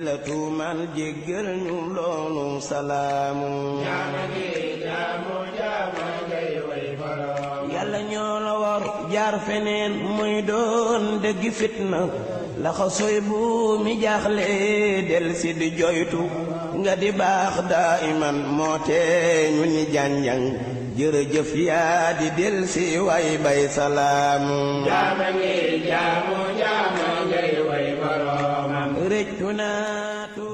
la tuumal yàlla ñoo la war jaar feneen muy doon dëgg fitna laxasoy bu mi jaaxle del si di joytu nga di baax daa iman moo tee ñu ni janjang jërëjëf yaa di del si way bay salaamu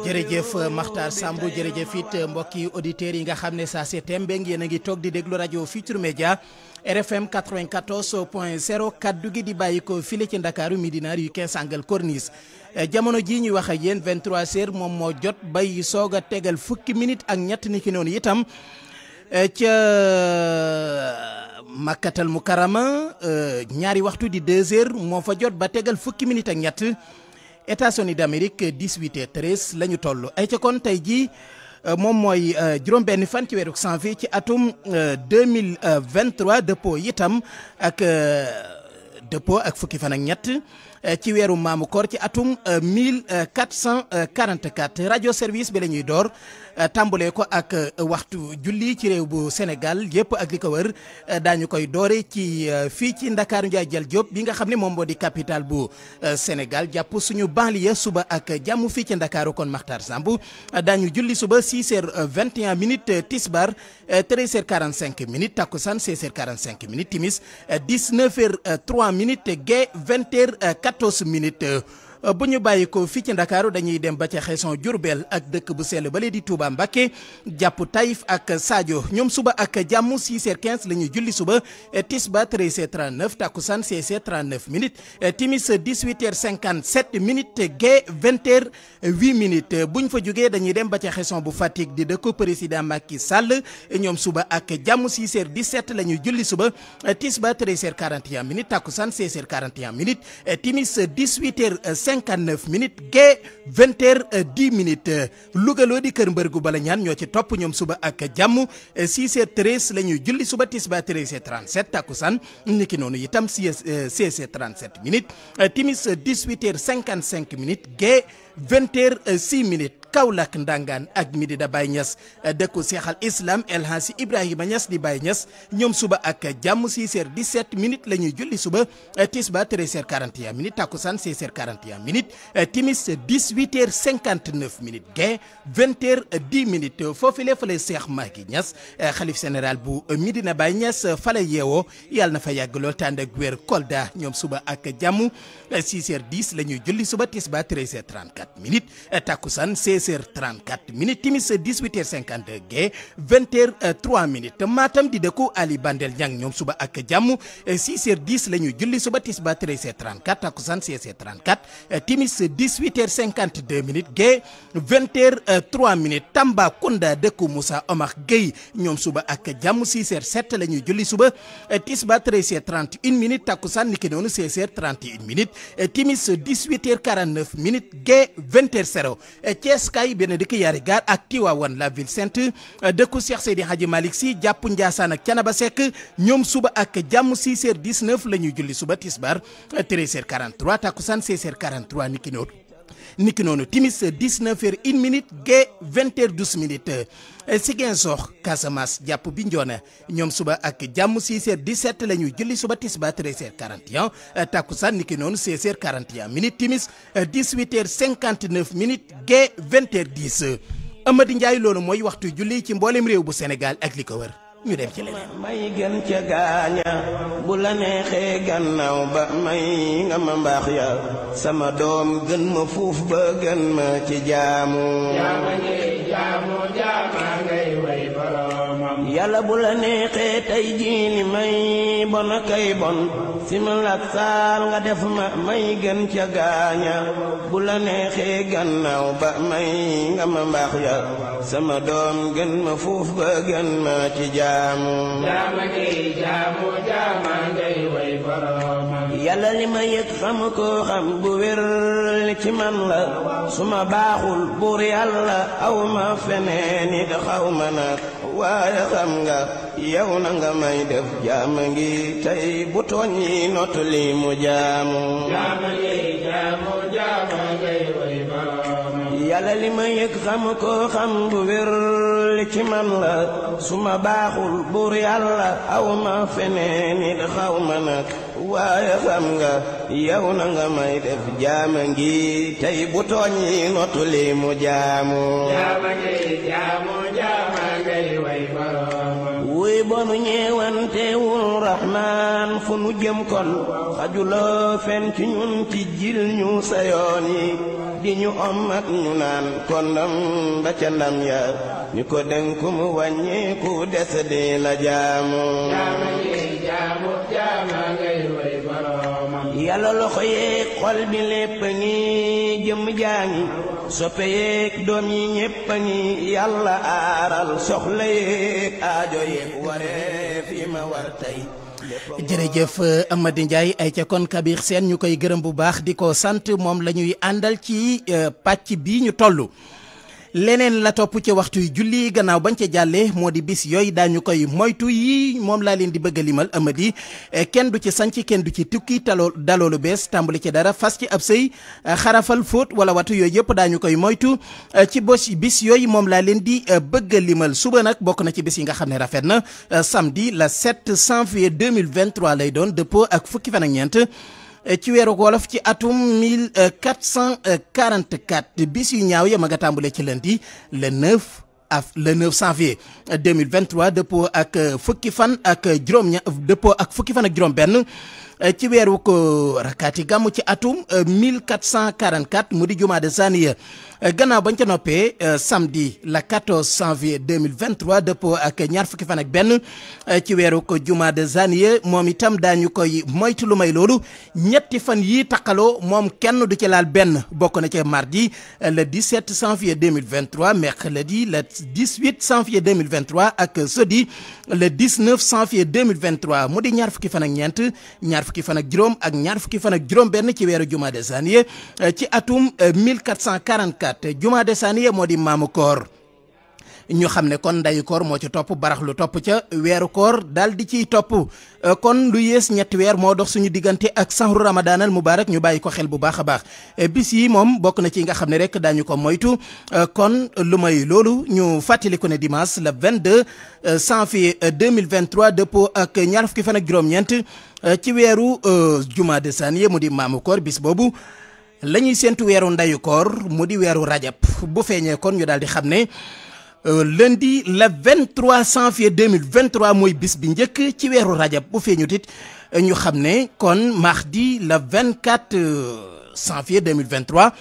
jërëjëf euh, Makhtar Samb jërëjëf it euh, mbokki auditeurs yi nga xam ne saa si tembe ngeen a ngi toog di déglu rajo Futur Media RFM 94 point 0 kaddu gi di bàyyi ko file ci Ndakaaru Midina yu 15 Angle Corniche euh, jamono jii ñuy wax ak yéen 23h moom moo jot bay soog a tegal fukki minute ak ñett ni ki noonu itam ca Makkatal Mukarama ñaari waxtu di 2 moo fa jot ba tegal fukki minute ak ñett. États-Unis d'Amérique 18 et 13 la ñu toll ay ca kon tey jii euh, moom mooy euh, juróom benn fan ci weeru janvier ci atum 2023 euh, dëppoo itam ak dëppoo ak fukki fan ak ñett ci weeru maamu koor ci atum 1444 radio service bi lañuy door Euh, tàmbalee ko ak euh, waxtu julli ci réew bu Sénégal yëpp ak li ko wër euh, daañu koy doore ci fii ci Ndakaaru Ndiaye Jal Diop bi nga xam ne moom moo di capital bu Sénégal jàpp suñu banlieue suba ak jàmm fii ci Ndakaaru kon Makhtar Samb daañu julli suba 6h21 minutes tisbar 13h45 minutes takkusaan 16h45 minutes timis 19h03 minutes gee 20h14 minutes. Euh, bu ñu bàyyi ko fii ci ndakaaru dañuy dem ba ca xeeson Jurbel ak dëkk bu sell bale di Touba Mbacké jàpp Taïf ak Sadio ñoom suba ak jàmm 6h15 la ñuy julli suba eh, tisba 13h39 takkusaan 16h39 minutes eh, timis 18h57 minutes gee 20 h bu ñu fa jugee dañuy dem ba ca xeeson bu Fatick di dëkk président Macky Sall ñoom suba ak jàmm 6h17 la ñuy julli suba eh, tisba 13h41 minutes takkusaan 16h41 minutes timis 18h 59 minutes gee 20 heures 10 euh, minutes Louga loo di kër mbër gu bala ñaan ñoo ci topp ñoom suba ak jàmm 6 euh, heures 13 la ñuy julli suba tisbaar 13 heures 37 takkusaan niki noonu itam 6 16 euh, heures 37 minutes timis 18 heures 55 minutes gee 20 heures 6 minutes Kaolack Ndangaan ak Medina Baye Niass dëkku seexal islam El Hadji Ibrahima Niass di Baye Niass ñoom suba ak jàmm 6h17 minutes la ñuy julli suba Tisba 13h41 minutes Takusaan 16h41 minutes Timis 18h59 minutes Gee 20h10 minutes foofule fële Seex Mahi Niass xalif général bu Medina Baye Niass fële yeewoo yal na fa yàgg lool te ànd Kolda ñoom suba ak jàmm 6h10 la ñuy julli suba Tisba 13 minutes Takusaan 16 16h34 minutes timis 18h52 gee 20h3 minutes Matam di dëkku Ali Bandel Niang ñoom suba ak jàmm 6h10 eh, la ñuy julli suba tisba 13h34 takkusaan 16h34 timis 18h52 eh, minutes gee 20h3 minutes Tambacounda dëkku musa Omar Gueye ñoom suba ak jàmm 6h07 la ñuy julli suba eh, tisba 13h31 minutes takkusaan niki noonu 16h31 minutes timis 18h49 minutes gee 20h0 Thiès Ngaye Bénédicte Yarigar ak Tiwaawan la ville sainte dëkku Cheikh Seydi Hadji Malick Sy jàpp Ndiassane ak Canaba ñoom suba ak jàmm 6h19 la ñuy julli suba tisbar 13h43 takkusaan 16h43 niki noonu niki noonu timis 19h1 minute gee 20h12 minute Eh, Ziguinchor Casamance jàpp bi Bignona ñoom suba ak jàmm 6h17 la ñuy julli suba tisbaar 13h41 eh, takkusaan niki noonu 16h41 minutes timis 18h59 eh, minutes gée 20h10 Amady Ndiaye loolu mooy waxtu julli ci mboolem réew bu Sénégal ak li ko wër. ñu dem ci leneen may gën ca gaaña bu la neexee gannaaw ba may nga ma mbaax ya sama doom gën ma fuuf ba gën ma ci jaamu jaama jaamu jaama yàlla bu la neexee tey jii li may bon kay bon simil ak saal nga def ma may gën ca gaaña bu la neexee gannaaw ba may nga ma mbaax ya sama doom gën ma fuuf ba gën ma ci jaamu jaama yàlla li ma yëg xam ko xam bu wér li ci man la su baaxul buur yàlla aw ma feneen it xaw ma nag waaye jaam ngi tey bu tooñ yi not li mu jaamu yàlla ma yëg xam ko xam bu wér li ci la su baaxul buur yàlla aw ma feneen it xaw xam nga yow na nga may def jaama ngi tey bu tooñ yi li mu jaamu yoonu ñeewantewul raxmaan fu nu jëm kon xajuloo ci ñun ci jil ñu sa yi di ñu ommat ñu naan kon ndam ba ca ndam ya ñu ko dénku mu wàññeeku des di la jaamu yàlla loxo yee xol bi lépp ngi jëm jaa soppe yeeg doom yi ñépp a ngi yàlla aaral soxla yeeg aajo yeeg waree fi ma war tey jërëjëf Amady Ndiaye ay ca kon Kabir Sène ñu koy gërëm bu baax di ko sant moom la ñuy àndal ci euh, pàcc bi ñu tollu leneen la topp ci waxtu yu julli gannaaw bañ ca jàllee moo di bis yooyu daañu koy moytu yi moom laa leen di bëgg limal amadi eh, kenn du ci sanc kenn du ci tukki taloo daloo lu bees tàmbali ci dara fas ci ab sëy eh, xarafal fóot wala watu yooyu yëpp daañu koy moytu eh, ci bos bis yooyu moom laa leen di bëgg a limal suba nag bokk na ci bis yi nga xam ne rafet na samedi la 7 janvier 2023 lay doon dëppoo ak fukki fan ñeent Eh, ci weeru wolof ci atum mille eh, cent quarante 1444 bis yu ñaaw ya ma nga tàmbalee ci lundi le 9 af le 9 janvier 2023 eh, dëppoo ak fukki fan ak juróom ña dëppoo ak fukki fan ak juróom benn Eh, ci weeru ko rakkaati gàmmu ci atum 1444 eh, mu di jumaada saaniya eh, gannaaw bañ ca noppee samedi la 14 mille 2023 dëppoo ak ñaar fukki fan ak benn ci weeru ko de saaniya moom itam daañu koy moytu lu may loolu ñetti fan yii taqaloo moom kenn du ci laal benn bokk na ca mardi le 17 janvier 2023 mercredi le 18 janvier 2023 ak jeudi le 19 janvier 2023 mu di ñaar fukki fan ñeent ñaar fukki fan ak juróom ak ñaar fukki fan ak juróom benn ci weer jumaada saaniye eh, ci atum 1444 jumaada saaniye moo di maamu koor ñu xam ne kon ndayu koor moo ci topp barax lu topp ca weeru koor dal di ciy topp euh, kon lu yées ñetti weer moo dox suñu diggante ak sahru ramadaanal mubaarak ñu bàyyi ko xel bu baax a baax euh, bis yi moom bokk na ci nga xam ne rek daañu ko moytu euh, kon lu may loolu ñu fàttali ne ne dimanche le 22 janvier 2023 dëppoo ak ñaar fukki fan ak juróom-ñeent ci weeru jumaa jumaada saaniya mu di maamu koor bis boobu la ñuy séntu weeru ndayu koor mu di weeru rajab bu feeñee kon ñu daal di xam ne Euh, lundi le 23 janvier 2023 mooy bis bi njëkk ci weeru rajab bu feeñut it euh, ñu xam ne kon mardi le 24 euh, janvier 2023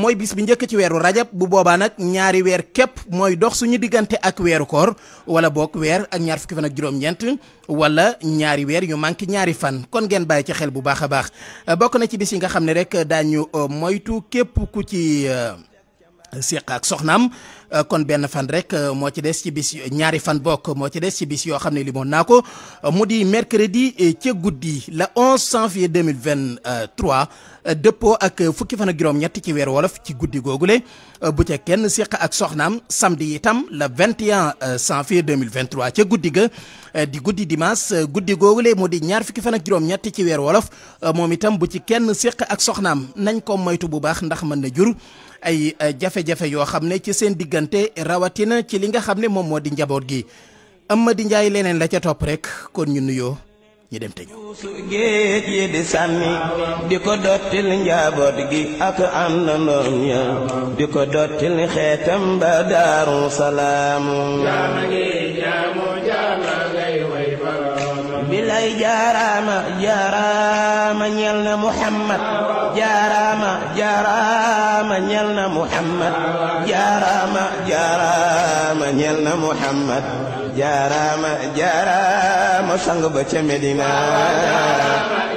mooy bis bi njëkk ci weeru rajab bu boobaa nag ñaari weer képp mooy dox suñu diggante ak weeru koor wala boog weer ak ñaar fukki fan ak juróom-ñeent wala ñaari weer yu manqué ñaari fan kon ngeen bàyyi ci xel bu baax a baax bokk na ci bis yi nga xam ne rek daañu moytu képp ku ci. séq ak soxnaam euh, kon benn fan rek euh, moo ci des ci bis ñaari fan bokk moo ci des ci bis yoo xam ne limoon naa ko euh, mu di mercredi ca guddi la 11 janvier 2023 dëppoo ak fukki fan ak juróom-ñett ci weer wolof ci guddi googule bu ca kenn séq ak soxnaam samedi itam la 21 janvier 2023 ca guddi ga di guddi dimanche guddi googule mu di ñaar fukki fan ak juróom-ñett ci weer wolof moom itam bu ci kenn séq ak soxnaam nañ ko moytu bu baax ndax mën na jur ay jafe-jafe yoo xam ne ci seen diggante rawatina ci li nga xam ne moom moo di njaboot gi di njaay leneen la ca topp rek kon ñu nuyoo ñu dem te ñu su géej yi di sànni di ko dottil njaboot gi ak àndandoom ya di ko dottil xeetam ba daaru bilay jaaraama jaaraama ñel na Muhammad jaaraama jaaraama ñeel na Muhammad jaaraama jaaraama ñeel na Muhammad jaaraama jaaraama sang ba ca Medina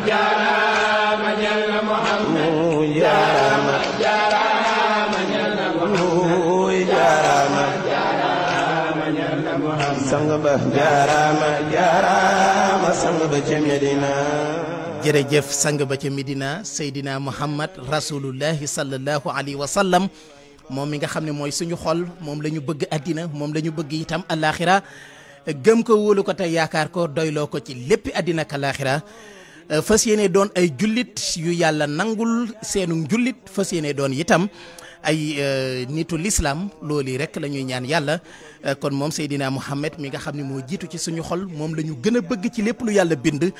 jaaraama ñeel na Muhammad jaaraama jaaraama ñeel na Muhammad jaaraama jaaraama ñeel na Muhammad sang ba jaaraama jaaraama sang ba ca Medina jërëjëf sàng ba ca Medina Seydina Muhammad rasulullahi sallallahu alayhi wa sallam moom mi nga xam ne mooy suñu xol moom la bëgg àddina moom la bëgg itam alaxira gëm ko wóolu ko tey yaakaar ko doyloo ko ci lépp àddina ak alaxira fas yéene doon ay jullit yu yàlla nangul seenu jullit fas yéene doon itam ay euh, nitu l'islam loolu rek lañuy ñaan yàlla kon moom Seydina Muhammad mi nga xam ne moo jiitu ci suñu xol moom la ñu gën a bëgg ci lépp lu yàlla bind.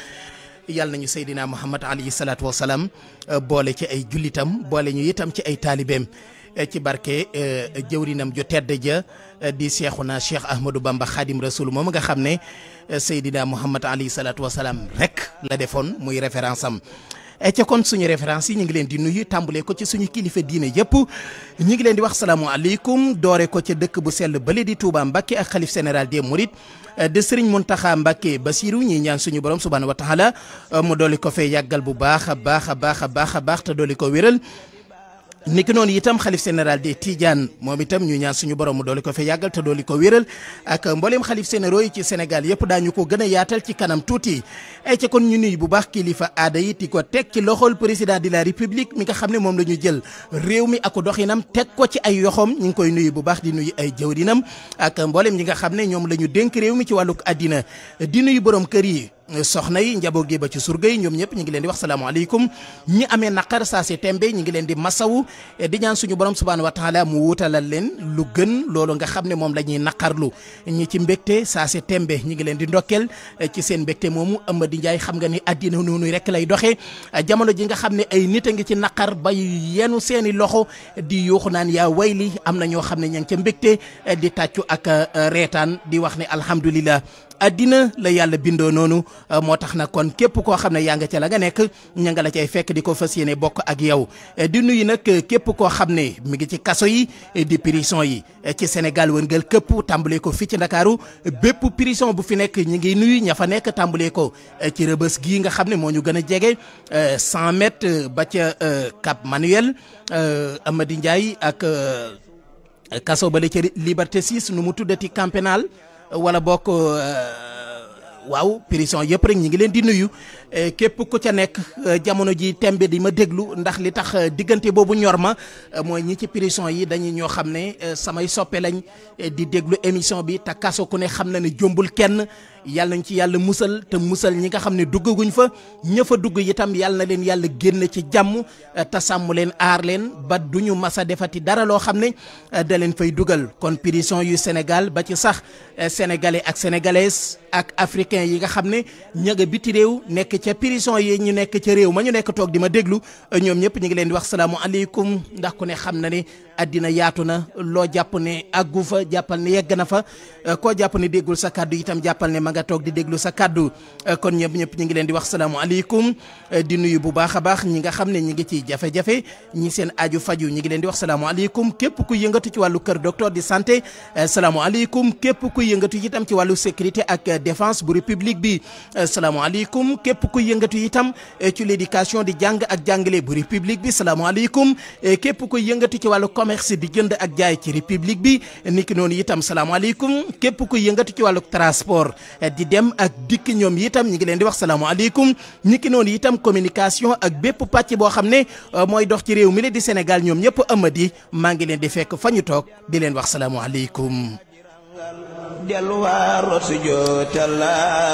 yàlla nañu Seydina Muhammad alayhi salaatu wa salaam euh, boole ci ay jullitam boole ñu itam ci ay taalibeem euh, ci barke euh, jëwrinam ju tedd ja di Seexuna Cheikh Ahmadou Bamba Khadim Rasoul moom nga xam ne Seydina Muhammad alayhi salaatu wa salaam rek la defoon muy référence am. Eh, ca kon suñu référence yi ñu ngi leen di nuyu tàmbalee ko ci suñu kilifa diine jëpp ñu ngi leen di wax salaamualeykum doore ko ca dëkk bu sell bële di Touba Mbacké ak xalif général des Mourides eh, de Serigne Mountakha Mbacké Bassirou ñi ñaan suñu borom subhaanahu wa taala eh, mu dooli ko fee yàggal bu baax a baax a baax a baax a baax te dooli ko wéral niki noonu itam xalif sénéral des Tidiane moom itam ñu ñaan suñu borom mu dooli ko fi yàggal te dooli ko wéral ak mbooleem xalif sénéro yi ci Sénégal yëpp daañu ko gën yaatal ci kanam tuuti ay ca kon ñu nuyu bu baax kilifa aada yi di ko teg ci loxol président de la république mi nga xam ne moom la ñu jël réew mi ak doxinam teg ko ci ay yoxoom ñu ngi koy nuyu bu baax di nuyu ay jëwrinam ak mbooleem ñi nga xam ne ñoom la ñu dénk réew mi ci wàlluk àddina di borom kër yi soxna yi njaboot gi ba ci surga yi ñoom ñëpp ñu ngi leen di wax salaamaaleykum ñi amee naqar saa si tembe ñu ngi leen di masaw di ñaan suñu borom subhaanahu wa taala mu wutalal leen lu gën loolu nga xam ne moom la ñuy naqarlu ñi ci mbégte saa si tembe ñu ngi leen di ndokkel ci seen mbégte moomu di njaay xam nga ni àddina noonu rek lay doxee jamono ji nga xam ne ay nit a ngi ci naqar bay yenu seeni loxo di yuuxu naan yaa wayli am na ñoo xam ne ña ngi ca mbégte di tàccu ak reetaan di wax ne alhamdulilah àddina la yàlla bindoo noonu euh, moo tax nag kon képp koo xam ne yaa nga ca la nga nekk ña nga la cay fekk di ko fa yéene bokk ak yow euh, di nuyu nag euh, képp koo xam ne mi ngi ci kaso yi di prison yi ci Sénégal wëngal képp tàmbalee ko fii ci Ndakaaru bépp prison bu fi nekk ñi ngi nuyu ña fa nekk tàmbalee ko ci rëbës gii nga xam ne moo ñu gën a jege 100 ba ca Cap Manuel Amady Ndiaye ak kaso ba la ca Liberté 6 nu mu tuddati camp wala bokk euh, waaw prison yëpp rek ñi ngi leen di nuyu Eh, képp ku ca nekk eh, jamono ji tembe di ma déglu ndax li tax eh, diggante boobu ñor ma mooy ñi ci prison yi dañuy ñoo xam ne samay soppe lañ di déglu émission bi te kaso ku ne xam na ne jombul kenn yàlla nañ ci yàlla musal te musal ñi nga xam ne duggaguñ fa ña fa dugg itam yàlla na leen yàlla génn ci jàmm te sàmmu leen aar leen ba du ñu masa defati dara loo xam ne da leen fay dugal kon prison yu Sénégal ba ci sax sénégalais ak sénégalaises ak africains yi nga xam ne ña biti réew nekk nekk ca prison yi ñu nekk ca réew ma ñu nekk toog di ma déglu ñoom ñëpp ñu ngi leen di wax salaamu aleykum ndax ku ne xam na ni àddina yaatu na loo jàpp ne àggu fa jàppal ne yegg na fa eh, koo jàpp ne déggul sa kàddu itam jàppal ne ma nga di déglu sa kàddu eh, kon ñëpp ñëpp ñu ngi leen di wax salaamualeykum eh, di nuyu bu baax a baax ñi nga xam ne ñi ngi ci jafe-jafe ñi seen aaju faju ñi ngi leen di wax salaamualeykum képp ku yëngatu ci wàllu kër doctor di santé salaamualeykum képp ku yëngatu itam ci wàllu sécurité ak défense bu république bi salaamualeykum képp ku yëngatu itam ci l'éducation di jàng ak jàngale bu république bi salaamualeykum képp ku yëngatu ci wàllu commerce di jënd ak jaay ci république bi niki noonu itam salaamaaleykum képp ku yëngatu ci wàllu transport di dem ak dikk ñoom itam ñu ngi leen di wax salaamaaleykum niki noonu itam communication ak bépp pàcc boo xam ne euh, mooy dox ci réew mi la di Sénégal ñoom ñëpp amadi maa ngi leen di fekk fa ñu toog di leen wax salaamaaleykum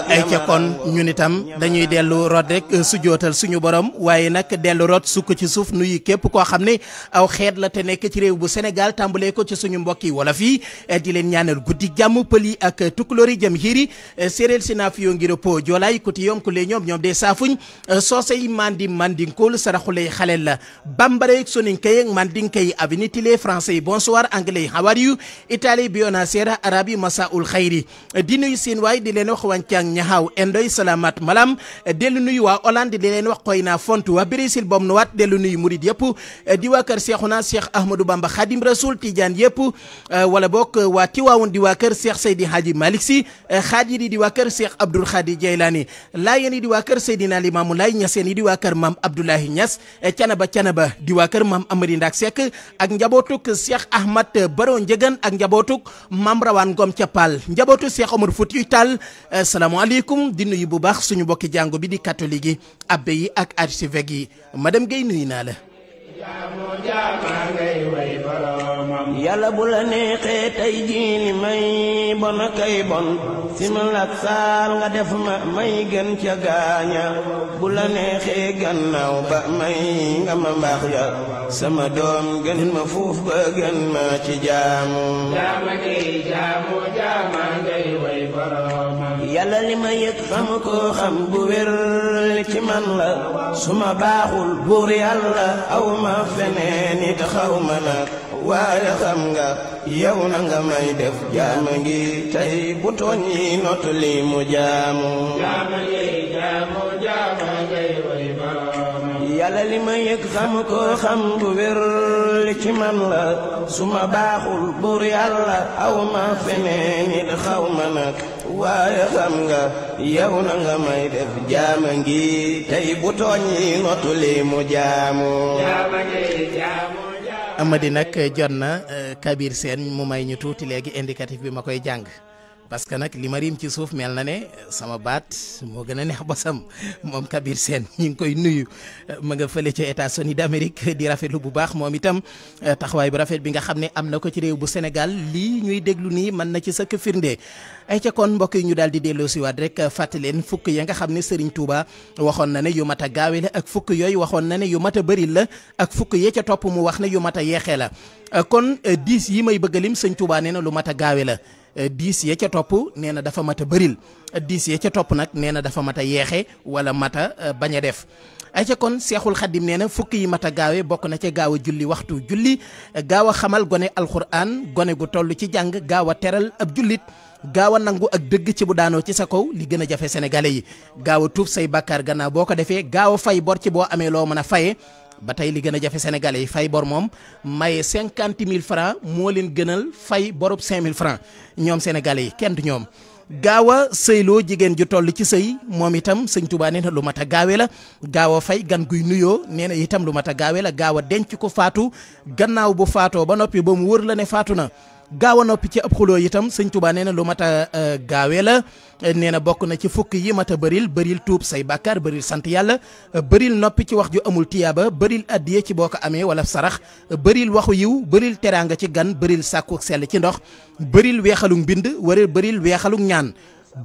ay ca kon ñun itam dañuy dellu rot rek eh, sujootal suñu borom waaye nag dellu rot sukk ci suuf nuyu képp koo xam ne aw xeet la te nekk ci réew bu Sénégal tàmbalee ko ci suñu mbokk yi wolof yi eh, di leen ñaanal guddi jàmm pël yi ak tukulóor yi jëm xiiri eh, séeréer sinaafiyo ngir po joolaay kuti yonkule ñoom ñoom dee saafuñ soosey mandi mandinkool saraxulay xalel la bambare soninkay mandinkay avini tile français bonsoir anglais how are you jazaa'ul xayri di nuyu seen waay di leen wax wancang ñahaw endoy salamat malam dellu nuyu waa Hollande di leen wax koy naa fontu waa Brésil bom nu waat dellu nuyu murid yëpp di waa kër Seexuna Seex Ahmadou Bamba Xadim Rasul Tijaan yëpp wala wa waa Tiwaawoon di waa kër Seex Seydi Haaji Malick Si xaadir yi di waa kër Seex Abdoul Xaadir Jaylaani laayeen yi di waa kër Seydina Limaamu Laay ñaseen yi di waa kër Maam Abdoulahi Ñas canaba canaba di waa kër Maam Amari Ndaak Seck ak njabootuk Seex Ahmad Baro Njëgan ak njabootuk Maam Rawaan taal njabootu Cheikh Omar Foutiyou Tall euh, salaamaaleykum di nuyu bu baax suñu mbokki jàngo bi di catholique yi yi ak archevêque yi madame Guèye nuyu naa la. yàlla bu la neexee tey jii ni may bon kay bon simil saal nga def ma may gën ca gaaña bu la neexee gannaaw ba may nga ma mbaax ya sama doom gën ma fuuf ba gën ma ci jaamu yàlla li ma yëg xam koo xam bu wér ci man la su baaxul buur yàlla aw feneen it xaw waaye xam nga yow na nga may def jaam ngi tey bu tooñ yi not li mu jaamu. yàlla li ma yëg xam xam bu wér li ci man la su ma baaxul buur yàlla aw ma feneen it nag waaye xam nga yow na may def jaama tey bu tooñ mu jaamu amadi nag jot na euh, Kabir seen mu may ñu tuuti léegi indicatif bi ma koy jàng parce que nag li ma ci suuf mel na ne sama baat moo gën a neex bosam moom Kabir seen ñu ngi koy nuyu ma nga fële ca États-Unis d'Amérique di rafetlu bu baax moom itam euh, taxawaay bu rafet bi nga xam ne am na ko ci réew bu senegal lii ñuy déglu nii mën na ci sëkk firnde ay ca kon mbokk yi ñu daal di delloosiwaat rek fàttali leen fukk ya nga xam ne Serigne Touba waxoon na ne yu mat a gaawe la ak fukk yooyu waxoon na ne yu mat a bëri la ak fukk ya ca topp mu wax ne yu mat a yeexee la kon euh, bëgg a lim Serigne lu mat a gaawe la Eh, diis ya ca topp nee na dafa mat a bëril eh, diis ya ca topp nag nee na dafa mat a yeexe wala mat a eh, bañ a def ay ca kon seexul xaddim nee na fukk yi mat a gaawe bokk na ca gaaw a julli waxtu julli gaaw a xamal gone alxuraan gone gu toll ci jàng gaaw a teral ab jullit gaaw a nangu ak dëgg ci bu daanoo ci sa kaw li gën a jafe sénégalais yi gaaw a tuub say bàkkaar gannaaw boo ko defee gaaw a fay bor ci boo amee loo mën a faye ba tey li gën a jafe sénégalais yi fay bor moom maye cinquante mille francs moo leen gënal fay borub cinq mille francs ñoom sénégalais yi kenn du ñoom. gaaw a sëyloo jigéen ju toll ci sëy moom itam sëñ Tuubaa nee na lu mat a gaawe la gaaw a fay gan guy nuyoo nee na itam lu mat a gaawe la gaaw a denc ko faatu gannaaw bu faatoo ba noppi ba mu wër la ne faatu na. gaaw a noppi ci ab xuloo itam sëñ Touba na lu mat a e, gaawee la e, nee na bokk na ci fukk yi mat a baril bëril tuub say bàkkaar bëril sant yàlla e, bëril noppi ci wax ju amul tiyaaba bëril addiye ci boo ko amee wala sarax bëril waxu yiw bëril teraanga ci gan bëril sàkku sell ci ndox bëril weexalu mbind wala bëril weexalu ñaan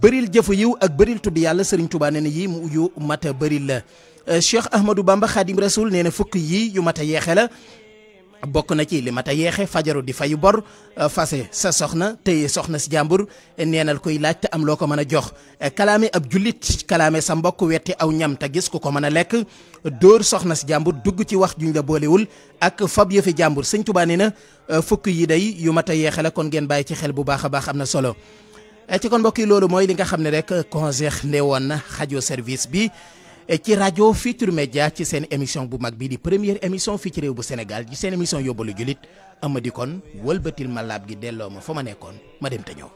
bëril jëfu yiw ak bëril tudd yàlla sëriñ Touba nee na yii mu yu mat a la Cheikh Ahmadou Bamba Khadim Rasoul nee na fukk yi yu mat a yeexe la bokk na ci li mat a yeexe fajaru di fayu bor euh, fase sa soxna téye soxna si jàmbur neenal koy laaj te am loo ko mën a jox kalaame ab jullit kalaame sa mbokk wetti aw ñam te gis ku ko mën a lekk dóor soxna si jàmbur dugg ci wax juñ la boolewul ak fab yëfi jàmbur sëñ Tuubaa na euh, fukk yi day yu mat a yeexe la kon ngeen bàyyi ci xel bu baax a baax am na solo euh, ci kon mbokk loolu mooy li nga xam ne rek conseil ne na xajoo service bi ci rajo Futurs Médias ci seen émission bu mag bi di première émission fii ci réew bu senegal ci seen émission yóbbalu jullit amadi kon wëlbatil ma laab gi delloo ma fa ma nekkoon ma dem te ñëw.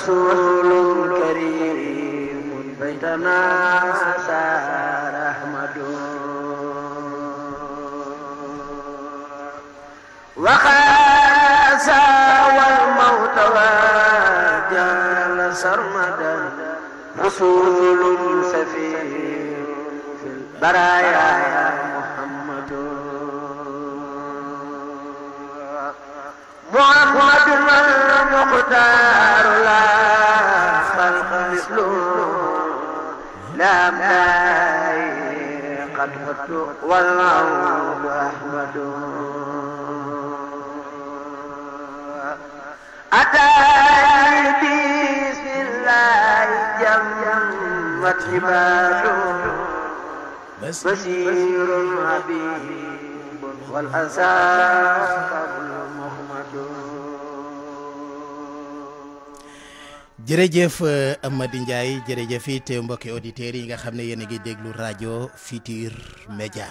رسول كريم بيتنا سار أحمد وخاسى والموت وجعل سرمدا رسول سفير في البرايا محمد المختار لا خلق مثله لا ماي قد قلت والعود أحمد أتاني بسم الله جمت عباده بشير حبيب والأسى قبل مهمة jërëjëf euh, Amady Ndiaye jërëjëf it euh, mbokki auditeurs yi nga xam ne yéen a ngi déglu rajo Futur Média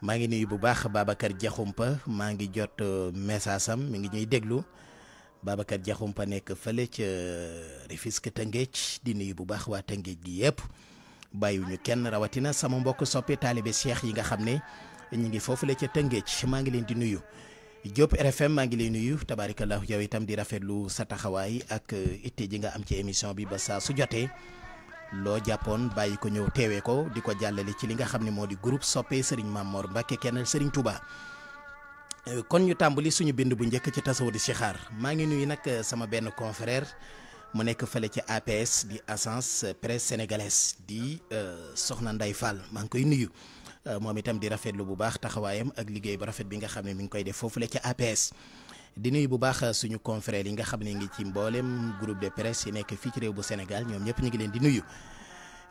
maa ngi nuyu bu baax Babacar Diakhoumpa maa ngi jot euh, message am mi ngi ñuy déglu Babacar Diakhoumpa nekk fële ca Rufisque di nuyu bu baax waa Tëngéej gi yëpp bàyyiwuñu kenn rawatina sama mbokk soppi taalibe Cheikh yi nga xam ne. ñu ngi foofu la ca Tëngéej maa ngi leen di nuyu Diop RFM maa ngi lay nuyu tabaarakallahu yow itam di rafetlu sa taxawaay ak uh, it ji nga am ci émission bi ba saa su jotee loo jàppoon bàyyi ko ñëw teewee ko di ko jàllale ci li nga xam ne moo di groupe soppe maam Mamor Mbacke kenn Serigne Touba. Uh, kon ñu tàmbali suñu bind bu njëkk ci tasawu di xaar maa ngi nuyu nag uh, sama benn confrère mu nekk fële ci APS di agence presse sénégalaise di Soxna Nday Fall maa ngi koy nuyu. Euh, moom itam di rafetlu bu baax taxawaayam ak liggéey bu rafet bi nga xam ne mu ngi koy def foofu la ci APS. di nuyu bu baax suñu confrères yi nga xam ne ngi ci mbooleem groupe de presse yi nekk fii ci réew bu senegal ñoom ñëpp ñu ngi leen di nuyu.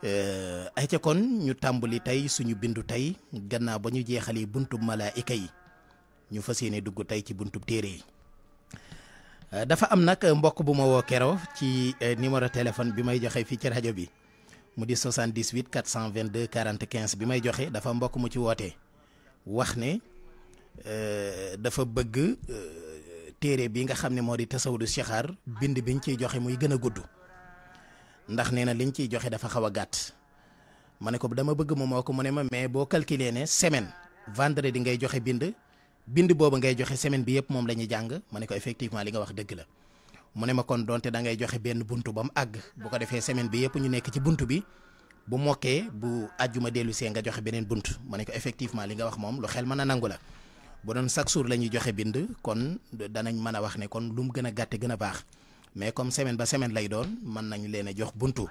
Euh, ay ca kon ñu tàmbali tey suñu bindu tey gannaaw ba ñu jeexalee buntub malaayika yi ñu fas yéene dugg tey ci buntub téere yi. Euh, dafa am nag mbokk bu ma woo kero ci numéro téléphone bi may joxe fii ci rajo bi. mu di 78 422 45 bi may joxe dafa mbokk mu ci woote wax ne euh, dafa bëgg euh, téere bi nga xam ne moo di tasawudu sixaar bind bi ñu ciy joxe muy gën a gudd ndax nee na ñu ciy joxe dafa xaw a gàtt ma ne ko dama bëgg mu moo ko mu ne ma mais boo calculer ne semaine vendredi ngay joxe bind bind boobu ngay joxe semaine bi yëpp moom la ñuy jàng ma ne ko effectivement li nga wax dëgg la mu ne ma kon donte da ngay joxe benn buntu ba mu àgg bu ko defee semaine bi yëpp ñu nekk ci bunt bi bu mokkee bu àjjuma dellu see nga joxe beneen bunt ma ne ko effectivement li nga wax moom lu xel mën a nangu la bu doon chaque jour la ñuy joxe bind kon danañ mën a wax ne kon lu mu gën a gàtte gën a baax mais comme semaine ba semaine lay doon mën nañu leen a jox buntu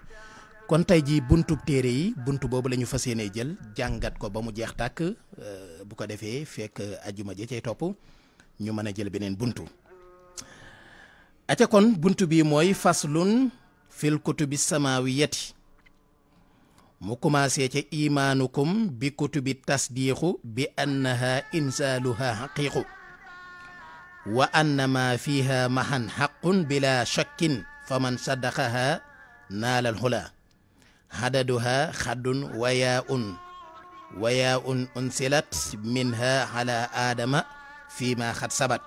kon tey jii buntu téere yi buntu boobu la ñu fas yéenee jël jàngat ko ba mu jeex tàkk euh, bu ko defee fekk àjjuma ja cay topp ñu mën a jël beneen buntu. aca kon bunt bi mooy faslun fil kutubi samaawiyati mu commencé ca imaanukum bi kutubi tasdiixu bi annaha insaaluha xaqiiqu wa annama fiha mahan xaqun bila shakkin faman saddaqaha naalal xula xadaduha xaddun wayaun wayaun unsilat minha ala aadama fi ma xad sabat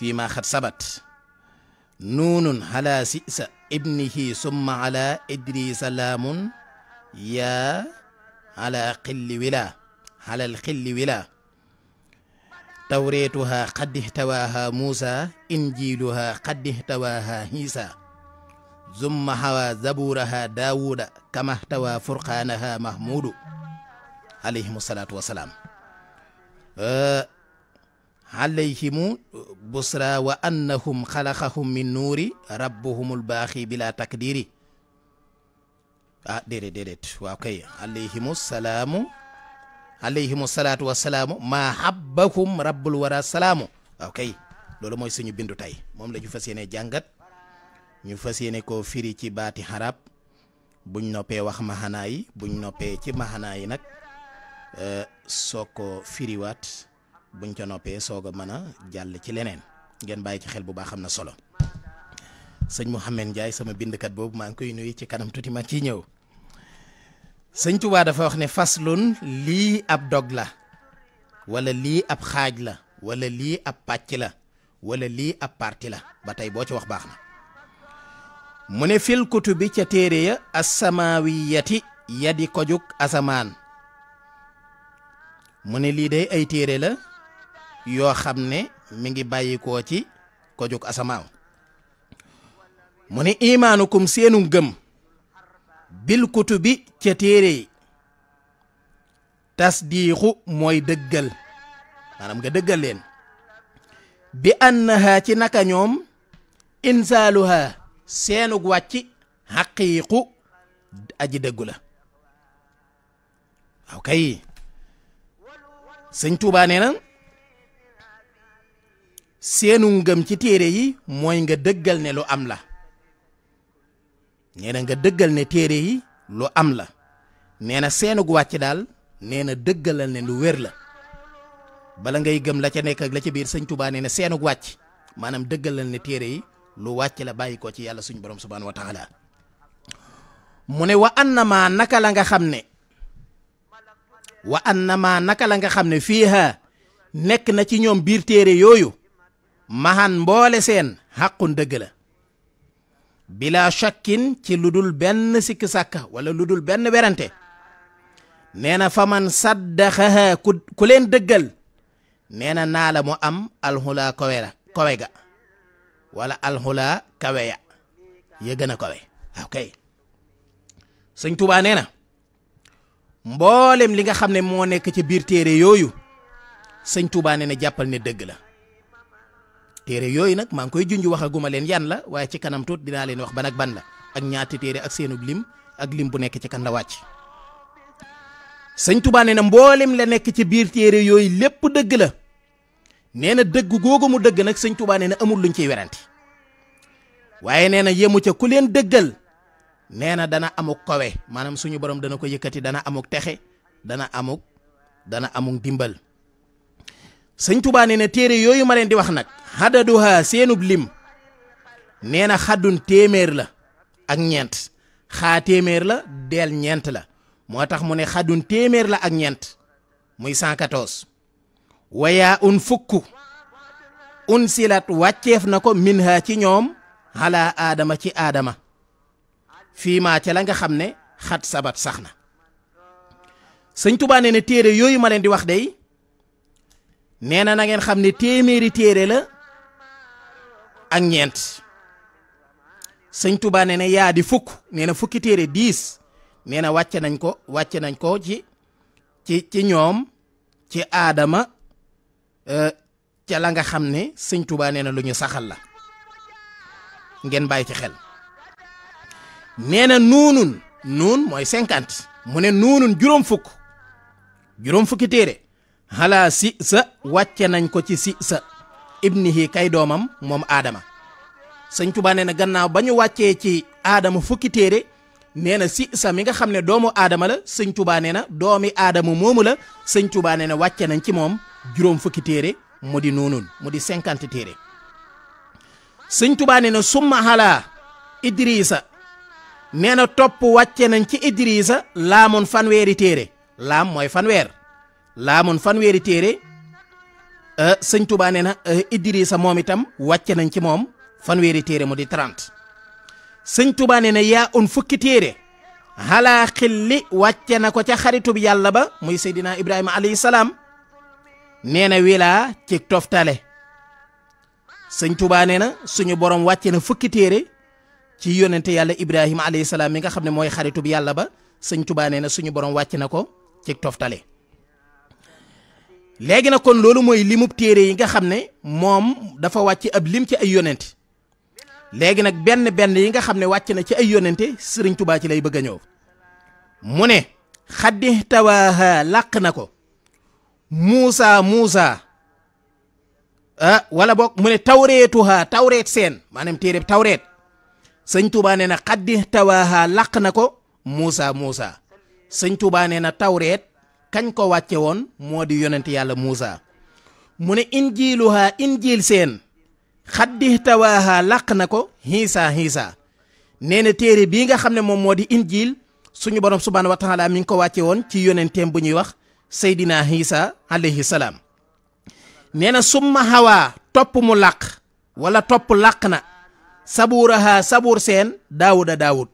fii ma xat sabat nuunun ala sisa ibnihi summa ala idrisa laamun yaa ala xilli wila ala alxilli wila tawreetuha qad ihtawaaha muusa injiiluha qad ihtawaaha hiisa zumma hawa zabuuraha daawuda kama ihtawa furqaanaha mahmuudu alayhim salaatu wasalaam alayhimu busra wa annahum xalaqahum min nuuri rabbuhumul baaxi bila takdiri ah déedéet déedéet waaw kay alayhimu salaamu alayhimu salaatu wa salaamu maa habbahum rabbul wara salaamu waaw kay loolu mooy suñu bindu tay moom la ñu fas yéene jàngat ñu fas yéene koo firi ci baati xarab buñ noppee wax maxanaa yi buñ noppee ci maxanaa yi nag euh, soo ko firiwaat buñ ca noppee soog a mën a jàll ci leneen ngeen bàyyi ci xel bu baax am na solo sëñ Mouhamed Ndiaye sama bindkat boobu maa ngi koy nuyu ci kanam tuuti ma ciy ñëw sëñ Touba dafa wax ne faslun lii ab dog la walla lii ab xaaj la walla lii ab pàcc la wala lii ab parti la ba tey boo ci wax baax na mu ne fil bi ca téere ya asamaawiyati yadi kojug asamaan mu ne lii day ay téere la yoo xam ne mi ngi bàyyikoo ci ko asamaaw mu ni imaanukum seenu ngëm bil kutubi ca téere yi tasdiixu mooy dëggal maanaam nga dëggal leen bi annaha ci naka ñoom insaaluha seenug wàcc xaqiiqu aji dëggu la waaw kay sëñ Tuubaa nee na seenu ngëm ci téere yi mooy nga dëggal ne lu am la nee na nga dëggal ne téere yi lu am la nee na seenug wàcc daal nee na dëggalal ne lu wér la bala ngay gëm la ca nekk ak la ca biir sëñ Tuubaa nee na seenug wàcc maanaam dëggalal ne téere yi lu wàcc la bàyyi ko ci yàlla suñu borom subhaanahu wa taala mu ne wa annama naka la nga xam ne wa annama naka la nga xam ne fiiha nekk na ci ñoom biir téere yooyu mahan mboole seen xàqun dëgg la bila shakkin ci lu dul benn sikk sàkka wala lu dul benn werante nee na fa man saddaxaha leen dëggal nee na naa la mu am alxula kawe la kawe ga wala alxula kawe sëñ Tuubaa na mboolem li nga xam ne moo nekk ci biir téere yooyu sëñ Tuubaa nee jàppal ne dëgg la téere yooyu nag maa ngi koy junj waxaguma leen yan la waaye ci kanam tuut dinaa leen wax ban ban la ak ñaati téere ak seenub lim ak lim bu nekk ci kan la wàcc sëñ Tuubaa na mboolem la nekk ci biir téere yooyu lépp dëgg la nee na dëgg googu mu dëgg nag sëñ Tuubaa na amul luñ ciy werante waaye nee na yemu ca ku leen dëggal nee na dana amuk kowe maanaam suñu borom dana ko yëkkati dana amuk texe dana amuk dana amuk dimbal sëñ Tuubaa nee na téere yooyu ma leen di wax nag xadaduha seenub lim nee na xaddun téeméer la ak ñeent xaa téeméer la del ñeent la moo tax mu ne xaddun téeméer la ak ñeent muy 114 wayaa un fukk un silat wàcceef na ko miin ha ci ñoom xalaa aadama ci aadama fii maa ca la nga xam ne xat sabat sax na sëñ Tuubaa nee téere yooyu maleen di wax day nee na na xam ne téeméeri téere la ak ñeent sëñ Touba nee na yaa fukk nee na fukki téere diis nee na wàcce nañ ko wàcce nañ ko ci ci ci ñoom ci aadama e, ca la nga xam ni sëñ Touba nee na lu ñu saxal la ngeen bàyyi ci xel nee na nuunun nuun mooy cinquante mu ne nuunun juróom fukk juróom fukki téere si sa wàcce nañ ko ci si sa ibnihi kay doomam moom aadama sëñ na gannaaw ba ñu wàccee ci aadama fukki téere nee na si sa mi nga xam ne doomu aadama la sëñ na doomi aadama moomu la sëñ na wàcce nañ ci moom juróom fukki téere mu di noonu mu di cinquante téere sëñ Tuubaa nee na summa halaa Idrisa nee na topp wàcce nañ ci Idrisa laamoon fanweeri téere laam mooy fanweer laamoon fanweeri téere Euh, sëñ Touba nee na euh, Idrissa moom itam wàcce nañ ci moom fanweeri téere mu di 30 sëñ na yaa un fukki téere xalaa xilli wàcce na ko ca xaritub yàlla ba muy Seydina Ibrahima alayhi salaam nee na wilaa ci toftale sëñ Touba na suñu borom wàcce na fukki téere ci yonente yàlla Ibrahima alayhi salaam mi nga xam ne mooy xaritub yàlla ba sëñ na suñu borom wàcce na ko ci toftale. léegi nag kon loolu mooy limub téere yi nga xam ne moom dafa wàcc ab lim ci ay yonent léegi nag benn benn yi nga xam ne wàcc na ci ay yonente sëriñ tubaa ci lay bëgg a ñëw mu ne xaddi tawaaha làq na ko muusa muusa ah wala boog mu ne tawreetuha tawreet seen maanaam téere tawreet sëñ tubaa nee na xaddi tawaaha làq na ko muusa muusa sëñ tubaa nee na tawreet kañ ko wàcce woon moo di yonent yàlla Muusa mu ne injiiluhaa injiil seen xaddi tawaaha làq na ko xiisa xiisa nee na téere bii nga xam ne moom moo di injiil suñu borom subhaanahu wa taala mi ngi ko wàcce woon ci yonenteem bu ñuy wax Seydina Xiisa alayhi salaam nee na summa hawaa topp mu làq wala topp làq na sabuuraha sabuur seen daawuda daawud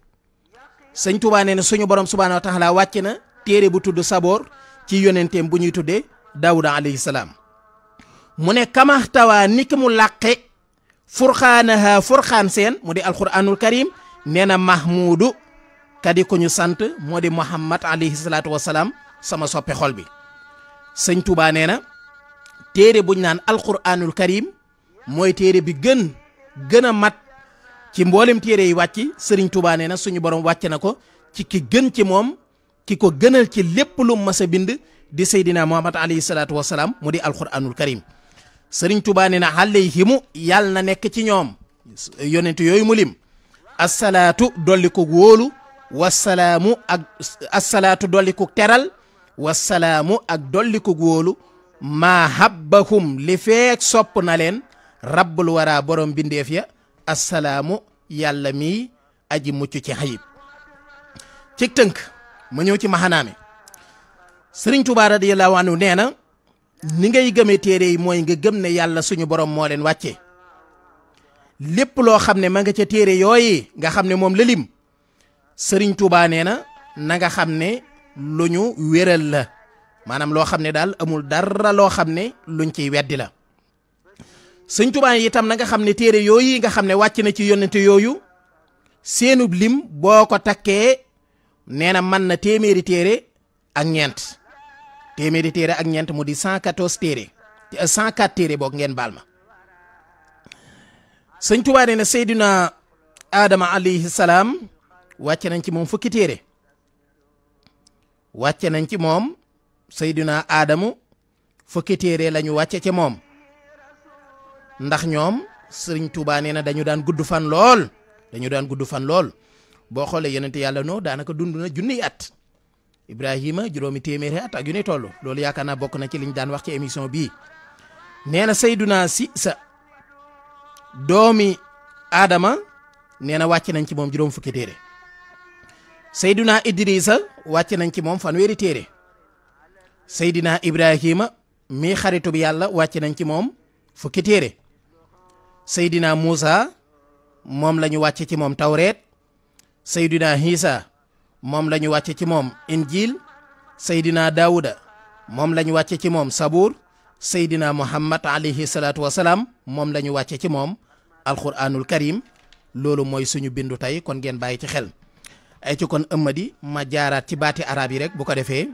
sëñ Tuubaa nee suñu borom subhaanahu wa taala wàcc na téere bu tudd saboor ci yonenteem bu ñuy tuddee daawuda alayhi salaam mu ne kamaxtawaa ni ki mu làqe furxaanaha furxaan seen mu di alquranul karim nee na mahmuudu kadi ko ñu sant moo di muhammad alayhi salaatu wasalaam sama soppe xol bi sëñ Touba nee na téere buñ naan alquranul kariim mooy téere bi gën gën a mat ci mboolem téere yi wàcc sëriñ Touba nee na suñu borom wàcc na ko ci ki gën ci moom ki ko gënal ci lépp lu mas bind di seydina muhammad alayhi salaatu mu di alquranul karim sëriñ tubaa na alayhimu yàlla na nekk ci ñoom yonent yooyu mu lim assalaatu dolli ko wóolu wassalaamu ak assalaatu dolli ko teral wassalaamu ak li feek sopp na leen rabbul wara borom bindeef ya assalaamu yàlla mi aji mucc ci xayib cig tënk ma ñëw ci maxanaame sëriñ Tuubaa radiyallaahu anhu nee na ni ngay gëmee téere yi mooy nga gëm ne yàlla suñu borom moo leen wàcce lépp loo xam ne ma nga ca téere yooyu nga xam ne moom la sëriñ Tuubaa nee na na nga xam ne lu ñu wéral la maanaam loo xam ne daal amul dara loo xam ne luñ ciy weddi la sëñ Tuubaa tam na nga xam ne téere yooyu nga xam ne wàcc na ci yonente yooyu seenub lim boo ko takkee nee na man na téeméeri téere ak ñeent téeméeri téere ak ñeent mu di 114 téere 104 euh, téere boog ngeen baal ma na Seydina Adama alayhi salaam wàcce nañ ci moom fukki téere wàcce nañ ci moom Seydina Adamu fukki téere la ñu wàcce ci moom ndax ñoom sëriñ Tuubaa nee na dañu daan gudd fan lool dañu daan gudd fan lool boo xoolee yonente yàlla noo daanaka dund na junniy at Ibrahima juróomi téeméeri at ak yu ne toll loolu yaakaar naa bokk na ci liñ daan wax ci émission bii nee na Seydunaa si sa doomi Adama nee na wàcc nañ ci moom juróom fukki téere Seydunaa Idrisa wàcc nañ ci moom fanweeri téere Seydinaa Ibrahima mii xaritu yàlla wàcc nañ ci moom fukki téere Seydinaa Muusa moom lañu ñu ci moom tawreet sayduna Hiisa moom lañu ñu wàcce ci moom injiil saydina dawuda moom la ñu wàcce ci moom sabuur saydina Muhammad alayhi salaatu wa salaam moom la ñu wàcce ci moom alquraanul karim loolu mooy suñu bindu tey kon ngeen bàyyi ci xel. ay ci kon ëmmadi ma jaaraat ci baati arab yi rek bu ko defee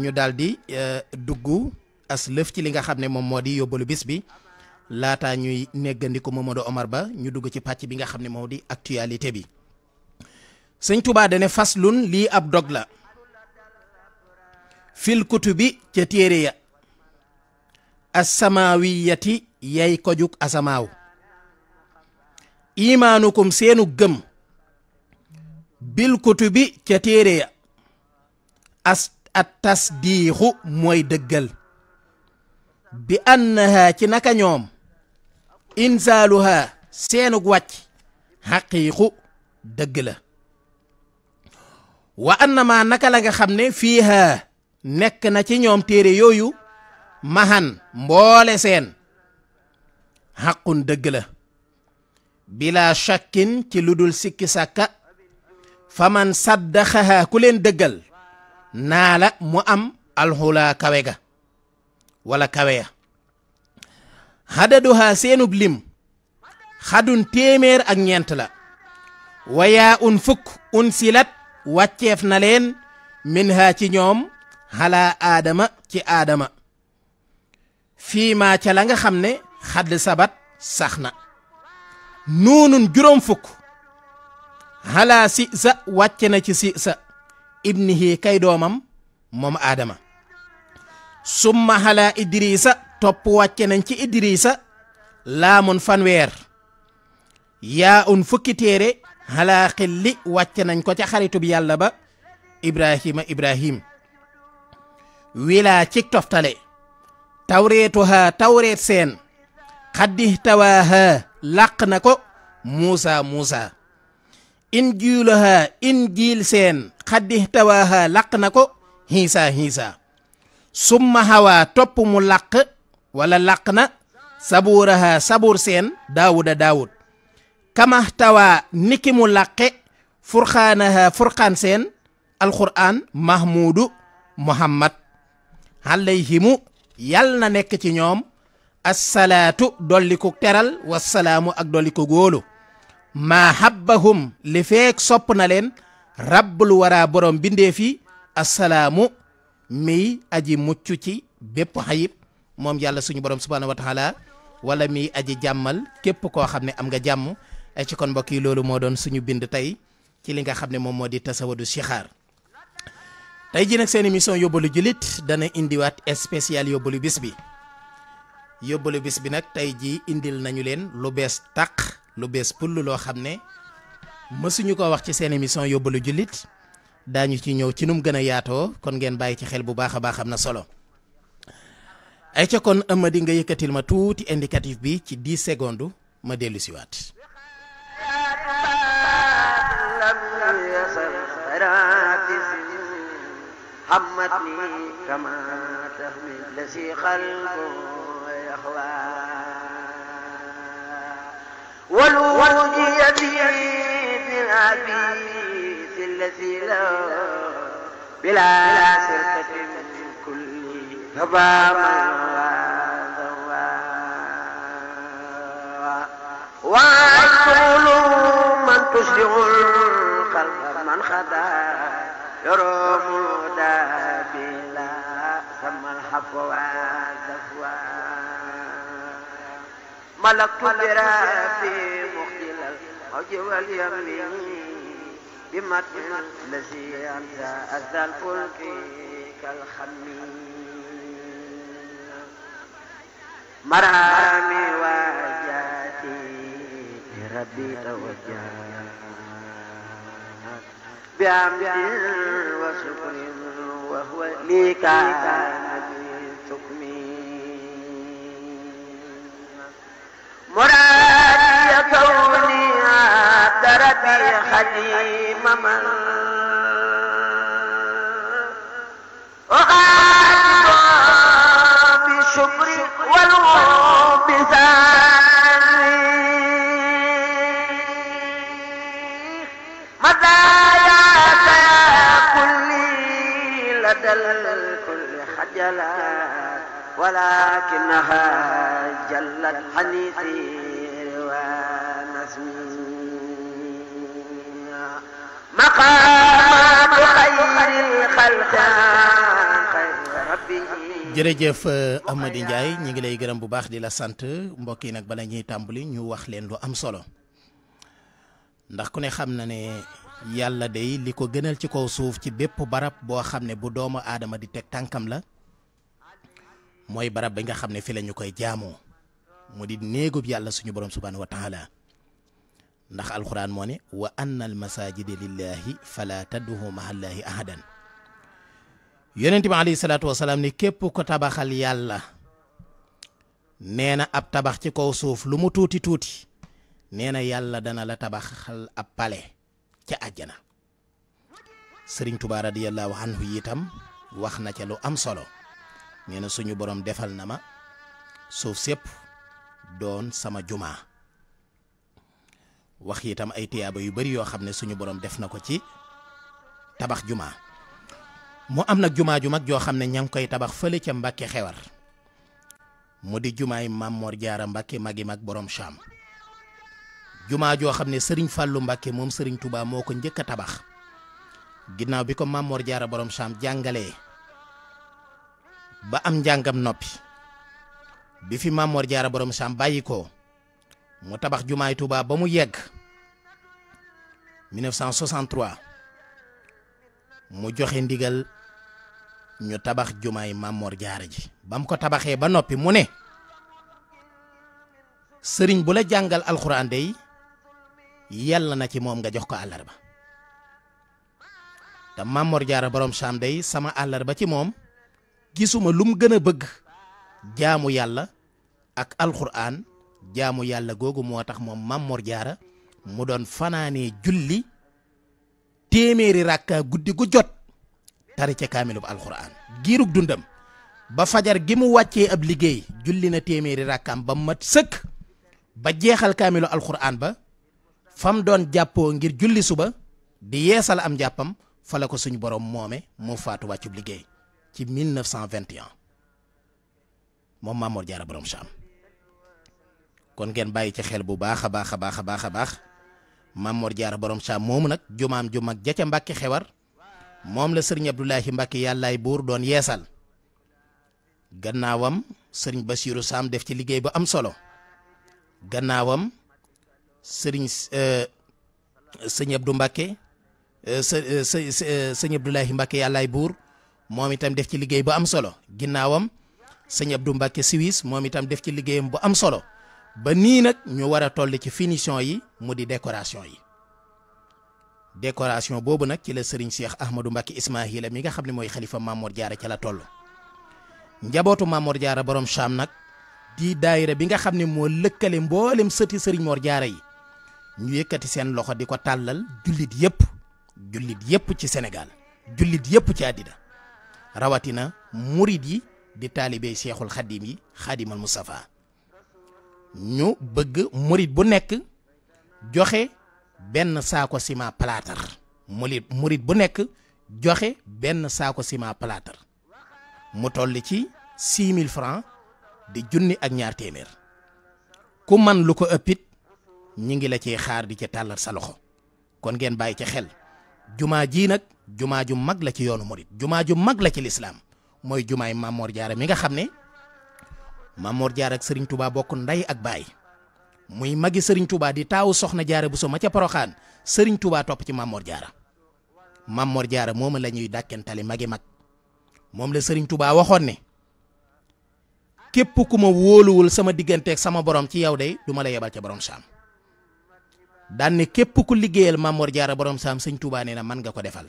ñu daal di euh, dugg as lëf ci li nga xam ne moom moo di yóbbalu bis bi laataa ñuy néggandiku Mamadou Omar Ba ñu dugg ci pàcc bi nga xam ne moo di actualité bi. sëñ tubaa dane faslun lii ab dog la fil kutubi ca téere ya asamaawiyati yay ko jug asamaaw imaanukum seenu gëm bil kutubi ca téere ya as at tasdiixu mooy dëggal bi annaha ci naka ñoom insaaluha seenug wàcc xaqiiqu dëgg la wa annama naka la nga xam ne fiiha nekk na ci ñoom téere yooyu mahan mboole seen xaqun dëgg la bila shakkin ci ludul sikki sàkka faman saddaxaha ku leen dëggal naa la mu am alxula kawe ga wala kawe ya xadaduha seenub lim xadun téeméer ak ñeent la wayaa un fukk un silat wàcceef na leen minha ci ñoom xalaa aadama ci aadama fii maa ca la nga xam ne xadd sabat sax na nuunun juróom fukk xalaa si sa wàcce na ci si sa ibnihi kay moom aadama summa xalaa idrisa topp wàcce nañ ci idrisa laamun fanweer yaa un fukki xalaa xilli wàcce nañ ko ca xaritu bi yàlla ba ibrahima ibrahim wilaa cik toftale tawreetuhaa tawreet seen xaddi tawaahaa làq na ko muusa muusa injiiluhaa injiil seen xaddi tawaahaa làq na ko hiisa hiisa summa hawaa topp mu làq wala làq na sabuurahaa sabuur seen daawuda daawud kamaxtawa niki mu làqe furxaanaha furxaan seen alquran mahmudu muhammad alayhimu yal na nekk ci ñoom assalaatu dolliku teral wassalaamu ak dolliku goolu maa habbahum li feek sopp na leen rabbul wara borom bindeef yi assalaamu miy aji mucc ci bépp xayib moom yàlla suñu borom subhaanahu wa wala miy aji jàmmal képp koo xam ne am nga jàmm ay eh, ci kon mbokk yi loolu moo doon suñu bind tey ci li nga xam ne moom moo di tasawadu sixaar tey ji nag seen émission yóbbalu jullit dana indiwaat spécial yóbbalu bis bi yóbbalu bi nag tey ji indil nañu leen lu bees tàq lu bees pull loo xam ne ma mësuñu ko wax ci seen émission yóbbalu jullit dañu ci ñëw ci nu mu gën a yaatoo kon ngeen bàyyi ci xel bu baax a baax am na solo ay ca kon Amady nga yëkkatil ma tuuti indicatif bi ci 10 secondes ma dellusiwaat براكز همتني كما تهمي الذي خلقه يهوى والوجه يبيد العبيد الذي له بلا سرقة من كل هبام وأقول من تشبه غدا يروم دابلا ثم الحفوى دفوى ملكت برابي مختل الحج واليمين بمتن الذي أنت أذى الفلك كالخمين مرامي وجاتي بربي توجهت بعمد وشكر وهو لي كان بحكمي مرادي كوني عبد ربي خديم من أغادر بشكر والغفر ولكنها جلت عن jërëjëf Amady njaay ñu ngi lay gërëm bu baax di la sant mbokk yi nag bala ñuy tàmbali ñu wax leen lu am solo ndax ku ne xam na ne yàlla day li ko gënal ci kaw suuf ci bépp barab boo xam ne bu doomu aadama di teg tànkam la mooy barab bi nga xam ne fi la ñu koy jaamoo mu di néegub yàlla suñu borom subhaanahu wa ndax alxuraan moo ne wa anna al masajida lillahi fala tadduhu mahallaahi ahadan yonent bi alayhi salaatu wasalaam ne képp ko tabaxal yàlla nee na ab tabax ci kaw suuf lu mu tuuti tuuti nee na yàlla dana la tabaxal ab pale ca àjjana sëriñ Tuubaa radiyallaahu anhu itam wax na ca lu am solo nee suñu boroom defal na ma suuf sépp doon sama jumaa wax itam ay tiyaaba yu bari yoo xam ne suñu borom def na ko ci tabax jumaa mu am nag jumaa ju mag joo xam ne ña ngi koy tabax fële ca mbakke xewar mu di jumaay Maam Mor Jaara Mbàkke magi mag borom Cham jumaa joo xam ne sëriñ Fàllu Mbàkke moom sëriñ Touba moo ko njëkk a tabax ginnaaw bi ko Maam Mor Jaara borom Cham jàngale ba am njàngam noppi bi fi Maam Mor Jaara Borom Sam bàyyi ko mu tabax jumaay Touba ba mu yegg 1963 mu joxe ndigal ñu tabax jumaay Maam Jaara ji ba mu ko tabaxee ba noppi mu ne sëriñ bu la jàngal alxuraan dey yàlla na ci moom nga jox ko àllarba te Maam Mor Jaara Borom Sam dey sama àllarba ci moom gisuma lu mu gën a bëgg jaamu yàlla ak alxuraan jaamu yàlla googu moo tax moom Mamor Jaara mu doon fanaanee julli téeméeri rakka guddi gu jot tari ca kaamilub alxuraan giirug dundam ba fajar gi mu wàccee ab liggéey julli na téeméeri rakkaam ba mat sëkk ba jeexal kaamilu alxuraan ba fam doon jàppoo ngir julli suba di yeesal am jàppam fa la ko suñu borom moome mu faatu wàccub liggéey ci 1921 moom Mamour jaara borom Cham kon ngeen bàyyi ci xel bu baax a baax a baax a baax a baax Mamour Diarra borom Cham moomu nag jumaam ju mag ja ca Mbàkke xewar moom la sëriñ Abdoulahi Mbàkke yàllaay buur doon yeesal gannaawam sëriñ Basiiru Saam def ci liggéey bu am solo gannaawam sëriñ euh, sëñ Abdou Mbàkke së së sëñ Abdoulahi Mbàkke yàllaay buur moom itam def ci liggéey bu am solo ginnaawam sëñ du Mbacke Suisse moom itam def ci liggéeyam bu am solo ba nii nag ñu war a toll ci finition yi mu di décoration yi décoration boobu nag ci la sëriñ Cheikh Ahmadou Mbacke Ismaahila mi nga xam ne mooy xalifa Mamor Diarra ca la toll. njabootu Mamor jaara borom Cham nag di daayre bi nga xam ne moo lëkkale mboolem sëti sëriñ moor Diarra yi ñu yëkkati seen loxo di ko tàllal jullit yëpp jullit yëpp ci Sénégal jullit yëpp ci àddina rawatina murid yi di taalibey seexul xadim yi xaadimal Mustafa ñu bëgg murid bu nekk joxe benn saako ciment plâtre murid murid bu nekk joxe benn saako ciment plâtre mu toll ci six mille francs di junni ak ñaar téeméer ku man lu ko ëppit ñi ngi la ciy xaar di ci tàllat sa loxo kon ngeen bàyyi ci xel jumaa jii nag jumaa ju mag la ci yoonu murit jumaa ju mag la ci lislaam mooy jumaay Mamor Diarra mi nga xam ne Mamor Diarra ak Serigne Touba bokk ndey ak baay muy magi sëriñ Touba di taawu soxna Diarra bu so ma ca Poroxaan sëriñ Touba topp ci Mamor Diarra Mamor Diarra moom la ñuy dàkkentali magi mag moom la sëriñ Touba waxoon ne képp ku ma wóoluwul sama digganteeg sama borom ci yow dey du ma la yebal ca borom saam. daan képp ku liggéeyal Mamor Jaara borom saam sëñ Tuubaa na man nga ko defal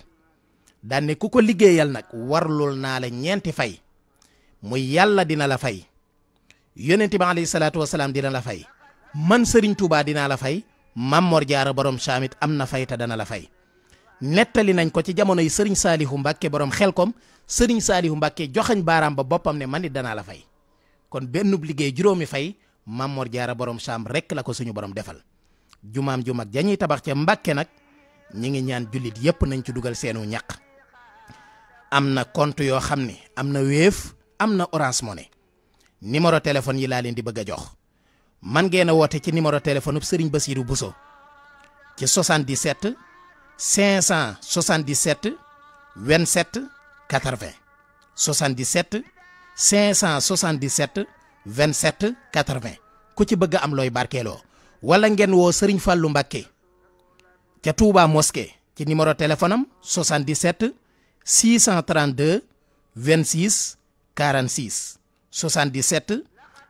daan ku ko liggéeyal nag warlul naa la ñeenti fay muy yàlla dina la fay yonent ba alayhi salaatu wasalaam dina la fay man sëriñ Tuubaa dinaa la fay Mamor Jaara borom saam am na fay dana la fay nettali nañ ko ci jamono yi sëriñ Saalihu Mbàkke borom xelkom sëriñ Saalihu Mbàkke joxañ baaraam ba boppam ne man it danaa la fay kon benn liggéey juróomi fay Mamor Jaara borom saam rek la ko suñu borom defal jumaam ju mag jañuy tabax ca Mbàkke nag ñi ngi ñaan jullit yépp nañ ci dugal seenu ñaq am na compte yoo xam ne am na Wave am na Orange Money numéro téléphone yi laa leen di bëgg a jox man ngeen a woote ci numéro téléphone ub Serigne Bassirou Bousso ci 77 577 27 80 77 577 27 80 ku ci bëgg am looy barkeeloo wala ngeen woo Serigne fallu Mbacké ca Touba Mosquée ci numéro téléphone am 77 632 26 46 77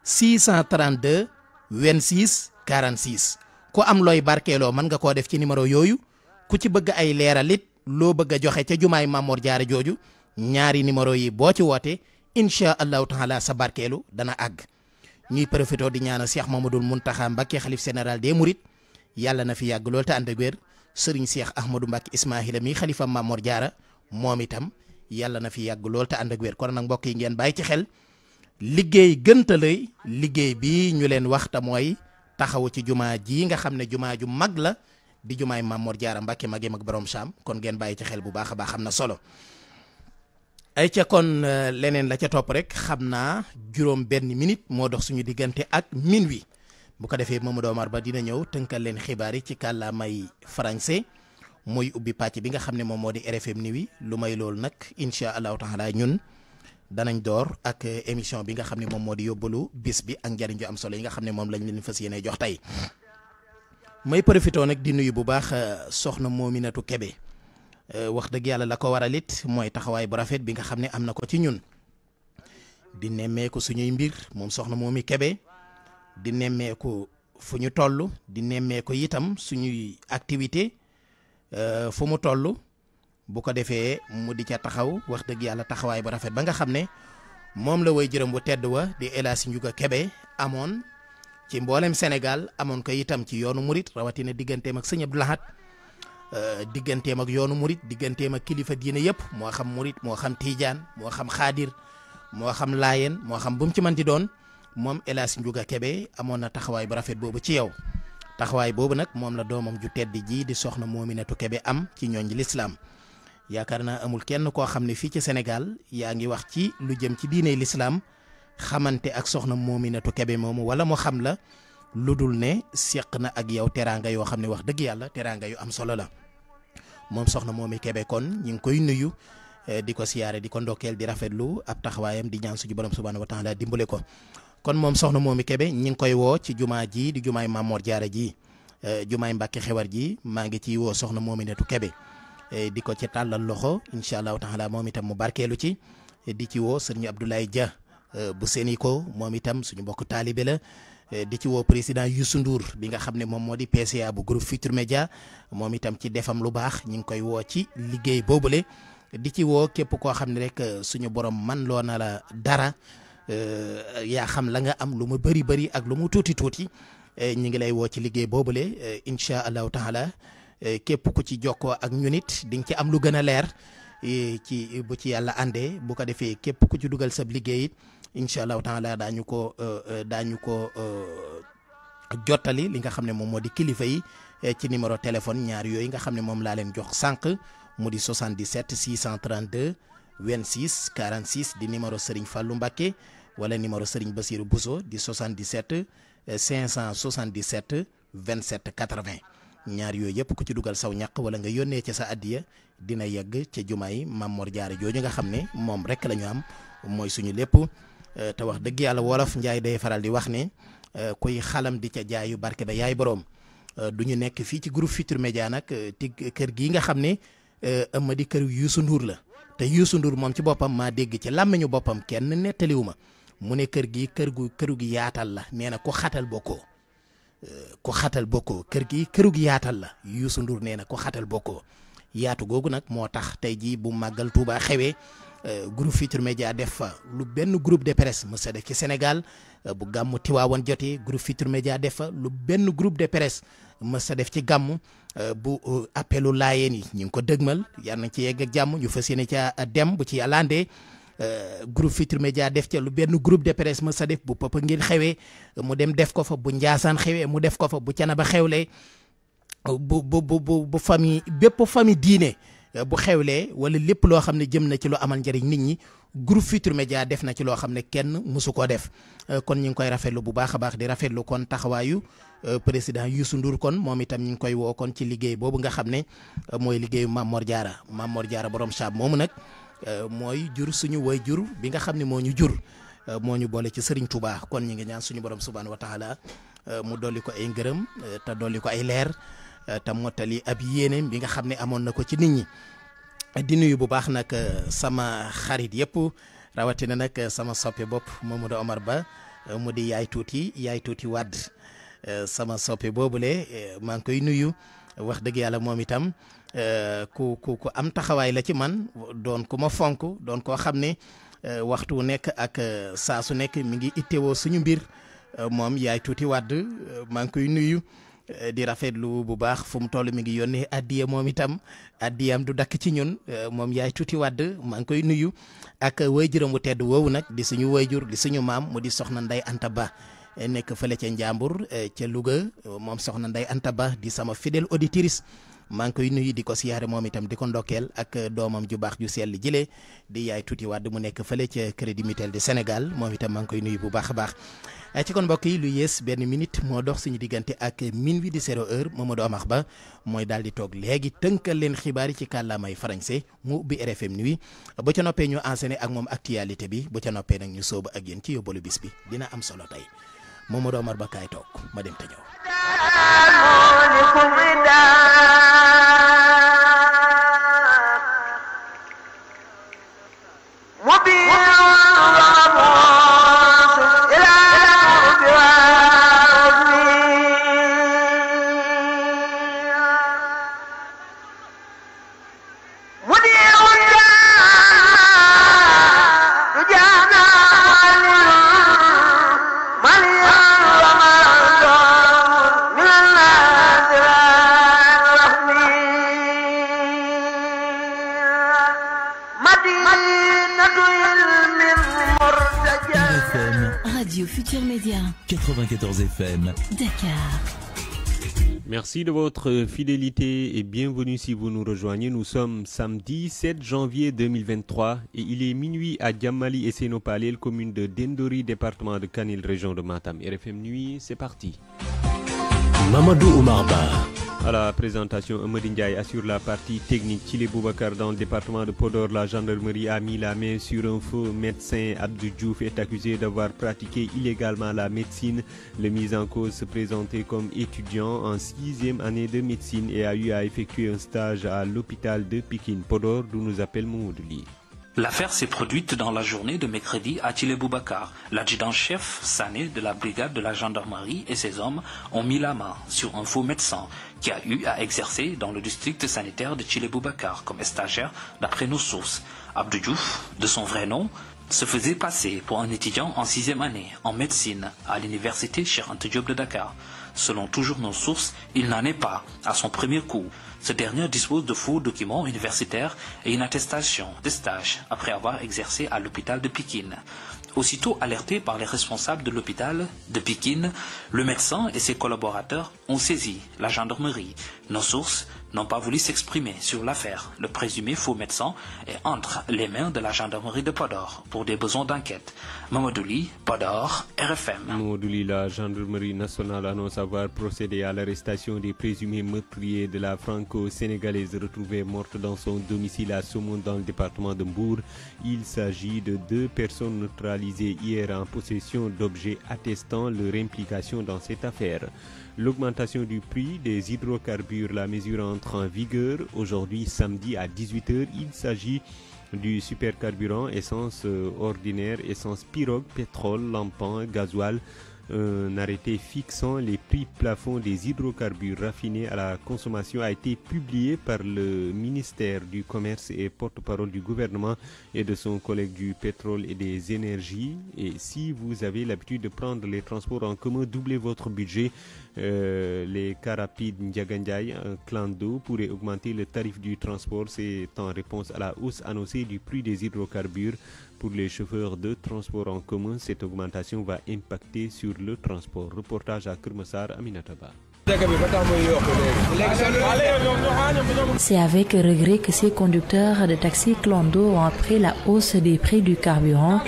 632 26 46 ku am looy barkeeloo mën nga ko def ci numéro yooyu ku ci bëgg ay leeralit loo bëgg a joxe ca jumaay Mamor Jaara jooju ñaari numéro yi boo ci woote incha allahu taala sa barkeelu dana àgg. ñuy profité di ñaanal Cheikh Mamadou Mountakha Mbacké xalif général des Mourides yàlla na fi yàgg lool te ànd ak wér sëriñ Cheikh Ahmadou Mbacké Ismaahila mi xalifa Mamor jaara moom itam yàlla na fi yàgg lool te ànd ak wér kon nag mbokk yi ngeen bàyyi ci xel liggéey gënta lay liggéey bi ñu leen waxta mooy taxawu ci jumaa ji nga xam ne jumaa ju mag la di jumaay Mamor jaara Mbacké magee mag borom saam kon ngeen bàyyi ci xel bu baax a baax am na solo ay ca kon euh, leneen la ca topp rek xam naa juróom benn minute moo dox suñu diggante ak min wi bu ko defee Mamadou doomar Ba dina ñëw tënkal leen xibaar yi ci may français mooy ubbi pàcc bi nga xam ne moom moo di RFM Nuit lu may loolu nag incha allahu taala ñun danañ door ak euh, émission bi nga xam ne moom moo di yóbbalu bis bi ak njëriñ ju am solo yi nga xam ne moom lañu leen fas yéene jox tey may profité nag di nuyu bu baax euh, soxna Mominatou Kébé. Euh, wax dëgg yàlla la ko waral it mooy taxawaay bu rafet bi nga xam ne am na ko ci ñun di nemmeeku suñuy mbir moom soxna Momy kebe di nemmeeku fu ñu toll di nemmeeku itam suñuy activité euh, fu mu toll bu ko defee mu di ca taxaw wax dëgg yàlla taxawaay bu rafet ba nga xam ne moom la way jërëm bu tedd wa di El Hadj Ndiouga Kébé amoon ci mboolem Sénégal amoon ko itam ci yoonu murit rawatina digganteem ak sëñ Abdou Euh, digganteem ak yoonu murit digganteem ak kilifa diine yëpp moo xam murit moo xam tiijaan moo xam xaadir moo xam laayeen moo xam bu mu ci di doon moom El njuga Ndiouga amoon na taxawaay bu rafet boobu ci yow taxawaay boobu nag moom la doomam ju tedd ji di soxna Moominatu Kébé am ci ñooñ lislaam yaakaar naa amul kenn koo xam ne fii ci Sénégal yaa ngi wax ci lu jëm ci diiney lislaam xamante ak soxna Moominatu Kébé moomu wala mu xam la lu dul ne seq na ak yow teraanga yoo xam ne wax dëgg yàlla teraanga yu am solo la moom soxna Momy Kébé kon ñu ngi koy nuyu eh, di ko siyaare di ko ndokkeel di rafetlu ab taxawaayam di ñaan suñu borom subhaanahu wa taala dimbale ko kon moom soxna Momy kebe ñi ngi koy woo ci jumaa ji di jumaay Mamor jaare ji eh, jumaay Mbàkke Xewar ji maa ngi ciy woo soxna netu Kébé eh, di ko ci tàllal loxo incha allahu taala moom itam mu barkeelu ci di ci woo sëriñ Abdoulaye Dia bu Séniko moom itam suñu mbokk taalibe Eh, di ci woo président Youssou Ndour bi nga xam ne moom moo di PCA bu groupe Futur Média moom itam ci defam lu baax ñu ngi koy woo ci liggéey boobule di ci woo képp koo xam ne rek eh, suñu borom man loo na la dara eh, yaa xam la nga am lu mu bëri bëri ak lu mu tuuti tuuti ñu ngi lay woo ci liggéey boobule incha allahu taala képp ku ci jokkoo ak ñun it di nga ci am lu gën a leer ci bu ci yàlla àndee bu ko defee képp ku ci dugal sa liggéey incha allahu taala daañu ko euh, euh, daañu ko euh, jottali li nga xam ne moom moo di kilifa yi ci numéro téléphone ñaar yooyu nga xam ne moom laa leen jox sànq mu di 77 632 26 46 di numéro Serigne Fallou Mbacké wala numéro Serigne Bassirou Bousso di 77 577 27 80 ñaar yooyu yëpp ku ci dugal saw ñàq wala nga yónnee ca sa addiya dina yegg ca jumaay Mamor Jaara jooju nga xam ne moom rek la ñu am mooy suñu lépp. Euh, te wax dëgg yàlla wolof njaay day faral di wax ne euh, kuy xalam di ca yu barke ba yaay boroom euh, du ñu nekk fii ci groupe Futurs Médias nag ti kër gii nga xam ne ëmma di kër yuusu nduur la te Youssou Ndour moom ci boppam maa dégg ci làmmiñu boppam kenn nettaliwu ma mu ne kër gi kër gu këru gi yaatal la nee na ko xatal bokkoo ko xatal bokkoo kër gi këru gi yaatal la Youssou Ndour nee na ko xatal bokkoo yaatu googu nag moo tax tey jii bu màggal Tuubaa xewee Euh, groupe Futurs média def fa lu benn groupe de presse mës def ci Sénégal euh, bu gàmmu Tiwaawan jotee groupe Futurs média def fa lu benn groupe de presse mës def ci gàmmu euh, bu appelu laayeen yi ñu ngi ko dëgmal yal nañ ci yegg ak jàmm ñu fas yéene ca dem bu ci yàllaandee groupe Futurs Médias def ca lu benn groupe de presse mës def bu pëpp ngir xewee mu dem def ko fa bu Njaasaan xewee mu def ko fa bu Canaba xewlee bu bu bu bu bépp famille diine. Euh, bu xewlee wala lépp loo xam ne jëm na ci lu amal njariñ nit ñi groupe fitre Médias def na ci loo xam ne kenn mosu koo def euh, kon ñu ngi koy rafetlu bu baax a baax di rafetlu kon taxawaayu euh, président Youssou Ndour kon moom itam ñu ngi koy woo kon ci liggéey boobu nga xam ne mooy liggéeyu Mamor Diarra Mamor Diarra borom Saam moomu nag mooy jur suñu way jur bi nga xam ne moo ñu jur moo ñu boole ci Serigne Touba kon ñu ngi ñaan suñu borom subhaanahu wa taala mu dolli ko ay ngërëm te dolli ko ay leer. Euh, te mottali ab yéeneem bi nga xam ne amoon na ko ci nit ñi di nuyu bu baax nag euh, sama xarit yëpp rawatina nag euh, sama soppe bopp Mamadou Omar Ba mu di yaay tuuti yaay tuuti wàdd sama soppe boobule maa ngi koy nuyu wax dëgg yàlla moom itam ku ku ku am taxawaay la ci man doon ku ma fonk doon koo xam ne waxtu wu nekk ak saa su nekk mi ngi ittewoo suñu mbir moom yaay tuuti wàdd maa ngi koy nuyu. Eh, di rafetlu bu baax fu mu toll mi ngi yónnee addiya moom itam addiyam du dakk ci ñun eh, moom yaay tuuti wàdd maa ngi koy nuyu ak wayjuram wu tedd woowu nag di suñu wayjur di suñu maam mu di soxna nday Anta Ba eh, nekk fële cee Njàmbur cee Louga moom soxna Ndeye Anta Ba di sama fidel auditrice maa ngi nuyu di ko siyaare moom itam di ko ndokkeel ak doomam ju baax ju sell jëlee di yaay tuuti wàdd mu nekk fële ca Crédit Mutuel du Sénégal moom itam maa ngi koy nuyu bu baax a baax. Eh, ci kon mbokk yi lu yées benn minute moo dox suñu diggante ak minuit di zéro heure Mamadou doomax Ba mooy daal di toog léegi tënkal leen xibaar yi ci kàllaamay français mu ubbi RFM nuit bu ca noppee ñu enseigné ak moom actualité bi bu ca noppee nag ñu sóobu ak yéen ci yóbbalu bi dina am solo tey. Mamadou Omar Ba kaay toog ma dem te ñëw Média. 94 FM. Merci de votre fidélité et bienvenue si vous nous rejoignez. Nous sommes samedi 7 janvier 2023 et il est minuit à Djamali commune de département de Canil, région de Matam. RFM Nuit, parti. À la présentation, Amadi Ndiaye assure la partie technique. Chili Boubacar, dans le département de Podor, la gendarmerie a mis la main sur un faux médecin. Abdou Diouf est accusé d'avoir pratiqué illégalement la médecine. Le mis en cause se présentait comme étudiant en sixième année de médecine et a eu à effectuer un stage à l'hôpital de Pikine Podor, d'où nous appelle Moumoudli. L'affaire s'est produite dans la journée de mercredi à Chile Boubacar. L'adjudant-chef Sané de la brigade de la gendarmerie et ses un faux médecin qui a eu à exercer dans le district sanitaire de Thillé Boubacar comme stagiaire d'après nos sources. Abdou Diouf, de son vrai nom, se faisait passer pour un étudiant en sixième année en médecine à l'université Cheikh Anta Diop de Dakar. Selon toujours nos sources, il n'en est pas à son premier coup. Ce dernier dispose de faux documents universitaires et une attestation de stage après avoir exercé à l'hôpital de Pikine. Aussitôt alerté par les responsables de l'hôpital de Pékin, le médecin et ses collaborateurs ont saisi la gendarmerie. Nos sources n'ont pas voulu s'exprimer sur l'affaire. Le présumé faux médecin est entre les mains de la gendarmerie de Podor pour des besoins d'enquête. Mamadouli, Podor, RFM. Mamadouli, la gendarmerie nationale annonce avoir procédé à l'arrestation des présumés meurtriers de la franco-sénégalaise retrouvée morte dans son domicile à Saumon dans le département de Mbour. Il s'agit de deux personnes neutralisées hier en possession d'objets attestant leur implication dans L'augmentation du prix des hydrocarbures, la mesure entre en vigueur aujourd'hui samedi à 18h. Il s'agit du supercarburant essence euh, ordinaire, essence pirogue, pétrole, lampan, gasoil, Un arrêté fixant les prix plafonds des hydrocarbures raffinés à la consommation a été publié par le ministère du Commerce et porte-parole du gouvernement et de son collègue du pétrole et des énergies. Et si vous avez l'habitude de prendre les transports en commun, doublez votre budget. Euh, les cars rapides Ndiagandjaï, Clando, pourraient augmenter le tarif du transport. C'est en réponse à la hausse annoncée du prix des hydrocarbures. Pour les chauffeurs de transport en commun, cette augmentation va impacter sur le transport. Reportage à Kurmasar Aminataba. C'est avec regret que ces conducteurs de taxi clando ont appris la hausse des prix du carburant.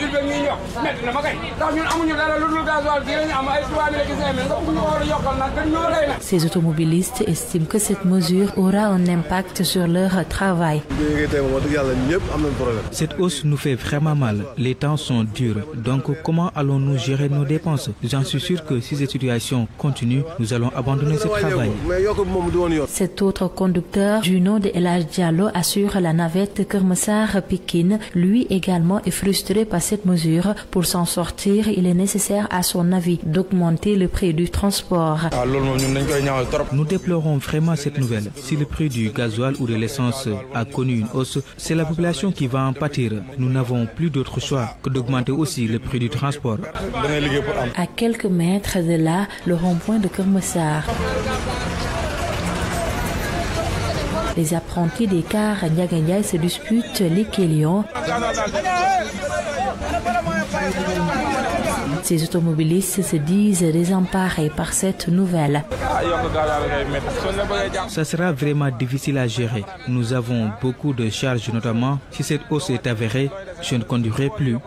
Ces automobilistes estiment que cette mesure aura un impact sur leur travail. Cette hausse nous fait vraiment mal. Les temps sont durs. Donc comment allons-nous gérer nos dépenses J'en suis sûr que si cette situation continue, nous allons abandonner retourner se travailler. Cet autre conducteur du de El Hadj Diallo assure la navette Keur massar Lui également est frustré par cette mesure. Pour s'en sortir, il est nécessaire à son avis d'augmenter le prix du transport. Ah, Nous déplorons vraiment cette nouvelle. Si le prix du gasoil ou de l'essence a connu une hausse, c'est la population qui va en pâtir. Nous n'avons plus d'autre choix que d'augmenter aussi le prix du transport. À quelques mètres de là, le rond-point de Les apprentis des cars Ndiaganyaï se disputent les Ces automobilistes se disent désemparés par cette nouvelle. Ça sera vraiment difficile à gérer. Nous avons beaucoup de charges, notamment si cette hausse est avérée, je ne conduirai plus.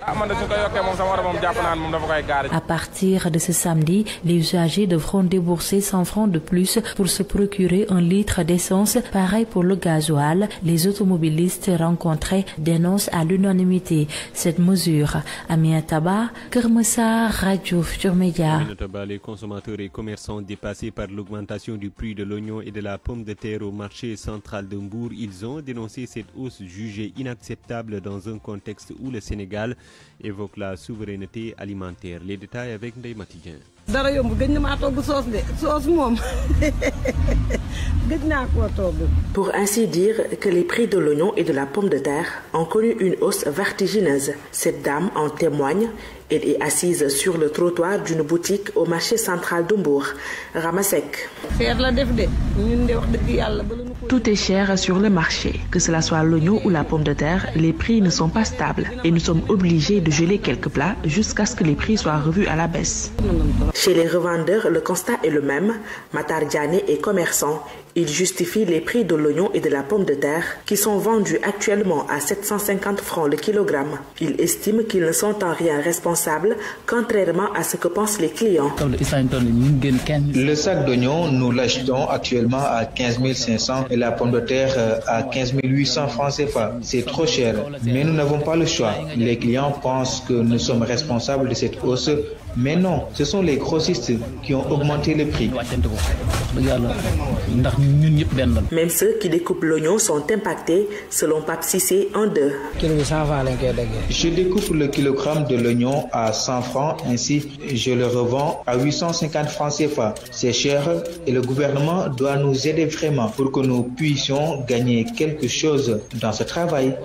À partir de ce samedi, les usagers devront débourser 100 francs de plus pour se procurer un litre d'essence. Pareil pour le gasoil, les automobilistes rencontrés dénoncent à l'unanimité cette mesure. Aminata Ba Kër Massar Radio Futur Média. Aminata Ba les consommateurs et commerçants dépassés par l'augmentation du prix de l'oignon et de la pomme de terre au marché central de Mbour ils ont dénoncé cette hausse jugée inacceptable dans un contexte où le Sénégal évoque la souveraineté alimentaire les détails avec Ndeye Matidien. dara yomb gëj na maa togg soos de soos Pour ainsi dire que les prix de l'oignon et de la pomme de terre ont connu une hausse vertigineuse. Cette dame en témoigne. Elle est assise sur le trottoir d'une boutique au marché central de Mbour Tout est cher sur le marché. Que cela soit l'oignon ou la pomme de terre, les prix ne sont pas stables et nous sommes obligés de geler quelques plats jusqu'à ce que les prix soient revus à la baisse. Chez les revendeurs, le constat est le même. Matar Diané commerçant. Il justifie les prix de l'oignon et de la pomme de terre qui sont vendus actuellement à francs le kilogramme. Il estime qu'ils ne sont en rien responsables, contrairement à ce que pensent les et la pomme de terre euh, à 15 800 francs CFA. C'est trop cher, mais nous n'avons pas le choix. Les clients pensent que nous sommes responsables de cette hausse mais non ce sont les grossistes qui ont augmenté les prix. Même ceux qui découpent l'oignon sont impactés selon Pape Cissé en deux. Je découpe le kilogramme de l'oignon à 100 francs ainsi je le revends à 850 francs CFA. C'est cher et le gouvernement doit nous aider vraiment pour que nous puissions gagner quelque chose dans ce travail.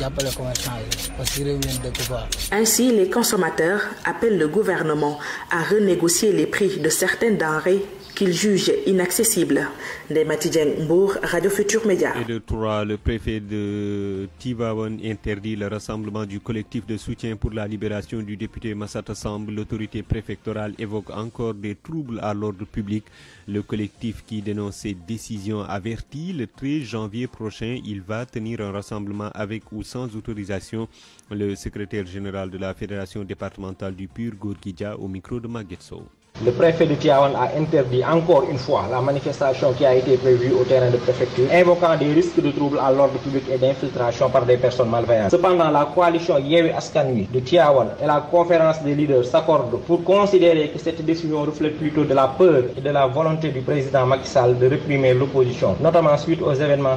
jàppale commerçant yi parce que réew leen dëkk quoi. Ainsi, les consommateurs appellent le gouvernement à renégocier les prix de certaines denrées qu'il juge inaccessible. Ndemati Mbour, Radio Futur Média. Et de 3, le préfet de Tivawan interdit le rassemblement du collectif de soutien pour la libération du député Massata Samb. L'autorité préfectorale évoque encore des troubles à l'ordre public. Le collectif qui dénonce ces décisions avertit le 13 janvier prochain, il va tenir un rassemblement avec ou sans autorisation. Le secrétaire général de la Fédération départementale du Pur, Gourkidja, au micro de Maguetso. Le préfet de Tiawan a interdit encore une fois la manifestation qui a été prévue au terrain de préfecture, invoquant des risques de troubles à l'ordre public et d'infiltration par des personnes malveillantes. Cependant, la coalition Yewi Askanui de Tiawan et la conférence des leaders s'accordent pour considérer que cette décision reflète plutôt de la peur et de la volonté du président Macky de réprimer l'opposition, notamment suite aux événements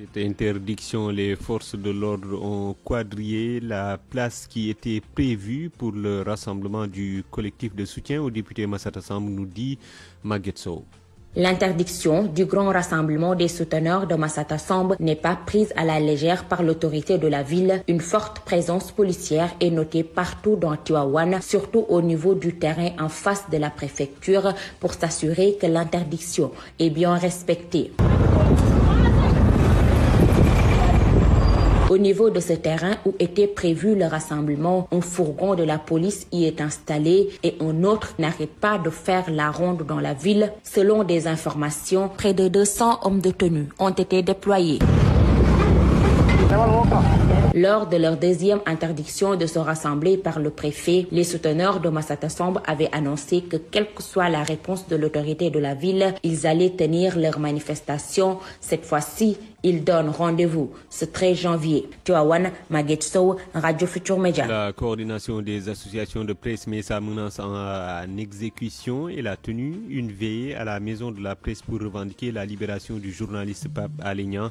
cette interdiction, les forces de l'ordre ont quadrillé la place qui était prévue pour le rassemblement du collectif de soutien au député Massata Samb, nous dit Maguetso. L'interdiction du grand rassemblement des souteneurs de Massata n'est pas prise à la légère par l'autorité de la ville. Une forte présence policière est notée partout dans Tivaouane, surtout au niveau du terrain en face de la préfecture, pour s'assurer que l'interdiction est bien respectée. Au niveau de ce terrain où était prévu le rassemblement, un fourgon de la police y est installé et un autre n'arrête pas de faire la ronde dans la ville. Selon des informations, près de 200 hommes de tenue ont été déployés. Lors de leur deuxième interdiction de se rassembler par le préfet, les souteneurs de Massata Samb avaient annoncé que quelle que soit la réponse de l'autorité de la ville, ils allaient tenir leur manifestation. Cette fois-ci, ils donnent rendez-vous ce 13 janvier. Tuawan Magetso, Radio Futur Média. La coordination des associations de presse met sa menace en exécution. Elle a tenu une veillée à la maison de la presse pour revendiquer la libération du journaliste Pape Alignan.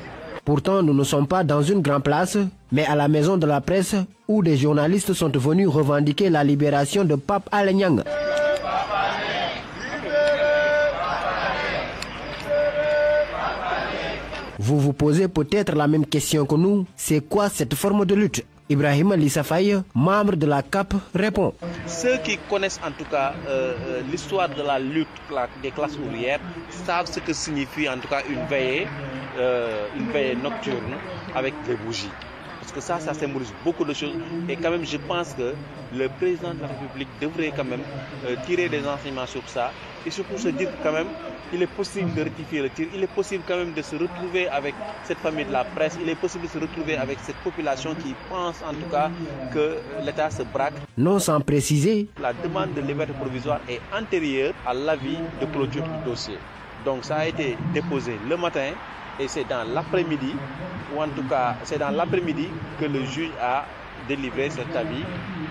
Pourtant, nous ne sommes pas dans une grande place, mais à la maison de la presse où des journalistes sont venus revendiquer la libération de Pape Alenyang. Vous vous posez peut-être la même question que nous, c'est quoi cette forme de lutte Ibrahim Lissafaye, membre de la CAP, répond. Ceux qui connaissent en tout cas euh, euh l'histoire de la lutte des classes ouvrières savent ce que signifie en tout cas une veillée euh, une veillée nocturne avec des bougies. Parce que ça, ça symbolise beaucoup de choses. Et quand même, je pense que le président de la République devrait quand même euh, tirer des enseignements sur ça. Et surtout se dire quand même, il est possible de rectifier le tir. Il est possible de se retrouver avec cette famille de la presse. Il est possible de se retrouver avec cette population qui pense en tout cas que l'État se braque. Non sans préciser. La demande de liberté provisoire est antérieure à l'avis de clôture du dossier. ça a le matin. et c'est dans l'après-midi, ou en tout cas c'est dans l'après-midi que le juge a délivré cet avis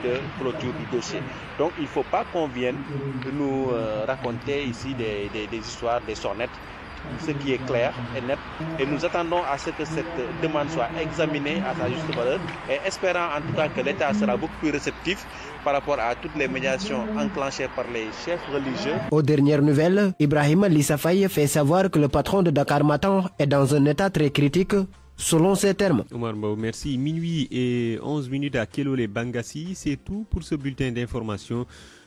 de clôture du dossier. il ne faut pas qu'on vienne de nous euh, raconter ici des, des, des histoires, des sonnettes ce qui est clair et net. Et nous attendons à ce que cette demande soit examinée à sa juste valeur et espérant en tout cas que l'État sera beaucoup plus réceptif par rapport à toutes les médiations enclenchées par les chefs religieux. Aux dernières nouvelles, Ibrahim Lissafaye fait savoir que le patron de Dakar Matin est dans un état très critique selon ces termes. tout pour ce bulletin d'information.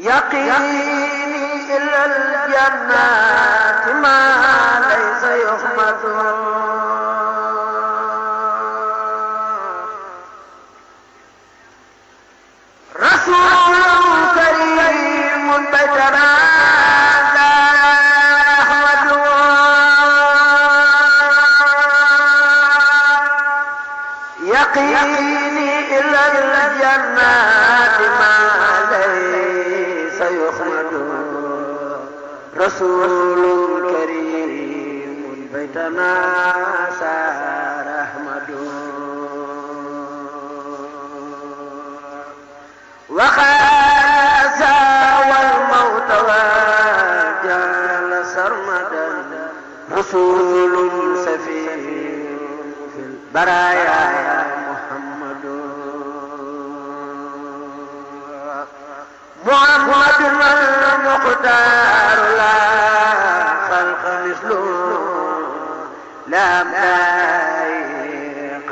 يقيني إلى الجنات ما ليس يخمد رسول كريم بيتنا سار أحمد وخاز والموت وجعل سرمدا رسول سفي في البرايا محمد المختار لا خلق مثله لا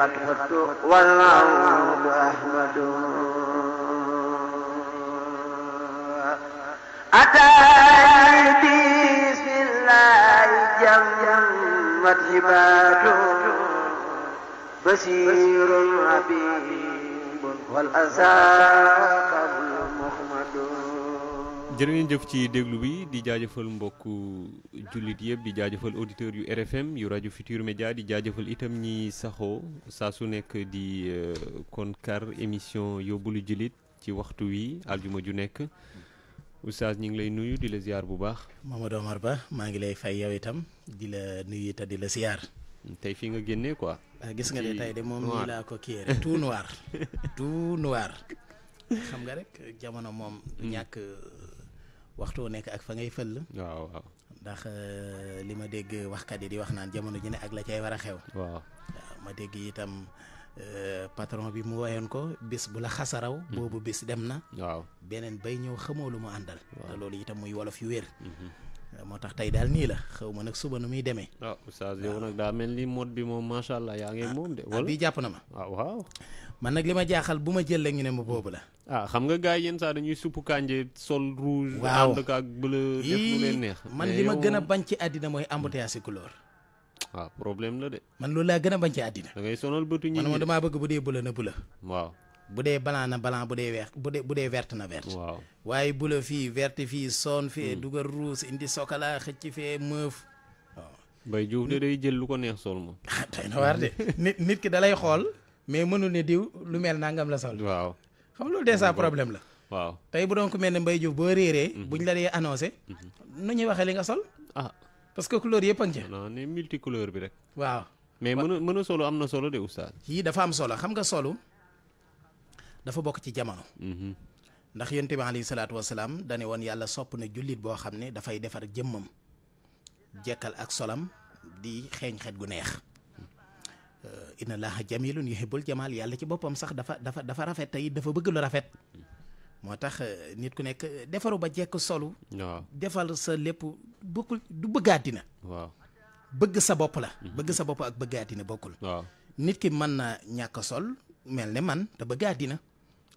قد خدت والعود أحمد أتاني بسم الله جمت هباته بصير عبيد والأسى قبله jërë jëf ci déglu bi di jaajëfal mbokk jullit yëpp di jaajëfal auditeurs yu RFM yu rajo Futur Média di jaajëfal itam ñi saxoo saa su nekk di euh, kon kar émission yóbbalu jullit ci waxtu wi aljuma ju nekk oustaz ñu ngi lay nuyu di la ziar bu baax. Mamadou Omar Ba maa ngi lay fay yow itam di la nuyu te di la ziar. tey fii nga génne ko ah, gis nga ne tey de moom nii laa ko kii tout noir tout noir. xam nga rek jamono moom. du hmm. ñàkk waxtu nekk ak fa ngay fël. waaw waaw ndax euh, li ma dégg waxkat yi di wax naan jamono ji ne ak la cay war a xew. waaw ma dégg itam. Uh, patron bi mu wayoon ko bis bu la xasaraw hmm. boobu bis dem na waaw beneen bay ñëw xamoo lu mu àndal te loolu itam muy wolof yu wér hmm. moo tax tey daal nii la xaw ma nag suba nu muy demee ah, waaw oustaz allah yaa ah, ah, jàpp na ma waaw waaw man nag li ma jaaxal bu ma jëlee ñu ne ma boobu la. ah xam nga gaa yi yenn saa dañuy suppu kànje sol rouge. waaw ànd ak bleu man li ma gën a bañ ci àddina mooy embouteillage si couleur. waaw ah, problème la de. man loolu laa gën a bañ ci àddina. da ngay sonal bëtu ñi man moom damaa bëgg bu dee bleu na bleu. waaw bu dee blanc na blanc bu dee weex bu dee bu dee vert na vert. waaw waaye bleu fii vert fii son fee hmm. dugal rouge indi sokala xëcc fee meuf. waaw Mbaye Diouf de day jël lu ko neex sol m ki dalay xool. mais mënul ne diw lu mel nangam la sol waaw xam loolu dèjà problème la waaw tey bu doon ku mel ne mbay Diouf boo réeree mhm. buñ la dee annoncé mhm. nu ñuy waxee li nga sol ah parce que couleur yëpp a ngi ci non bi rek waaw mais mën a mën solo am na solo de oustaz yii dafa am solo xam nga solo dafa bokk ci jamono mhm. ndax yonte bi alayhi salaatu wasalaam dane woon yàlla sopp na jullit boo xam ne dafay defar jëmmam jekkal ak solam di xeeñ xet gu neex ina euh, inna laaha jamilun yuhibbul jamaal yàlla ci boppam sax dafa dafa dafa rafet tey dafa bëgg lu rafet moo tax euh, nit ku nekk euh, defaru ba jekk solu defal sa lépp bokkul du bëgg àddina waaw bëgg sa bopp la mhm. bëgg sa bopp ak bëgg àddina bokkul waaw nit ki mën na ñàkk sol mel ne man te bëgg àddina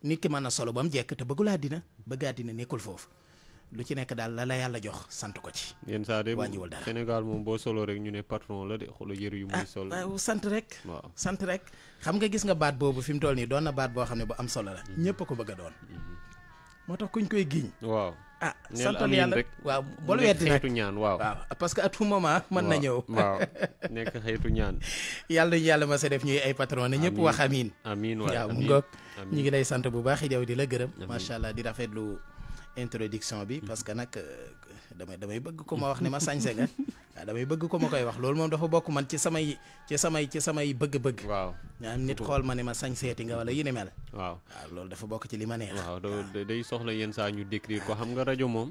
nit ki mën na solo ba mu jekk te bëggul àddina bëgg nekkul foofu lu ci nekk daal la la yàlla jox sant ko ci. yenn saa de wàññiwul dara Sénégal moom boo solo rek ñu ne patron la de xoolal yëre yu muy ah, sol. waaw sant rek. xam nga gis nga baat boobu fi mu toll nii doon na baat boo xam ne bu am solo la. Mhm. ñëpp ko bëgg a mhm. moo tax kuñ koy giiñ. waaw ah santoon yàlla rek waaw bol weddi nag ñaan waaw. waaw parce que à tout moment mën na ñëw. waaw nekk xeetu ñaan. yàlla ñu yàlla sa def ñuy ay patron ñëpp wax amiin. amiin mu ngoog ñu ngi lay sant bu baax yow di la gërëm. macha allah di rafetlu introduction bi parce que nag euh, damay bëgg ko ma wax ne ma sañse nga waaw ah, damay bëgg ko ma koy wax loolu moom dafa bokk man ci samay ci samay ci samay bëgg-bëgg. waaw nga ah, am nit xool ma ne ma sañseeti nga wala yi ni mel. waaw waaw ah, loolu dafa bokk ci li ma neex. waaw day soxla yenn saa ñu décrire ko xam nga rajo moom.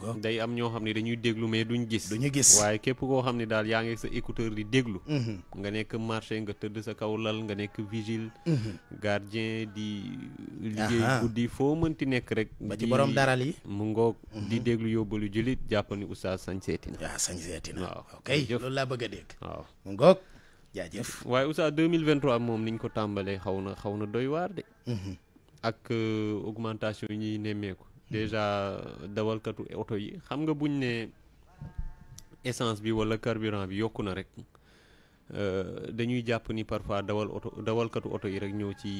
waaw ah, day am ñoo xam ne dañuy déglu mais duñ gis. duñu gis waaye képp koo xam ne daal yaa ngi sa écouteur di déglu. Mhm. nga nekk marché nga tëdd sa kaw lal nga nekk vigile. Mhm. gardien di. liggéey guddi foo mënti nekk rek. ba ci borom daral yi mu ngoog. Mhm. di déglu yóbbalu jullit jàpp ni oustaz sañ seeti na. waaw ah, sañ seeti loolu laa bëgg a dégg. waaw mu ngoog jaajëf. waaye oustaz moom niñ ko tàmbalee xaw na xaw na doy waar de. ak euh, augmentation yi ñuy nemmeeku. déjà dawalkatu oto yi xam nga buñ ne essence bi wala carburant bi yokku na rek euh, dañuy jàpp ni parfois dawal oto dawalkatu oto yi rek ñëw ci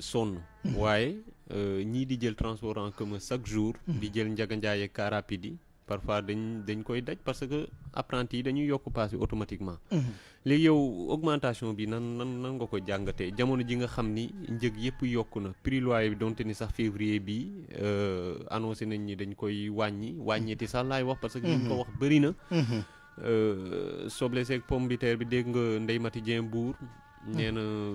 sonn. Hmm. waaye euh, ñii di jël transport en chaque jour. Hmm. di jël njaganjaay ak car yi. parfois dañ dañ koy daj parce que apprenti yi dañuy yokk paas bi automatiquement. Mhm. léegi yow augmentation bi nan nan nan nga ko jàngatee jamono ji nga xam ni njëg yëpp yokku na prix loyer bi donte ni sax février bi euh, annoncé nañ ni dañ koy wàññi wàññeeti sax laay wax. parce que ñu ko mhm. wax bëri na. Mhm. Euh, soble seeg pomme de terre bi dégg nga Ndeye Mati Dieng Mbour Hmm. nee na euh,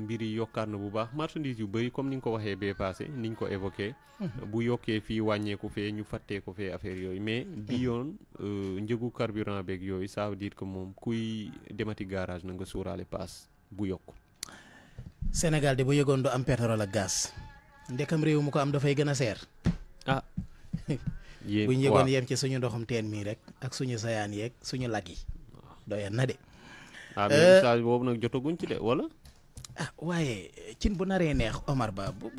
mbir yi yokkaat na bu baax marchandise yu bëri comme ni nga ko waxee bee passé ni ñu ko évoqué. Hmm. bu yokkee fii wàññeeku fee ñu fàttee ko fee affaire yooyu mais hmm. bi yoon euh, njëgu carburant beeg yooyu ça veut dire moom kuy demati garage na nga suuraale paas bu yokk. senegal di bu yëgoon du am pétrole ak gaz. ndekam réew mu ko am dafay gën a seer. ah. bu ñu yëgoon yem ci suñu ndoxum teen mii rek ak suñu sayaan yeeg suñu lak yi ah. doyan na de. ah euh, boobu nag jotaguñ ci ah, waaye cin bu naree neex Omar Ba bu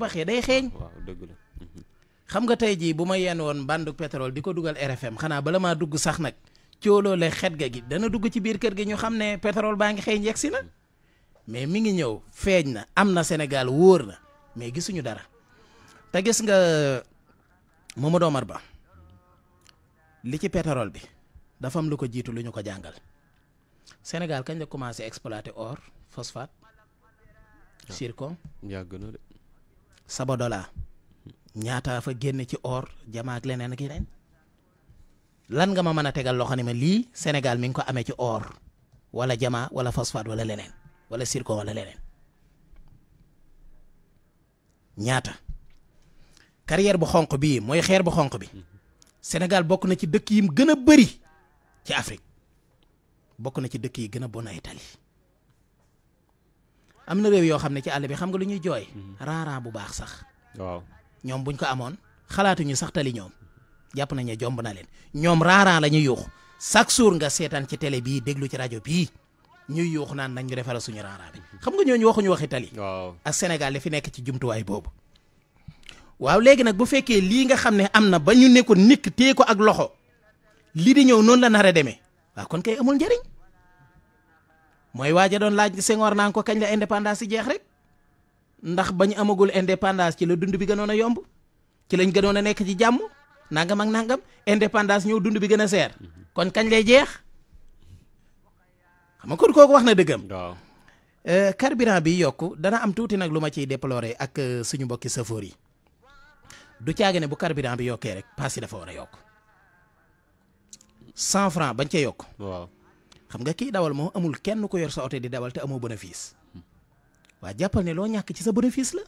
baxee day xeeñ. waaw mhm. xam nga tey jii bu ma yenn woon bandu pétrole di ko dugal RFM xanaa bala maa dugg sax nag cóoloole xet ga gi dana dugg ci biir kër gi ñu xam ne pétrole baa ngi xeeñ yegg si na mhm. mais mi ngi ñëw feeñ na am na Sénégal wóor na mais gisuñu dara te gis nga Mamadou Omar Ba li ci pétrole bi dafam lu ko jiitu lu ñu ko jàngal. senegal kañ la commencé exploiter or phosphate. Ah. zircon yàgg na de. fa génn ci or jamaa leneen ak yeneen lan nga ma mën a tegal loxo ne ma lii senegal mi ngi ko amee ci or wala jamaa wala phosphate wala leneen wala zircon wala leneen ñaata. carrière bu xonq bii mooy xeer bu xonq bi mm-hmm. senegal bokk na ci dëkk yim gën a bëri ci Afrique. bokk na ci dëkk yi gën a bon ay tali am na réew yoo xam ne ci àll bi xam nga lu ñuy jooy mm-hmm. raaraan bu baax sax ñoom buñ ko amoon xalaatuñu sax tali ñoom jàpp nañ ne jomb na leen ñoom raaraan la ñuy yuux chaque jour nga seetaan ci télé bii déglu ci rajo bii ñuy yuux naan nañ ñu defaral suñu raaraan bi mm-hmm. xam nga ñooñu waxuñu waxi tali waaw ak Sénégal li fi nekk ci jumtuwaay boobu waaw léegi nag bu fekkee lii nga xam ne am na ba ñu ne ko nikk téye ko ak loxo li di ñëw noonu la nar demee waa kon kay amul njëriñ mooy waaja doon laaj Senghor naan ko kañ la indépendance yi jeex rek ndax bañ amagul indépendance ci la dund bi gënoon a yomb ci lañ gënoon a nekk ci jàmm nangam ak nangam indépendance ñëw dund bi gën a seer kon kañ lay jeex xam nga kon kooku wax na dëggam. waaw euh, carburant bi yokk dana am tuuti nag lu ma ciy déplorer ak euh, suñu mbokki safoor yi du caagane bu carburant bi yokkee rek paas yi dafa war a yokk. cent franc bañ cee yokk. waaw xam nga kii dawal moom amul kenn ku yor sa oto di dawal te amoo bénéfice. waa jàppal ne loo ñàkk ci sa bénéfice la.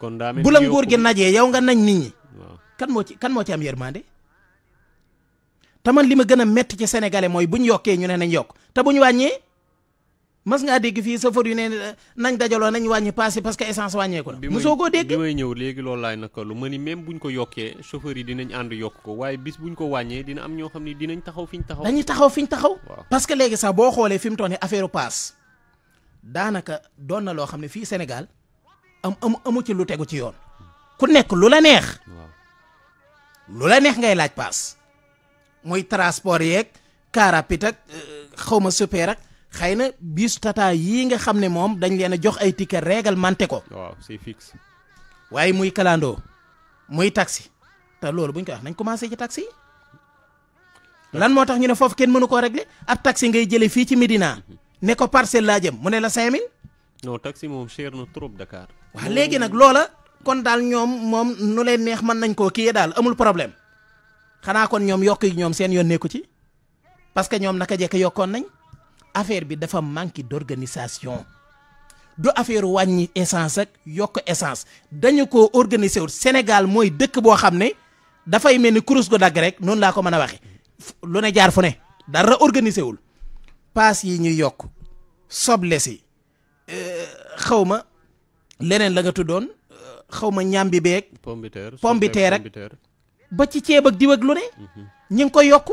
kon daa bu la nguur gi najee yow nga nañ nit ñi. kan moo ci kan moo ci am yërmande. te man li ma gën a mett ci sénégalais mooy bu ñu yokkee ñu ne nañ yokk te bu ñu mas ngaa dégg fii safar yu ne nañ dajaloo nañ wàññi passé parce que essence wàññeeku na mosoo koo dégg bi may ñëw léegi loolu laay naka lu ma ni même buñ ko yokkee chauffeur yi dinañ ànd yokk ko waaye bis buñ ko wàññee dina am ñoo xam ne dinañ taxaw fi ñu taxaw dañuy taxaw ñu taxaw parce que léegi sax boo xoolee fi mu toll nii affaire paas daanaka doon na loo xam ne fii senegal am am amu ci lu tegu ci yoon ku nekk lu la neex lu la neex ngay laaj paas muy transport yeeg car rapide ak euh, xaw ma super xëy na bis tata yii nga xam ne moom dañ leen a jox ay ticket réglementé ko. waaw c'est fixe. waaye muy kalandoo muy taxi te loolu buñ koy wax nañ commencé ci taxi lan moo tax ñu ne foofu kenn mënu koo régler ab taxi ngay jëlee fii ci Medina ne ko parcelle laa jëm mu ne la 5000. non taxi moom cher na trop Dakar. waaw léegi nag loola kon daal ñoom moom nu leen neex mën nañ koo kii daal amul problème xanaa kon ñoom yokk ñoom seen yoon nekku ci parce que ñoom naka jekk yokkoon nañ. affaire bi dafa manque d'organisation du affaire wàññi essence ak yokk essence dañu ko organiser wul Sénégal mooy dëkk boo xam ne dafay mel ni kurus gu dagg rek noonu laa ko mën a waxe lu ne jaar fu ne dara organiser wul paas yi ñuy yokk soble si euh, xaw ma leneen la nga tuddoon euh, xaw ma bi beeg. pombiteer pombiteer ak ba ci ceeb ak diw ak lu ne. Mhm. ñi ngi koy yokk.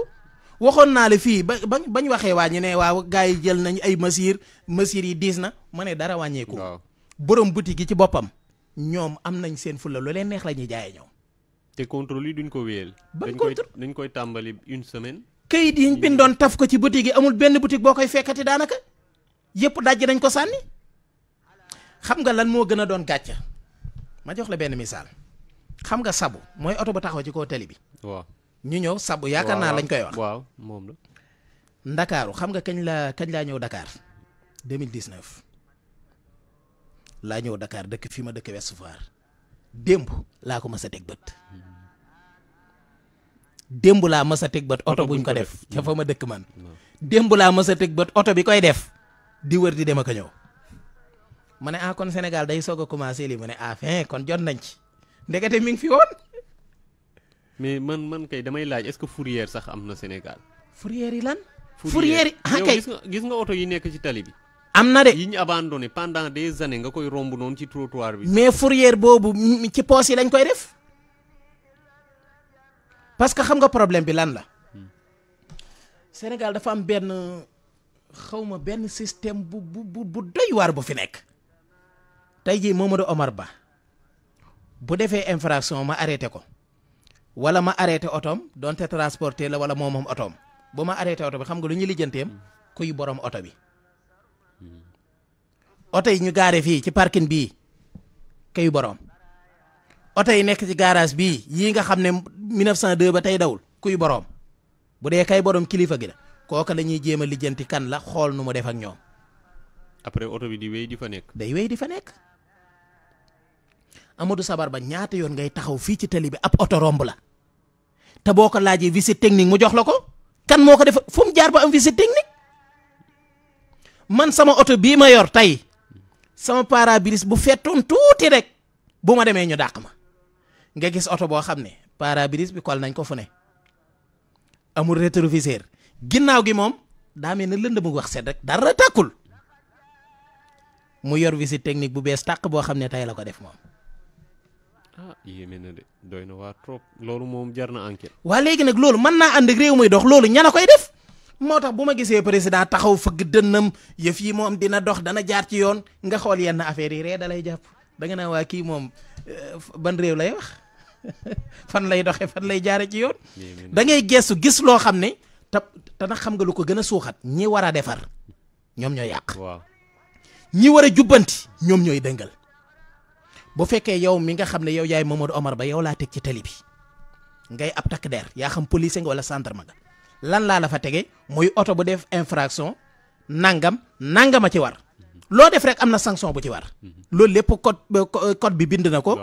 waxoon naa la fii ba ba bañ waxee waa ñu ne waaw gars yi jël nañ ay mesures mesures yi diis na ma ne dara wàññeeku. borom boutique yi ci boppam ñoom am nañ seen fulla lu leen neex la ñuy jaayee ñoom. te contrôle yi duñ ko wéyal. ban contrôle dañ koy dañ tàmbali une semaine. kayit yi ñu bindoon taf ko ci boutique yi amul benn boutique boo koy fekkati daanaka yépp dajji dañ ko sànni xam nga lan moo gën a doon gàcce ma jox la benn misaal xam nga sabu mooy oto bu taxaw ci kaw teli bi. waaw ñu ñëw sabu yaakaar naa lañ koy wax waaw moom la. ndakaaru xam nga kañ laa kañ laa ñëw Dakar 2019 laa ñëw dakaar dëkk fi ma dëkk Ouest Foire démb laa ko mës a teg bët laa mës teg bët oto buñ ko def ca fa ma dëkk man démb laa mës a teg bët oto bi koy def di wër di dem ak a ñëw ma ne ah kon Sénégal day soog a commencé lii ma ne ah fin kon jot nañ ci ndekete fi woon. mais man man kay damay laaj est que fourrière sax am na Sénégal. fourrière yi lan. furier yi ah kay gis nga oto yi nekk ci tali bi. am na de yi ñu ne pendant des années nga koy romb noonu ci trottoir bi. mais fourrière boobu ci poos yi lañ koy def parce que xam nga problème bi lan la. Hmm. Sénégal dafa am benn xawma benn système bu bu bu doy waar bu fi nekk. tey jii Mamadou Omar Ba bu defee infraction ma arrêté ko. wala ma arrêté otoom donte transporté la wala moo moom otoom bu ma arrêté oto bi xam nga lu ñuy lijjanteem kuy borom oto bi oto yi ñu gaare fii ci parking bii kuy borom oto yi nekk ci garage bii yii nga xam ne 1902 ba tey dawul kuy boroom bu dee kay borom kilifa gi la kooka lañuy ñuy jéem a lijjanti kan la xool nu mu def ak ñoom. après oto bi di wéy di fa nekk. day wéy di fa nekk. Amadou Sabar ba ñaata yoon ngay taxaw fii ci tali bi ab oto romb la te boo ko laajee visite technique mu jox la ko kan moo ko def fu jaar ba am visite technique man sama oto bii ma yor tey sama pare bu fettoon tuuti rek bu ma demee ñu dàq ma nga gis oto boo xam ne pare bi kol nañ ko fu ne amul rétroviseur ginnaaw gi moom daa mel ne lënd mu wax set rek dara takkul mu yor visite technique bu bees tàq boo xam ne tey la ko def moom. ah yéeme na na waa trop loolu moom jar na enquête. waa léegi nag loolu mën naa ànd réew muy dox loolu ña na koy def moo tax bu ma gisee président taxaw fëgg dënnam yëf yi moom dina dox dana jaar ci yoon nga xool yenn affaire yi ree dalay jàpp da nga naa waa kii moom euh, ban réew lay wax fan lay doxee fan lay jaare ci yoon. da ngay gestu gis loo xam ne te te xam nga lu ko gën a suuxat ñi war a defar ñoom ñooy yàq. waaw ñi war a jubbanti ñoom ñooy dëngal. bu fekkee yow mi nga xam ne yow yaay Mamadou Omar Ba yow laa teg ci tali ngay ab takk der yaa xam police nga wala gendarme nga lan laa la fa tege muy oto bu def infraction nangam nangama ci war loo def rek am na sanction bu ci war loolu lépp code code bi bind na ko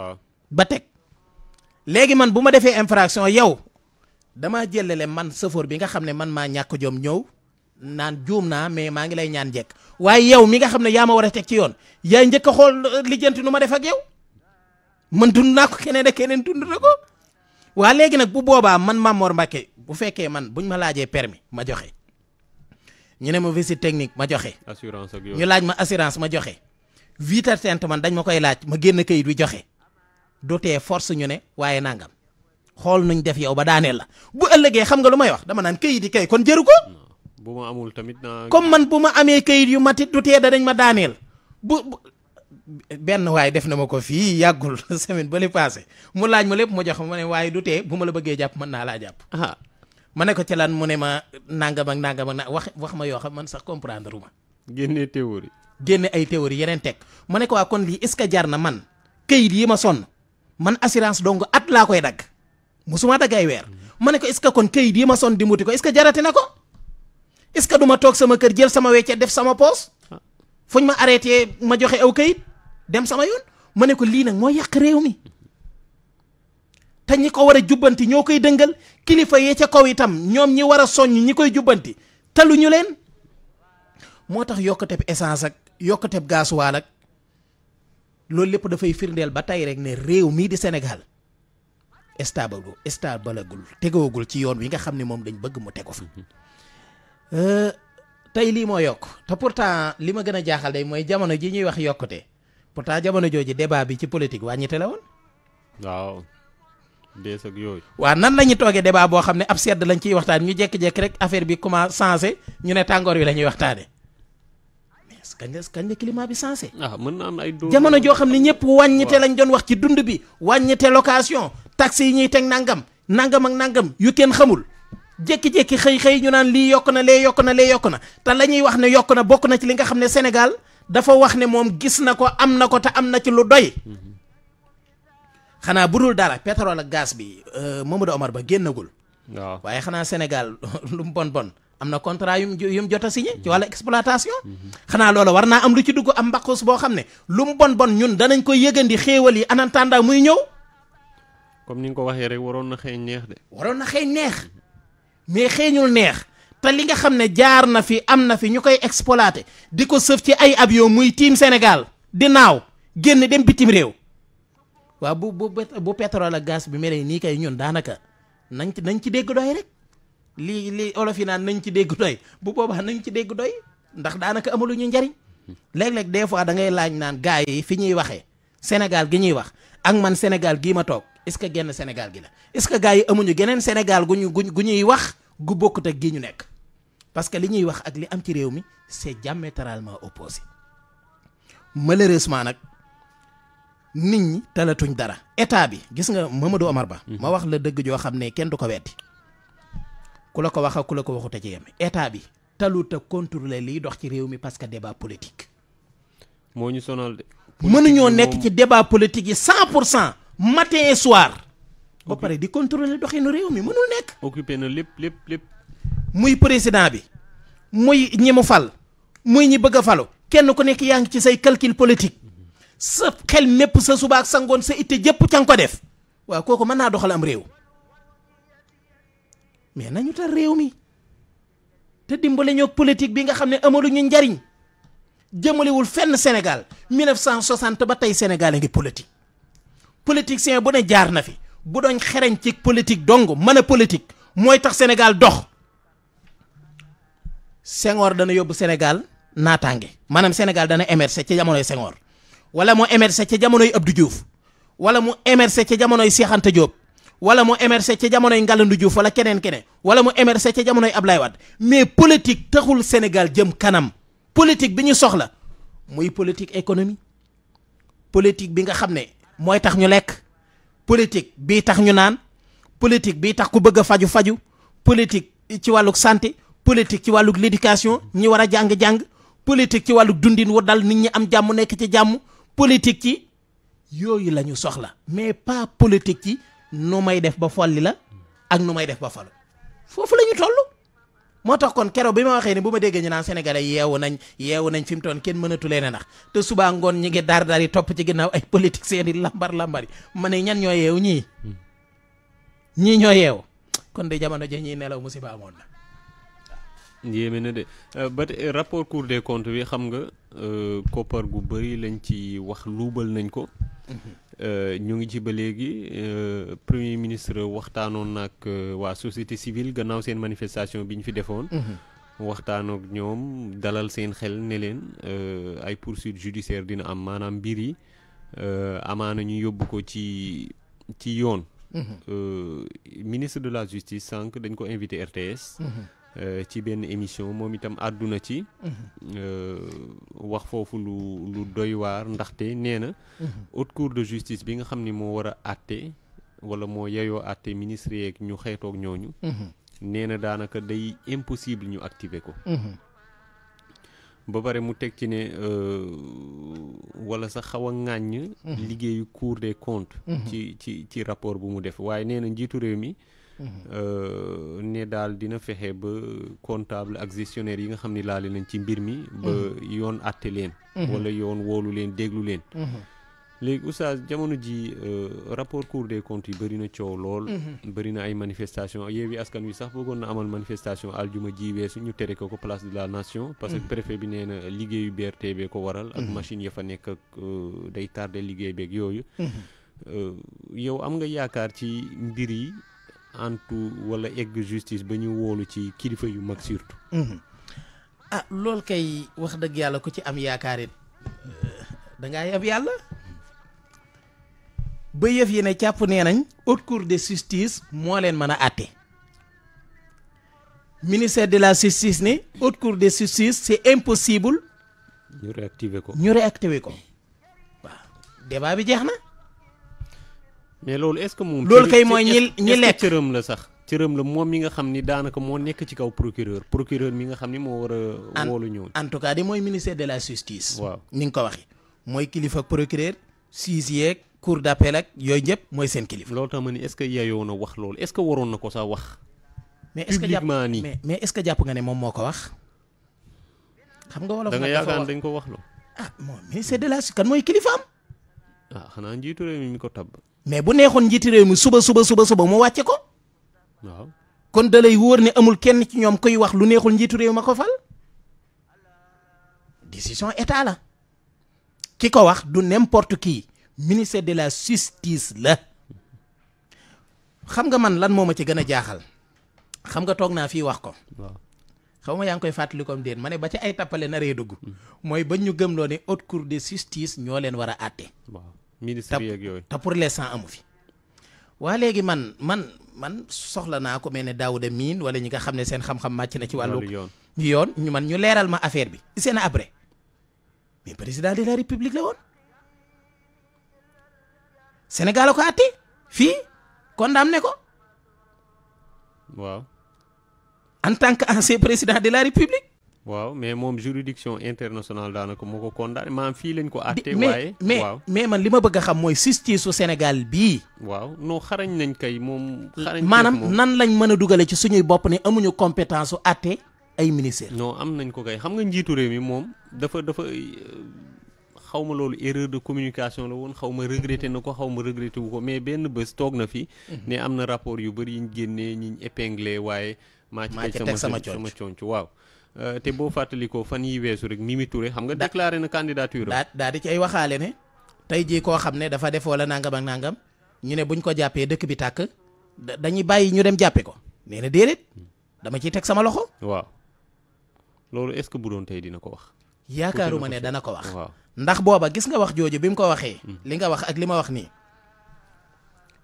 ba teg léegi man bu ma defee infraction yow damaa jëlale man sëfoor bi nga xam ne man maa ñàkk jom ñëw naan juum naa mais maa ngi lay ñaan njekk waaye yow mi nga xam ne yaa ma war a teg ci yoon yaay njëkk xool lijjanti nu ma def ak yow man dund keneen ak keneen dund na ko waa léegi nag bu boobaa man Mamor Mbacke bu fekkee man buñ ma laajee permis ma joxe ñu ne ma visite technique ma joxe. assurance ak laaj ma assurance ma joxe. vitre teinte man dañ ma koy laaj ma génn kayit bi joxe dootee force ñu ne waaye nangam xool nuñ def yow ba daaneel la bu ëllëgee xam nga lu may wax dama naan kayit yi kay kon jëru ko. bu ma amul tamit comme man bu ma amee kayit yu matit du da dañ ma daaneel bu benn waaye def na ma ko fii yàggul semaine ba li passé mu laaj ma lépp mu jox ma ne waaye du tee bu ma la bëggee jàpp mën naa laa jàpp. Ah. ma ne ko ci lan mu ne ma nangam ak nangam ak na wax wax ma yoo xam man sax comprendre uma génne théorie. génne ay théorie yeneen teg ma ne ko waa kon lii est-ce que jar na man këyit yi ma sonn man assurance dong at laa koy dagg musuma dagg ay weer ma ne ko est-ce que kon këyit yi ma sonn di muti ko est-ce na ko est-ce que du toog sama kër jël sama weccet def sama poos fuñ ma arrêté ma joxe aw kayit dem sama yoon ma ne ko lii nag mooy yàq réew mi te ñi ko war a jubbanti ñoo koy dëngal kilifa yee ca kaw itam ñoom ñi war a soññ ñi koy jubbanti talu ñu leen moo tax yokkateb essence ak yokkateb gaasuwaal ak loolu lépp dafay firndeel ba tey rek ne réew mii di Sénégal stable stable balagul tegoogul ci yoon wi nga xam ne moom dañ bëgg mu tego fi tey lii moo yokk te pourtant li ma gën a jaaxal day mooy jamono ji ñuy wax yokkute pourtant jamono jooju débat bi ci politique wàññite la woon. waaw. yooyu. waaw nan la ñuy toogee débat boo xam ne ab sedd lañ ciy waxtaan ñu jékki-jékki rek affaire bi commencé sensé ñu ne tàngoor wi la ñuy waxtaanee mais kañ la kañ climat bi sensé. Ah, mën am ay jamono joo xam ne ñëpp wàññite lañ doon wax ci dund bi wàññite location taxi yi ñuy teg nangam nangam ak nangam yu kenn xamul. jékki-jékki xëy-xëy ñu naan lii yokk na lee yokk na lee yokk na te la ñuy wax ne yokk na bokk na ci li nga xam ne senegal dafa wax ne moom gis na ko am na ko te am na ci lu doy xanaa bu dul dara pétrole ak gaz bi euh, Mamadou Omar Ba génnagul waaw waaye xanaa Sénégal lu mu bon bon am na contrat yu mu yu mu jot a signé ci wàllu exploitation mhm. xanaa loola war naa am lu ci dugg am mbaqus boo xam ne lu mu bon bon ñun danañ ko yëgandi xéewal yi en attendant muy ñëw comme ni nga ko waxee rek waroon na xëy neex de waroon na xëy neex mais xeeñul neex te li nga xam ne jaar na fi am na fi ñu koy exploité di ko sëf ci ay avion muy tiim Sénégal di naaw génn dem bitim réew waaw bu bu bu pétrole ak gaz bi mel nii kay ñun daanaka nañ ci nañ ci dégg doy rek lii lii olof yi naan nañ ci dégg doy bu boobaa nañ ci dégg doy ndax daanaka amalu ñu njariñ léeg-léeg des fois da ngay laaj naan gars yi fi ñuy waxee Sénégal gi ñuy wax ak man Sénégal gii ma toog est-ce que genn Sénégal gi la est-ce yi amuñu geneen Sénégal gu ñu gu ñuy wax gu bokkut ak gi ñu nekk parce que li ñuy wax ak li am ci réew mi c'est diamétralement opposé malheureusement nag nit ñi talatuñ dara état bi gis nga Mamadou Omar Ba ma wax la dëgg joo xam ne kenn du ko wetti ku la ko wax ku la ko waxute ci yem état bi talut a contrôler liy dox ci réew mi parce que débat politique moo ñu sonal de mënuñoo nekk ci débat politique yi cent pour cent matin et soir. ba pare di contrôler doxinu réew mi mënul nekk. occupé na lépp lépp lépp. muy président bi muy ñi mu fal muy ñi bëgg a falu kenn ku nekk yaa ngi ci say calcul politique sa xel mépp sa suba ak sa ngoon sa itte jëpp ca ko def waaw kooku mën naa doxal am réew mais nañu tar réew mi te dimbale ñoo politique bi nga xam ne amaluñu njariñ jëmalewul fenn Sénégal 1960 ba tey Sénégal a ngi politique. politicien bu ne jaar na fi bu doon xereñ ci politique dong man a politique mooy tax Sénégal dox Senghor dana yóbbu Sénégal naataange maanaam Sénégal dana émerger ci jamonoy Senghor wala mu émerger ci jamonoy Abdou Diouf wala mu émerger ci jamonoy Cheikh Anta Diop wala mu émerger ci jamonoy Ngalandou juuf wala keneen keneen wala mu émerger ci jamonoy Ablaye waat mais politique taxul Sénégal jëm kanam politique bi ñu soxla muy politique économie politique bi nga xam ne. mooy tax ñu lekk politique bii tax ñu naan politique bii tax ku bëgg a faju faju politique ci wàllug santé politique ci wàllug l'éducation ñi war a jàng-jàng politique ci wàllug dundin wu dal nit ñi am jàmm nekk ci jàmm politique ci yooyu la ñu soxla mais pas politique ci nu may def ba folli la ak nu may def ba falu foofu la ñu moo tax kon keroog bi ma waxee ni bu ma déggee ñu naan sénégalais yeewu nañ yeewu nañ fi mu toon kenn mënatu leen a nax te subaa ngoon ñi ngi daar daar yi topp ci ginnaaw ay politique seeni lambar lambar yi man ne ñan ñoo yeewu ñii hmm. ñii ñoo yeewu kon de jamono ji ñuy nelaw musiba amoon na yéeme na de euh, ba rapport cour de comptes bi xam nga euh, koppar gu bëri lañ ci wax luubal nañ ko mhm. Euh, ñu ngi ci ba léegi euh, premier ministre waxtaanoon nag euh, waa société civile gannaaw seen manifestation bi ñu fi defoon. Mhm. waxtaan ak ñoom dalal seen xel ne leen ay poursuite judiciaire dina am maanaam mbir yi amaana ñu yóbbu ko ci ci yoon. Mhm. ministre de la justice sànq dañ ko invité RTS. Mhm. Euh, ci benn émission moom itam àdduna ci mhm. euh, wax foofu lu lu doy waar ndaxte nee na mhm. haute de justice bi nga xam ni moo war a àtte wala moo yeyoo àtte ministre yeeg ñu xeetoog ñooñu mhm. nee na daanaka day impossible ñu activer ko ba pare mu teg ci ne euh, wala sax xaw a ŋàññ liggéeyu cour des comptes ci ci ci rapport bu mu def waaye nee na njiitu réew mi Euh, ne daal dina fexe ba comptable ak gestionnaire yi nga xam ne laale nañ ci mbir mi. ba mhm. yoon àtte leen. Mhm. wala yoon woolu leen déglu leen. Mhm. léegi oustaz jamono ji euh, rapport cour des comptes yi bëri na coow lool. bëri na ay manifestation Yewwi Askan Wi sax bëggoon na amal manifestation aljuma ji weesu ñu tere ko ko place de la nation. parce que préfet bi nee na liggéeyu BRT bee ko waral. ak machine ya fa nekk euh, day tardé liggéey beeg yooyu. yow am nga yaakaar ci mbir antu wala egg justice ba ñu woolu ci kilifa yu mag surtout. Mhm. ah lool kay wax dëgg yàlla ko ci am yaakaar it euh, da ngaa yàlla ba yëf yi ne càpp nee nañ haute cour de justice moo leen mën a àtte ministère de la justice ni haute cour de justice c'est impossible. ñu réactiver ko ñu réactiver ko waaw bi jeex na. mais loolu est-ce que moom. loolu kay mooy ñi lekk cërëm la sax. cërëm la moom mi nga xam ni daanaka moo nekk ci kaw procureur procureur mi nga xam ni moo war a. woolu ñëw en tout cas de mooy ministère de la justice. waaw ko waxee. mooy kilifa procureur siis yeeg cour d'appel ak yooyu ñëpp mooy seen kilifa. loolu ma ni est-ce que yayoo na wax loolu est-ce que ko sax wax. mais est-ce que jàpp mais mais jàpp nga ne ko wax. nga wolof da nga yaakaar dañ ko wax loo. ah moom ministère de la kan mooy kilifaam. ah xanaa njiitu réew ñu ko tabb. mais bu neexoon njiiti réew mi suba suba suba suba mu wàcce ko. waaw kon dalay wóor ne amul kenn ci ñoom kuy wax lu neexul njiitu réew ma ko fal. décision état la. ki ko wax du n'importe qui ministère de la justice la. xam nga man lan moo ma ci gën a jaaxal. xam nga toog naa fii wax ko. xaw ma yaa ngi koy fàttali comme déet ma ne ba ci ay tappale naree dugg. Mm. mooy ba ñu gëmloo ne haute cour de justice ñoo leen war a àtte. ministre yeeg yooyu te pour l'instant amu fi. waa léegi man man man soxla naa ko mel ne Daouda Mine wala ñi nga xam ne seen xam-xam màcc na ci wàllu yoon ñu man ñu leeral ma affaire bi seen après mais président de la république la woon Sénégal a ko àtte fii condamné ko. waaw en tant que ancien président de la république. waaw mais moom juridiction internationale daanaka moo ko condamné maanaam fii lañ ko àtte waaye mais mais man li ma bëgg a xam mooy justice su Sénégal bii waaw non xarañ nañ kay moom xarañ maanaam nan lañ mën a dugale ci suñuy bopp ne amuñu compétence su àtte ay ministère non am nañ ko kay xam nga njiitu réew mi moom dafa dafa euh, xaw ma loolu erreur de communication la woon xaw ma regretté na ko xaw ma regretté wu ko mais benn bés toog na fi mhm. ne am na rapport yu bëri yiñ génne ñiñ épinglé waaye maa ci teg sama conc waaw Euh, te boo fàttalikoo fan yi weesu rek Mimi Touré xam nga déclaré na candidature daa daal di ci ay waxaale ne tey jii koo xam ne dafa def wala nangam ak nangam ñu ne buñ ko jàppee dëkk bi tàkk dañuy bàyyi ñu dem jàppe ko nee na déedéet dama ciy teg sama loxo waaw loolu est-ce que bu doon tey dina ko wax yaakaaruma ne dana ko wax ndax booba gis nga wax jooju bi mu ko waxee hmm. li nga wax ak li ma wax nii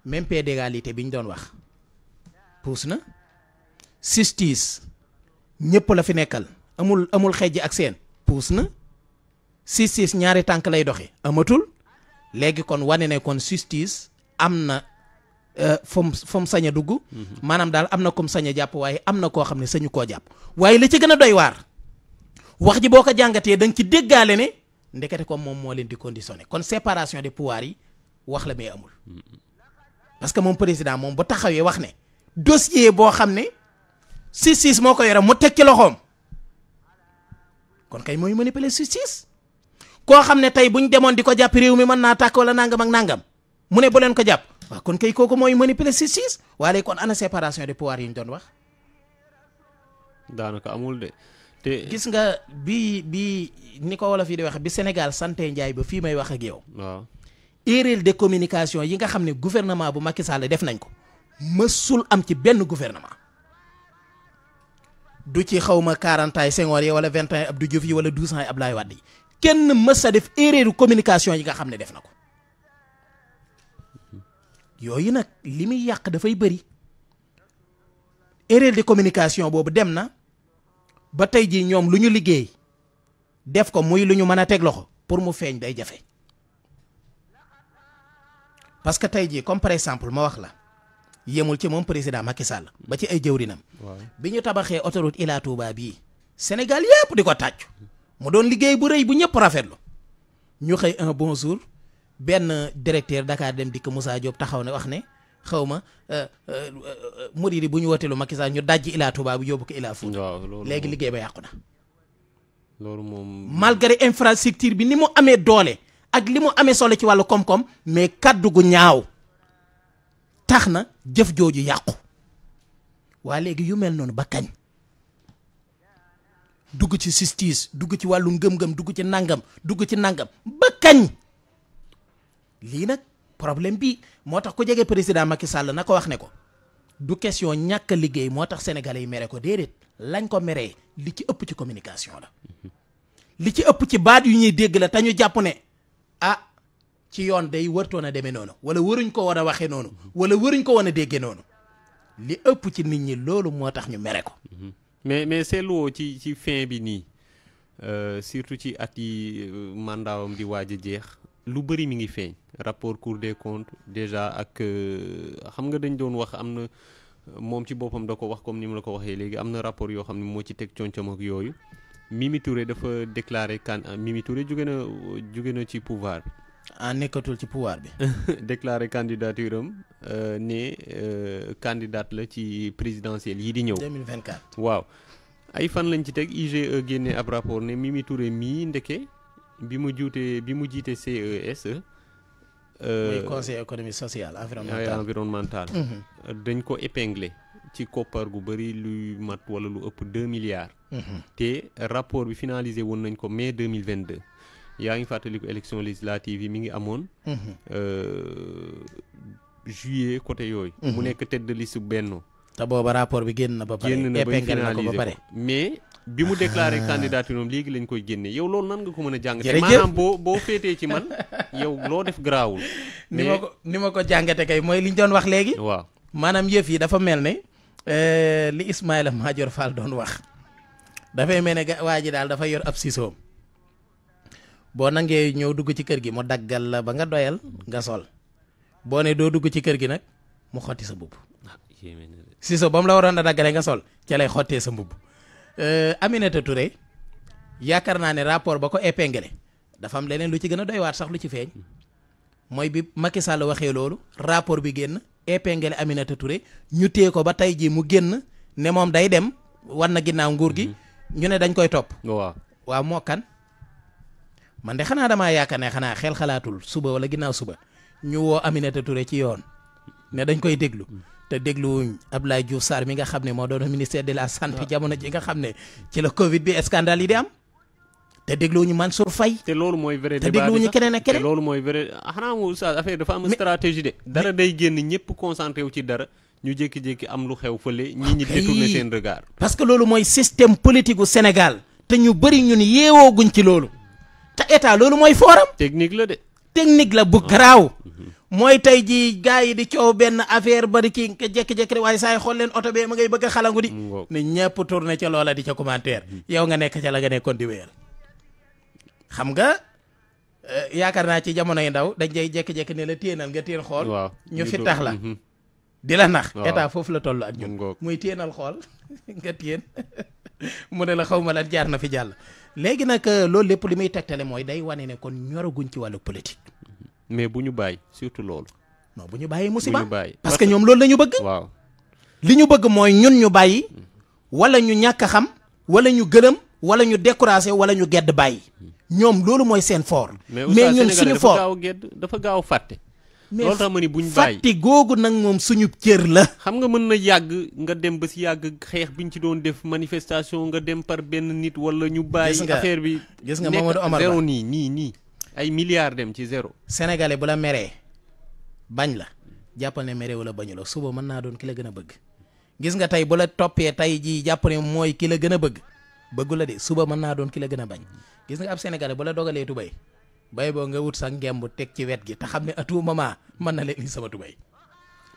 même pied d'égalité bi ñu doon wax puus na justice ñëpp la fi nekkal amul amul xejj ak seen puus na siis siis ñaari tànk lay doxee amatul léegi kon wane ne kon justice am na fa mu fa mu sañ a dugg. Mhm. maanaam daal am na comme sañ a jàpp waaye am na koo xam ne sañu koo jàpp waaye la ci gën a doy waar wax ji boo ko jàngatee da nga ci déggaale ne ndekete ko moom moo leen di conditionné kon séparation des pouvoirs yi wax la may amul. parce que moom président moom bu taxawee wax ne dossier boo xam ne. justice moo ko yore mu teg ci loxoom kon kay mooy manipuler justice koo xam ne tey bu demoon di ko jàpp réew mi mën naa takk wala nangam ak nangam mu ne bu leen ko jàpp waaw kon kay kooku mooy manipuler justice waaye kon ana séparation des pouvoirs ñu doon wax. daanaka amul de te. gis nga bi bi ni ko wolof yi di wax bi Sénégal santé Ndiaye ba fii may wax ak yow. waaw erreur yi nga xam ne gouvernement bu Macky Sall def nañ ko mësul am ci benn gouvernement. du ci xawma 40 ans Senghor yi wala 20 ans Abdou Diouf yi wala 12 ans Abdoulaye Wade yi kenn mës a def erreur communication yi nga xam ne def na ko yooyu nag li muy yàq dafay bëri erreur di communication boobu dem na ba tey jii ñoom lu ñu liggéey def ko muy lu ñu mën a teg loxo pour mu feeñ day jafe parce que tey jii comme par exemple ma wax la yemul ci moom président Macky Sall ba ci ay jëwrinam bi ñu tabaxee autoroute Ila Touba bii Sénégal yépp di ko tàccu mu doon liggéey bu rëy bu ñëpp rafet rafetlu ñu xëy un bon jour benn directeur Dakar dem dikk Moussa Diop taxaw ne wax ne xaw ma euh, euh, murid yi bu ñu woteelu Macky Sall ñu dajji Ila Touba bi yóbbu ko Ila Fouta léegi liggéey ba yàqu na loolu moom malgré infrastructure bi ni mu amee doole ak li mu amee solo ci wàllu koom-koom mais kaddu gu ñaaw tax na jëf jooju yàqu waa léegi yu mel noonu ba kañ dugg ci sistis dugg ci wàllu ngëm-ngëm dugg ci nangam dugg ci nangam ba kañ lii nag problème bi moo tax ku jege président Macky Sall na ko wax ne ko du question ñàkk liggéey moo tax sénégalais yi mere ko déedéet lañ ko meree li ci ëpp ci communication la mm-hmm. li ci ëpp ci baat yu ñuy dégg la te ñu jàpp ne ah ci yoon day wartoon a demee noonu wala waruñ ko war a waxee noonu wala waruñ ko war a déggee noonu li ëpp ci nit ñi loolu moo tax ñu mere ko. Mhm. mais mais seetluwoo ci ci fin bi nii euh, surtout ci at yi euh, mandaawam di waaj a jeex lu bëri mi ngi feeñ rapport cour de comptes déjà ak euh, xam nga dañ doon wax am na moom ci boppam da ko wax comme ni mu la ko waxee léegi am na rapport yoo xam ne moo ci teg concom ak yooyu Mimi Touré dafa déclaré kan Mimi Touré jóge na jóge na ci pouvoir en nekkatul ci pouvoir bi. déclaré candidature am euh, ne euh, candidate la ci présidentielle yi di ñëw. 2024 waaw. ay fan lañ ci teg IGE génne ab rapport ne Mimi Touré mii ndeke bi mu juutee bi mu jiite CESE. Euh, muy conseil économique social environnemental environnemental. Mhm. dañ ko épinglé ci koppar gu bëri luy mat wala lu ëpp deux milliards. Mhm. te rapport bi finalisé woon nañ ko mais deux mille vingt deux yaa ngi fàttaliku élection législative yi mu ngi amoon. Mhm. Euh, juillet côté yooyu. Mhm. mu nekk tête de liste benn. te booba rapport bi génn na ba pare génn na ba ñu mais. bi mu ah. déclaré candidature moom léegi lañ koy génne yow loolu nan nga ko mën a jàngate maanaam boo boo féetee ci man yow loo def garaawul ni ma ni ma ko jàngate kay mooy li ñu doon wax léegi waaw maanaam yëf yi dafa mel ne euh, li Ismaïla Madior Fall doon wax dafay mel ne waa ji daal dafa yor ab sisoom boo nangee ñëw dugg ci kër gi mu daggal la ba nga doyal nga sol boo ne doo dugg ci kër gi nag mu xotti sa mbubb ah, si so ba mu la waroon a daggalee nga sol ca lay xottee sa mbubb euh, Aminata Touré yaakaar naa ne rapport ba ko épinglé dafa am leneen lu ci gën a doy waat sax lu ci feeñ mooy bi Macky waxee loolu rapport bi génn épinglé Aminata Touré ñu ko ba tey jii mu génn ne moom day dem war na ginnaaw nguur gi mm-hmm. ñu ne dañ koy topp waa waaw moo kan man de xanaa damaa yaakaar ne xanaa xel xalaatul suba wala ginnaaw suba ñu woo Aminata Touré ci yoon ne dañ koy déglu te dégluwuñ Abdoulaye Diouf Sarr mi nga xam ne moo doon ministère de la santé ah. jamono ji nga xam ne ci la Covid bi scandale yi di am te dégluwuñu Mansour Faye. te loolu mooy vrai débat te dégluwuñu keneen ak loolu mooy vrai ah, xanaa mu oustaz affaire am stratégie de. dara day génn ñëpp concentré wu ci dara. ñu jékki am lu xew fële. Ah, ñi ñi détourné seen parce que loolu mooy système politique gu Sénégal te ñu bëri ñun yeewooguñ ci loolu. te état loolu mooy fooram. technique la de. technique la bu ah. garaaw. Mhm. mooy tey jii gaa yi di coow benn affaire bari kii jékki-jékki rek waaye saa yi xool leen oto bee ma ngay bëgg a xalangu di. ne ñëpp tourné ca loola di ca commentaire. Mhm. yow nga nekk ca la nga nekkoon di nga euh, yaakaar naa ci jamonoy ndaw dañ jay jékki-jékki ne la téenal nga téen xool. ñu fi tax la. Mhm. di la nax état foofu la toll ak ñun. muy téenal xool nga téen mu ne la xaw ma lan jaar na fi jàll. léegi nag euh, loolu lépp li muy tegtale mooy day wane ne kon ñoraguñ ci wàllu politique. Mm-hmm. mais bu ñu bàyyi surtout loolu. non bu ñu bàyyi musiba parce que ñoom loolu la bëgg. waaw li ñu bëgg mooy ñun ñu bàyyi. Mm-hmm. wala ñu ñàkk xam. wala ñu gëlëm. wala ñu découragé wala ñu gedd bàyyi. Mm-hmm. ñoom loolu mooy seen fort. mais ñun suñu fort dafa gaaw gedd dafa gaaw fàtte. loolu tax ma ni buñ bàyyi fàtte googu nag moom suñu cër la xam nga mën na yàgg nga dem ba si yàgg xeex bi ñu ci doon def manifestation nga dem par benn nit wala ñu bàyyi affaire bi gis nga Mamadou Omar zéro nii nii nii ay milliards dem ci zéro sénégalais bu la meree bañ la jàppal ne meree wala bañu la suba mën naa doon ki la gën a bëgg gis nga tey bu la toppee tey jii jàpp mooy ki la gën a bëgg bëggu la de suba mën naa doon ki la gën a bañ gis nga ab sénégalais bu la dogalee tubay bay boo nga wut sax ngemb teg ci wet gi te xam ne à tout moment mën na leen li sama tubay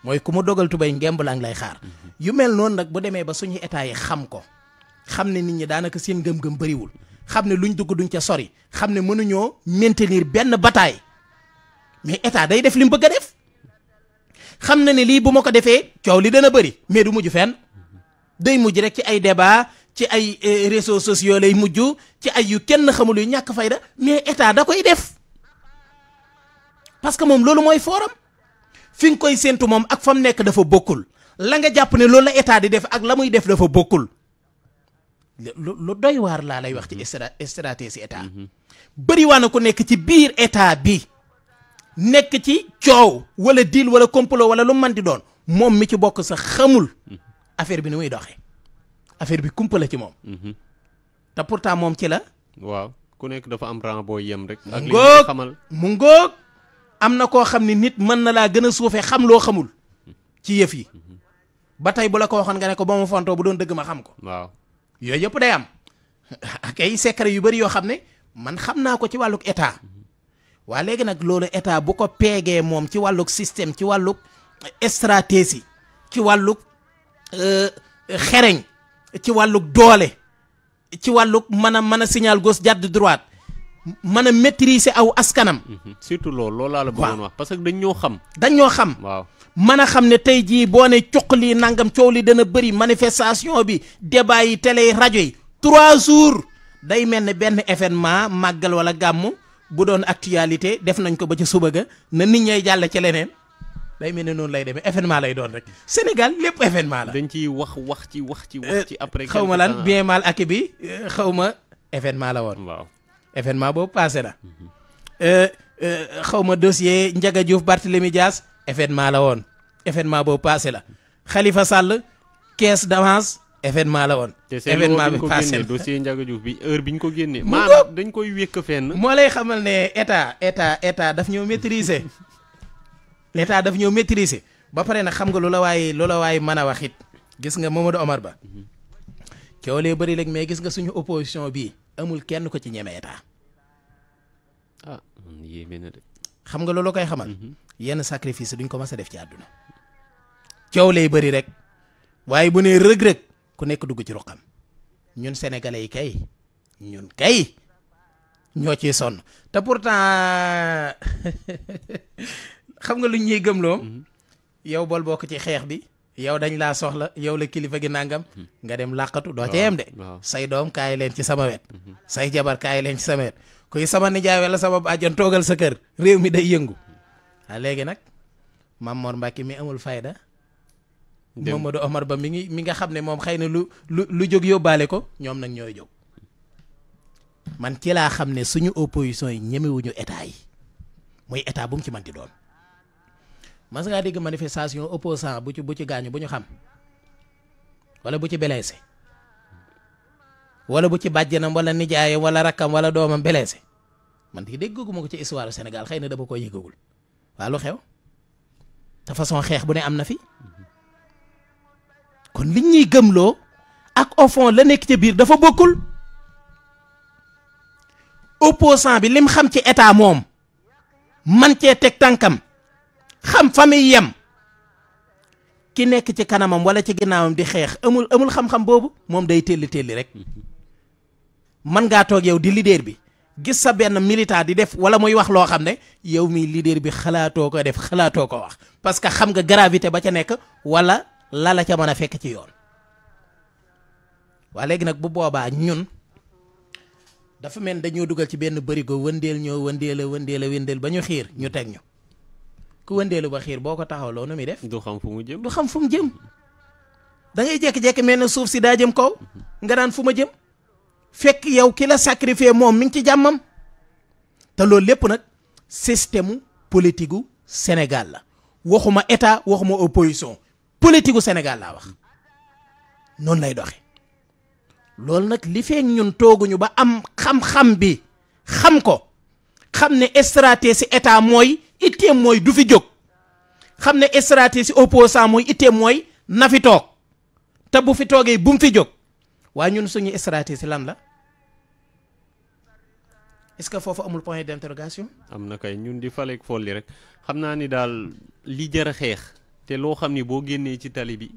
mooy ku mu dogal tubay ngemb laa lay xaar mhm. yu mel noonu nag bu demee ba suñu état yi xam ko xam ne nit ñi daanaka seen ngëm-ngëm bëriwul xam ne luñ dugg duñ ca sori xam ne mënuñoo maintenir benn bataay mais état day def li mu bëgg a def xam na ne lii bu ma ko defee coow li dana bëri mais du mujj fen day mujj rek ci ay débat ci ay eh, réseaux sociaux lay mujj ci ay yu kenn xamul yu ñàkk fayda mais état da koy def parce que moom loolu mooy fooram fi nga koy séntu moom ak fa mu nekk dafa bokkul la nga jàpp ne loolu la état di def ak la muy def dafa bokkul lu doy waar laa lay wax ci mhm. stratégie état bëri waa na ko nekk ci biir état bi nekk ci coow wala deal wala complot wala lu mën di doon moom mi ci bokk sax xamul mhm. affaire bi ni muy doxee affaire bi kumpa ci moom. Mhm. te pourtant moom ci la. waaw ku nekk dafa am rang boo yem rek. ak li nga mu ngóog am na koo xam ni nit mën na laa gën a suufee xam loo xamul ci yëf yi mhm. ba tey bu la ko waxoon nga ne ko ba mu fontoo bu doon dëgg ma xam ko. waaw yooyu yëpp day am ak ay yu bari yoo xam ne man xam naa ko ci wàllug état mhm. waa léegi nag loolu état bu ko peegee moom ci wàllug système ci wàllug stratégie ci wàllug euh, xereñ. ci wàllug doole ci wàllug mën a mën a signal gos jàdd droite mën a maîtriser aw askanam. Mhm. surtout loolu loolu laa la wax. parce que dañ ñoo xam. dañ ñoo xam. waaw mën a xam ne tey jii boo ne cuq lii nangam coow lii dana bëri manifestation bi débat yi télé yi rajo yi trois jours day mel ne benn événement màggal wala gàmmu bu doon actualité def nañ ko ba ca suba ga na nit ñay jàll ci leneen. lay mel ne noonu lay demee événement lay doon rek Sénégal lépp événement la. dañ ciy wax wax ci wax ci wax ci après. Eh, xaw ma lan bien mal ak bi eh, xaw ma événement la woon. waaw boobu passé na. Mhm. Eh, xaw ma dossier Ndiaga Diouf Barthélémy Dias événement la woon événement boobu passé la Khalifa Sall caisse d'avance événement la woon. événement bi passé na dossier Ndiaga bi heure bi ñu ko génnee. maanaam dañ koy wékk fenn. moo lay xamal ne état état état daf ñoo maîtriser. l'état daf ñëw maîtriser ba pare nag xam nga lu la waay lu waay mën a wax it gis nga Mamadou Omar Ba coow lee bari rek mais gis nga suñu opposition bii amul kenn ko ci ñeme ah, xam nga loolu koy xamal. Mhm. yenn sacrifice duñ ko mas a def ci àdduna. coow lay bari rek waaye bu nee rëg-rëg ku nekk dugg ci ruqam ñun sénégalais kay ñun kay ñoo ci sonn te pourtant xam nga lu ñuy gëmloo mm-hmm. yow bol bokk ci xeex bi yow dañ laa soxla yow la kilifa gi nangam mm-hmm. nga dem làqatu doo ca de say doom yi leen ci sama wet mm-hmm. say jabar yi leen ci sama wet kuy sama nijaay wala sama bàjjan toogal sa kër réew mi day yëngu waa ah, léegi nag Mamor Mbacke mi amul fayda Mamadou Omar Ba mi ngi mi nga xam ne moom xëy na lu lu lu jóg yóbbaale ko ñoom nag ñooy jóg man ci laa xam ne suñu opposition yi ñemewuñu état yi muy état bu mu ci man di doon mas ngaa dégg manifestation opposant bu ci bu ci gaañu bu ñu xam wala bu ci blessé wala bu ci bàjjanam wala nijaayam wala rakkam wala doomam blessé man di déggaguma ko ci histoire senegal xëy na dama ko yëgagul waa lu xew te façon xeex bu ne am na fi kon liñ ñuy gëmloo ak au la nekk ci biir dafa bokkul opposant bi lim xam ci état moom man cee teg tànkam xam famille yem ki nekk ci kanamam wala ci ginnaawam di xeex amul amul xam-xam boobu moom day telli telli rek mën ngaa toog yow di leader bi gis sa benn militant di def wala muy wax loo xam ne yow mi leader bi xalaatoo ko def xalaatoo ko wax parce que xam nga gravité ba ca nekk wala la la ca mën a fekk ci yoon waa léegi nag bu boobaa ñun dafa mel dañoo dugal ci benn bërigo wëndeel ñoo wëndeel wëndeela wëndeel wëndeel ba ñu xiir ñu teg ñu ku wëndeelu ba xiir boo ko taxawloo nu muy def. du xam fu mu jëm du xam fu mu jëm. da ngay jékki-jékki mel ne suuf si daa jëm kaw nga naan fu ma jëm fekk yow ki la sacrifié moom mi ngi ci jàmmam te loolu lépp nag système politique gu Sénégal la waxuma état waxuma opposition politique gu Sénégal laa wax noonu lay doxe loolu nag li feek ñun tooguñu ba am xam-xam bi xam ko xam ne stratégie état mooy. itteem mooy du fi jóg xam ne stratégie opposant mooy itteem mooy na fi toog te bu fi toogee bu mu fi jóg waaye ñun suñu stratégie lan la est-ce que foofu amul point d'interrogation. am na kay ñun di faleek folli rek xam naa ni daal li jar a xeex te loo xam ni boo génnee ci tali bi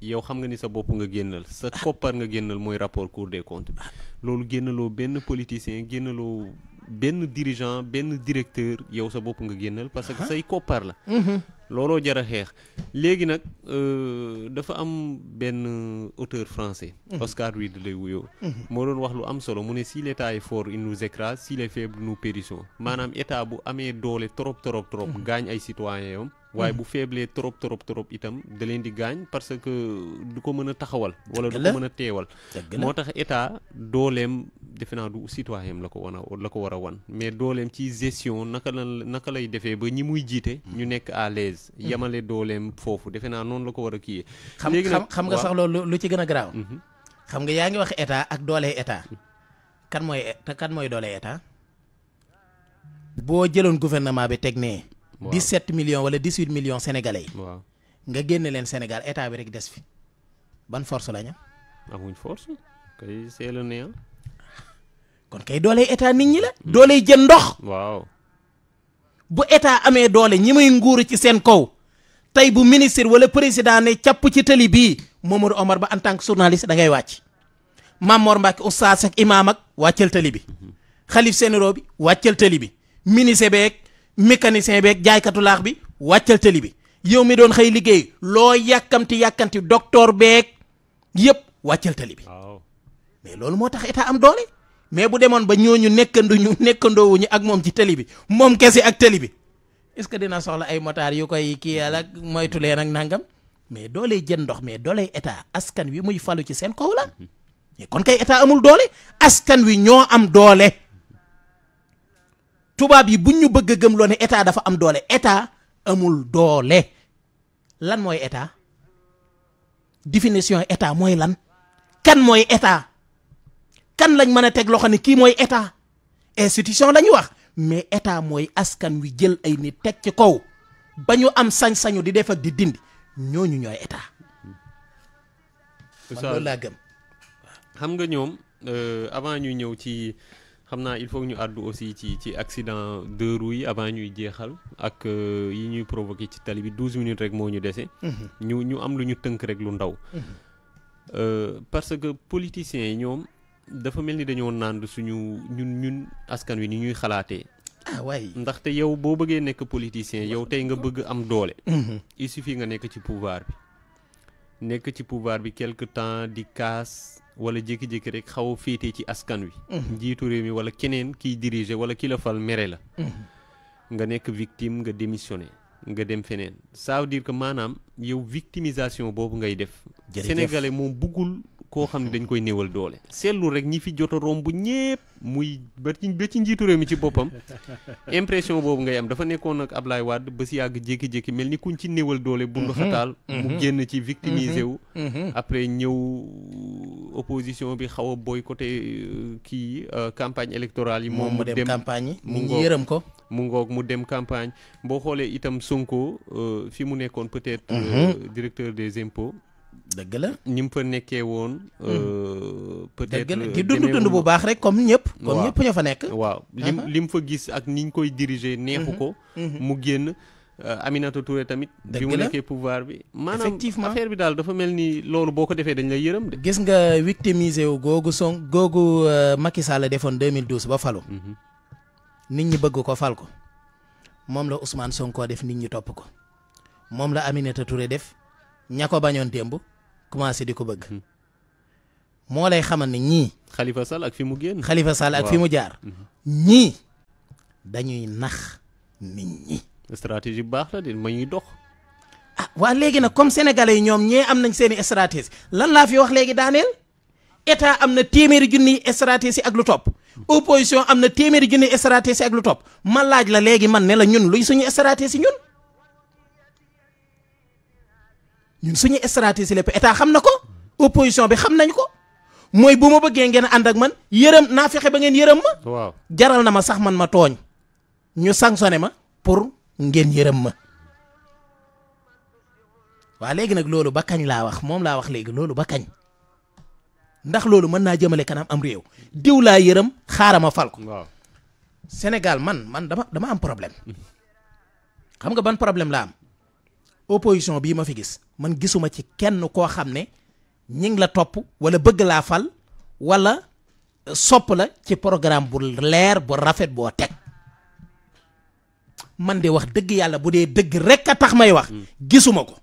yow xam nga ni sa bopp nga génnal sa koppar nga génnal mooy rapport Cour de comptes loolu génnaloo benn politicien génnaloo. benn dirigeant benn directeur yow sa bopp nga génnal parce que ah. say koppar la mhm. looloo jar a xeex léegi nag euh, dafa am benn auteur français mhm. Oscar Wilde lay wuyo mhm. moo doon wax lu am solo mu ne si l'état est fort il nous écrase si les faibles nous périssons maanaam état bu amee doole trop trop trop gaañ ay citoyens yom waaye bu faible trop trop trop itam da leen di gaañ parce que du ko mën a taxawal wala du ko mën a teewal moo tax état dooleem defe naa du citoyen la ko wan a la ko war a wan mais dooleem ci gestion naka la naka lay defee ba ñi muy jiite ñu nekk à l'aise mhm. yamale dooleem foofu defe naa noonu la ko war a kii léegi nag xam nga sax loolu lu ci gën a garaaw mhm. xam nga yaa ngi wax état ak doolee état mhm. kan mooy kan mooy doolee état boo jëloon gouvernement bi teg nee 17 millions wala 18 millions sénégalais yi waaw nga génne leen senegal état bi rekk des fi ban force lañu amuñ force kay c'est le kon kay doole état nit ñi la. dooley jën ndox. waaw bu état amee doole ñi may nguuru ci seen kaw tey bu ministre wala président ne càpp ci tëli bii Mamadou Omar Ba en tant que journaliste da ngay wàcc. Mamor Mbacke oustaz ak imaam ak wàccal tëli bi. xalif généraux bi wàccal tëli bi. ministre beeg mécanicien beeg jaaykatu laax bi wàccal tëli bi. yow mi doon xëy liggéey loo yàkkamti yàkkamti docteur beek yëpp wàccal tali mais loolu moo tax état am doole mais bu demoon ba ñooñu nekkanduñu nekkandoowuñu ak moom ci tali bi moom kese ak tali bi est-ce que dina soxla ay motaar yu koy kii yàlla ak moytu leen ak nangam mais dooley jën ndox mais dooley état askan wi muy falu ci seen kaw la mais kon kay état amul doole askan wi ñoo am doole tubaab yi buñ ñu bëgg a gëm loo ne état dafa am doole état amul doole lan mooy état définition état mooy lan kan mooy état. kan lañ mën a teg loxo ne kii mooy état institution lañu wax mais état mooy askan wi jël ay nit teg ci kaw ba ñu am sañ-sañu di def ak di dindi ñooñu ñooy état. man loolu laa xam nga ñoom euh, avant ñuy ñëw ci xam naa il faut ñu àddu aussi ci ci accident deux yi avant ñuy jeexal ak euh, yi ñuy provoqué ci talibi bi douze minutes rek moo ñu dese. Mhm. ñu ñu am lu ñu tënk rek lu ndaw. Mhm. Euh, parce que politiciens yi ñoom. dafa mel ni dañoo nànd suñu ñun ñun askan wi ni ñuy xalaatee. ah ndaxte yow boo bëggee nekk politicien yow tey nga bëgg am doole. Mm-hmm. il suffit nga nekk ci pouvoir bi. nekk ci pouvoir bi quelque temps di kaas wala jékki-jékki rek xaw a féete ci askan wi. Mm-hmm. njiitu réew mi wala keneen kiy diriger wala ki la fal mere la. Mm-hmm. nga nekk victime nga démissionné nga dem feneen. ça veut dire que maanaam yow victimisation boobu ngay def. sénégalais moom buggul koo xam ne dañ koy néewal doole seetlu rek ñi fi jot a romb ñépp muy ba ci ba ci njiitu réew mi ci boppam impression boobu ngay am dafa nekkoon ak Ablaye Wade ba si yàgg jékki-jékki mel ni kuñ ci néewal doole bundu mhm. xataal mu mhm. génn ci victimiser mhm. wu après ñëw euh, opposition bi xaw a boycotté euh, kii euh, campagne électorale yi moom mu dem campagne yi mu ko mu ngoog mu dem campagne boo xoolee itam Sonko fi mu nekkoon peut-être directeur des impôts dëgg la ni mu fa nekkee woon. Hmm. Euh, peut-être euh, di dund dund bu baax rek comme ñëpp. comme ñëpp ñoo fa nekk. waaw li mu fa gis ak niñ koy diriger. neexu hmm. ko. Hmm. mu génn euh, Aminata Touré tamit. bi mu nekkee pouvoir bi. maanaam affaire bi daal dafa mel ni loolu boo ko defee dañ lay yërëm de. gis nga victimisé wu googu son googu Macky Sall defoon 2012 ba falu. Mhm. nit ñi bëgg ko fal ko. moom la Ousmane Sonko def nit ñi topp ko. moom la Aminata Touré def. ña ko bañoon démb commencé di ko bëgg. Mhm. moo lay xamal ne ñii. Khalifa Sall ak fi mu génn. Khalifa Sall ak fi mu jaar. Mhm. ñii dañuy nax nit ñi. stratégie bu baax la de ma ñuy dox. ah waa léegi nag comme sénégalais yi ñoom ñee am nañ seeni stratégie lan laa fi wax léegi daaneel état am na téeméeri junniy stratégie ak lu topp. opposition am na téeméeri junniy stratégie ak lu topp ma laaj la léegi man ne la ñun luy suñu stratégie ñun. ñun suñu stratégie lépp état xam na ko opposition bi xam nañ ko mooy bu ma bëggee ngeen ànd ak man yërëm naa fexe ba ngeen yërëm ma. waaw jaral na ma sax man ma tooñ ñu sanctionné ma pour ngeen yërëm ma. waa léegi nag loolu ba kañ laa wax moom laa wax léegi loolu ba kañ ndax loolu mën naa jëmale kanam am réew diw laa yërëm xaaral ma fal ko. Sénégal man man dama dama am problème xam nga ban problème laa am. opposition bii ma fi gis man gisuma ci kenn koo xam ne ñi ngi la topp wala bëgg laa fal wala euh, sopp la ci programme bu leer bu rafet boo teg man de wax dëgg yàlla bu dee dëgg rek a tax may wax mm. gisuma ko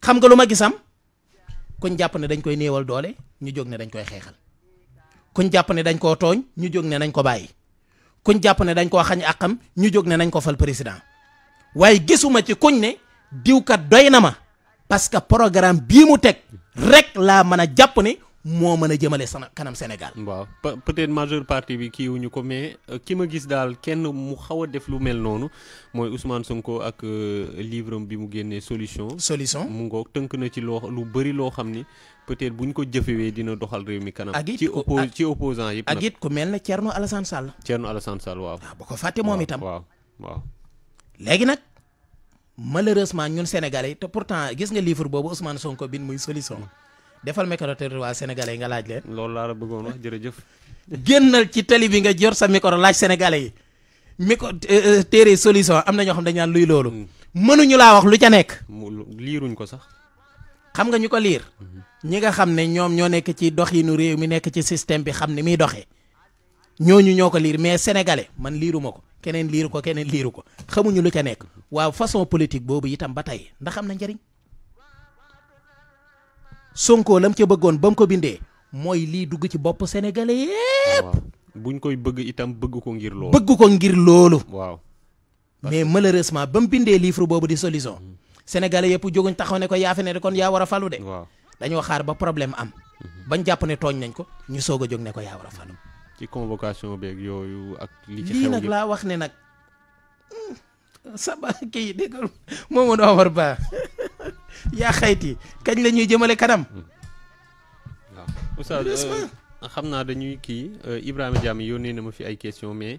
xam nga lu ma gisam kuñ jàpp ne dañ koy néewal doole ñu jóg ne dañ koy xeexal kuñ jàpp ne dañ koo tooñ ñu jóg ne nañ ko bàyyi kuñ jàpp ne dañ koo xañ àqam ñu jóg ne nañ ko fal président waaye gisuma ci kuñ ne diwkat doy na ma parce que programme bii mu teg rek laa mën a jàpp ne moo mën a jëmale sana kanam Sénégal. waaw peut-être majeure partie bi kiiwu ñu ko mais euh, ki ma gis daal kenn mu xaw a def lu mel noonu mooy Ousmane Sonko ak euh, livre bi mu génnee solution. solution mu ngoog tënk na ci loo lu bëri loo xam ni peut-être bu ñu ko jëfewee dina doxal réew mi kanam. ci oppo ci opposant yëpp nag. ak it ku mel ne Thierno Alassane Sall. Thierno Alassane Sall waaw. waaw ah, ko fàtte moom itam waaw waaw. léegi malheureusement ñun sénégalais te pourtant gis nga livre boobu Ousmane Sonko bin muy solution defal micro trottoir waa sénégalais nga laaj leen. loolu laa bëggoon wax jërëjëf. génnal ci tali bi nga jor sa micro laaj sénégalais yi micro euh, euh, téere solution am na ñoo xam dañ naan luy loolu. Mm. mënuñu laa wax lu ca nekk. liiruñ ko sax. xam nga ñu ko liir. Mm-hmm. ñi nga xam ne ñoom ñoo nekk ci doxinu réew mi nekk ci système bi xam ni muy doxee. ñooñu ñoo ko liir mais sénégalais man liiruma ko keneen liiru ko keneen liiru ko xamuñu lu ca nekk waaw façon politique boobu itam ba tey ndax am na njëriñ Sonko lam ca bëggoon ba mu ko bindee mooy lii dugg ci bopp sénégalais yépp buñ koy bëgg itam bëgg ko ngir loolu. bëgg ko ngir loolu. waaw mais malheureusement ba mu bindee livre boobu di solution. Mm-hmm. sénégalais yëpp jóguñ taxaw ne ko yaa fi ne kon yaa war a falu de. waaw dañoo xaar ba problème am. Mm-hmm. bañ jàpp ne tooñ nañ ko ñu soog a jóg ne ko yaa war a falu. ci convocation beeg yooyu ak. li ci xew lii laa wax ne nag. Hmm, saba kii déggal Mamadou Omar Ba yaa xayti kañ lañuy ñuy jëmale kanam. Hmm. Euh, xam naa dañuy kii euh, Ibrahima Diame yónnee na ma fi ay question mais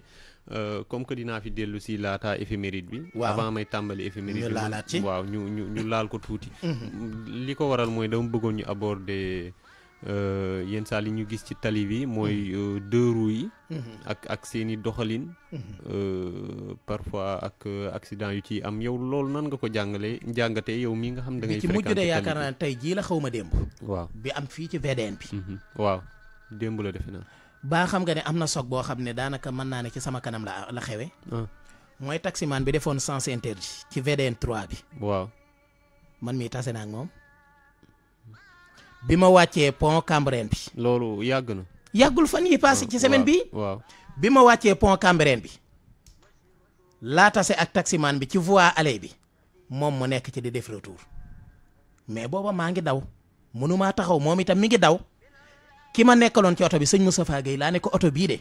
euh, comme que dinaa fi dellu si laata éphéméride bi. waaw avant may tàmbali éphéméride bi waaw ñu ñu ñu laal ko tuuti. Mm-hmm. li ko waral mooy dama bëggoon ñu aborder. Euh, yenn saa li ñu gis ci tali bi mhm. mooy euh, deux roues yi. Mhm. ak ak seeni doxalin. Mhm. Euh, parfois ak accident yu ci am yow loolu nan nga ko jàngalee njàngatee yow mii nga xam da ngay. fréquenté ci tey jii la xaw ma démb. waaw bi am fii ci VDN bi. waaw démb la defe naa. baa xam nga ne am na soog boo xam ne daanaka mën naa ne ci sama kanam la la xewe ah. mooy taximaan bi defoon sens interdit ci VDN 3 bi. waaw man mii tase naa ak moom. bi ma wàccee pon Cambérène bi. loolu yàgg na. yàggul fan yi passé ah, ci semaine bi waaw bi ma wàccee pont Cambérène bi laa tase ak taximaan bi ci voie allée bi moom moo nekk ci di def retour mais booba maa ngi daw mënumaa taxaw moom itam mi ngi daw ki ma nekkaloon ci oto bi sëñ Moustapha Gueye laa ne ko oto bii de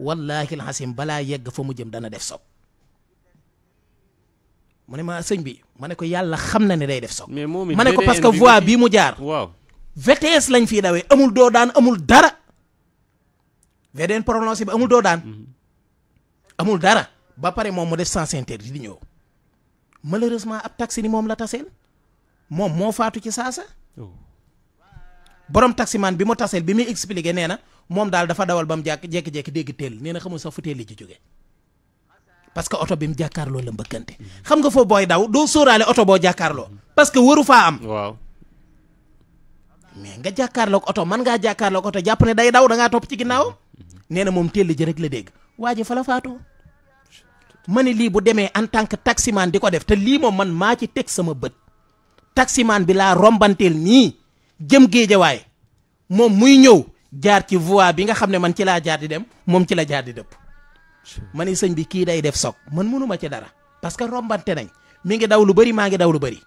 wallaahi alxasim balaa yegg fa mu jëm dana def soog mu ne ma sëñ bi ma ne ko yàlla xam na ne day def soog. mais ma ne ko parce que voie bii mu jaar. waaw VTS lañ fiy dawee amul doo daan amul dara VDN prononcé bi amul daan mm-hmm. amul dara ba pare moom mu def sens interdit di ñëw malheureusement ab taxi ni moom la taseel moom moo faatu ci saasa oh. borom taximaan bi mu taseel bi muy expliqué nee na moom daal dafa dawal ba mu jàkk jékki-jékki dégg teel nee na xamul sax fu teel li ci jóge parce que oto bi mu jàkkaarloo la mbëkkante mm-hmm. xam nga foofu booy daw doo sóoraale oto boo jàkkaarloo mm-hmm. parce que faa am mais nga jàkkaarloog oto man ngaa jàkkaarloog oto jàpp ne day daw da ngaa topp ci ginnaaw nee na moom teel ji rek la dégg waa ji fala faatu faatoo ma ne lii bu demee en tant que taximan di ko def te lii moom man maa ci teg sama bët taximan bi laa rombanteel nii jëm géejawaay moom muy ñëw jaar ci voie bi nga xam ne man ci laa jaar di dem moom ci la jaar di dëpp ma ne sëñ bi kii day def soog man mënuma ci dara parce que rombante nañ mi ngi daw lu bëri maa ngi daw lu bëri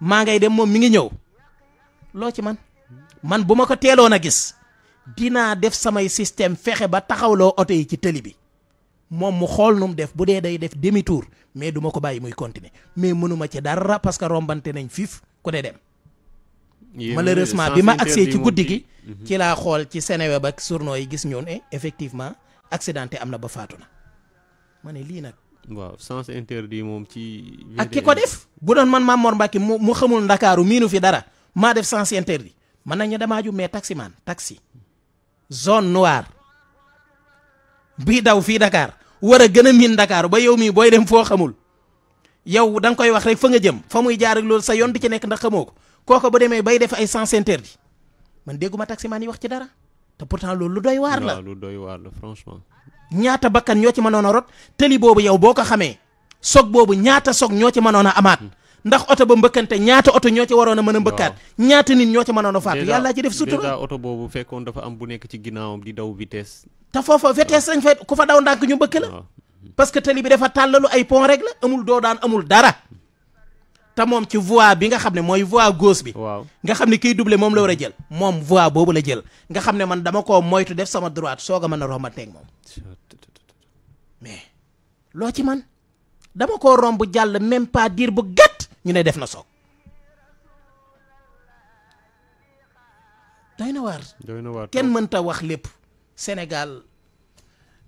maa ngay dem moom mi ngi ñëw loo ci man man bu ma ko teeloon a gis dinaa def samay système fexe ba taxawloo oto yi ci tëli bi moom mu xool nu mu def bu dee day def demi tour mais duma ko bàyyi muy continuer mais mënuma ci dara parce que rombante nañ fiif ku ne dem malheureusement bi ma agsee ci guddi gi mhm. ci laa xool ci Seneweb ak journaux yi gis ñoon eh, effectivement accidenté am na ba faatu na ma ne lii nag waaw sens interdit moom ci. ak ki ko def bu doon man Mame Mor Mbacke mu mu xamul ndakaaru miinu fi dara maa def sens interdit man nañu damaa ju mais taximaan taxi zone noire bii daw fii Dakar war a gën a miin Dakar ba yow mii booy dem foo xamul yow da nga koy wax rek fa nga jëm fa muy jaar ak loolu sa yoon di ci nekk ndax xamoo ko kooka ba demee bay def ay sens interdit man dégguma taximaan yi wax ci dara te pourtant loolu lu doy waar la lu doy waar ñaata bakkan ñoo ci mënoon a rot tëli boobu yow boo ko xamee soog boobu ñaata soog ñoo ci mënoon a amaat. ndax oto ba mbëkkante ñaata oto ñoo ci waroon a mën a mbëkkaat ñaata nit ñoo ci mënoon a faatu yàllaa ci def sutura oto boobu dafa am bu nekk ci ginnaawam di daw vitesse te foofa vitesse lañ fa ku fa daw ndànk ñu mbëkk la parce que tali bi dafa tàllalu ay pont rek la amul doo daan amul dara te moom ci voie bi nga xam ne mooy voie gauche bi nga xam ne kiy doublé moom la war a jël moom voie boobu la jël nga xam ne man dama koo moytu def sama droite soog a mën a rombanteeg moom mais loo ci man dama koo romb jàll même pas diir ñu ne def na soog doy na waar doy na kenn mënta wax lépp Sénégal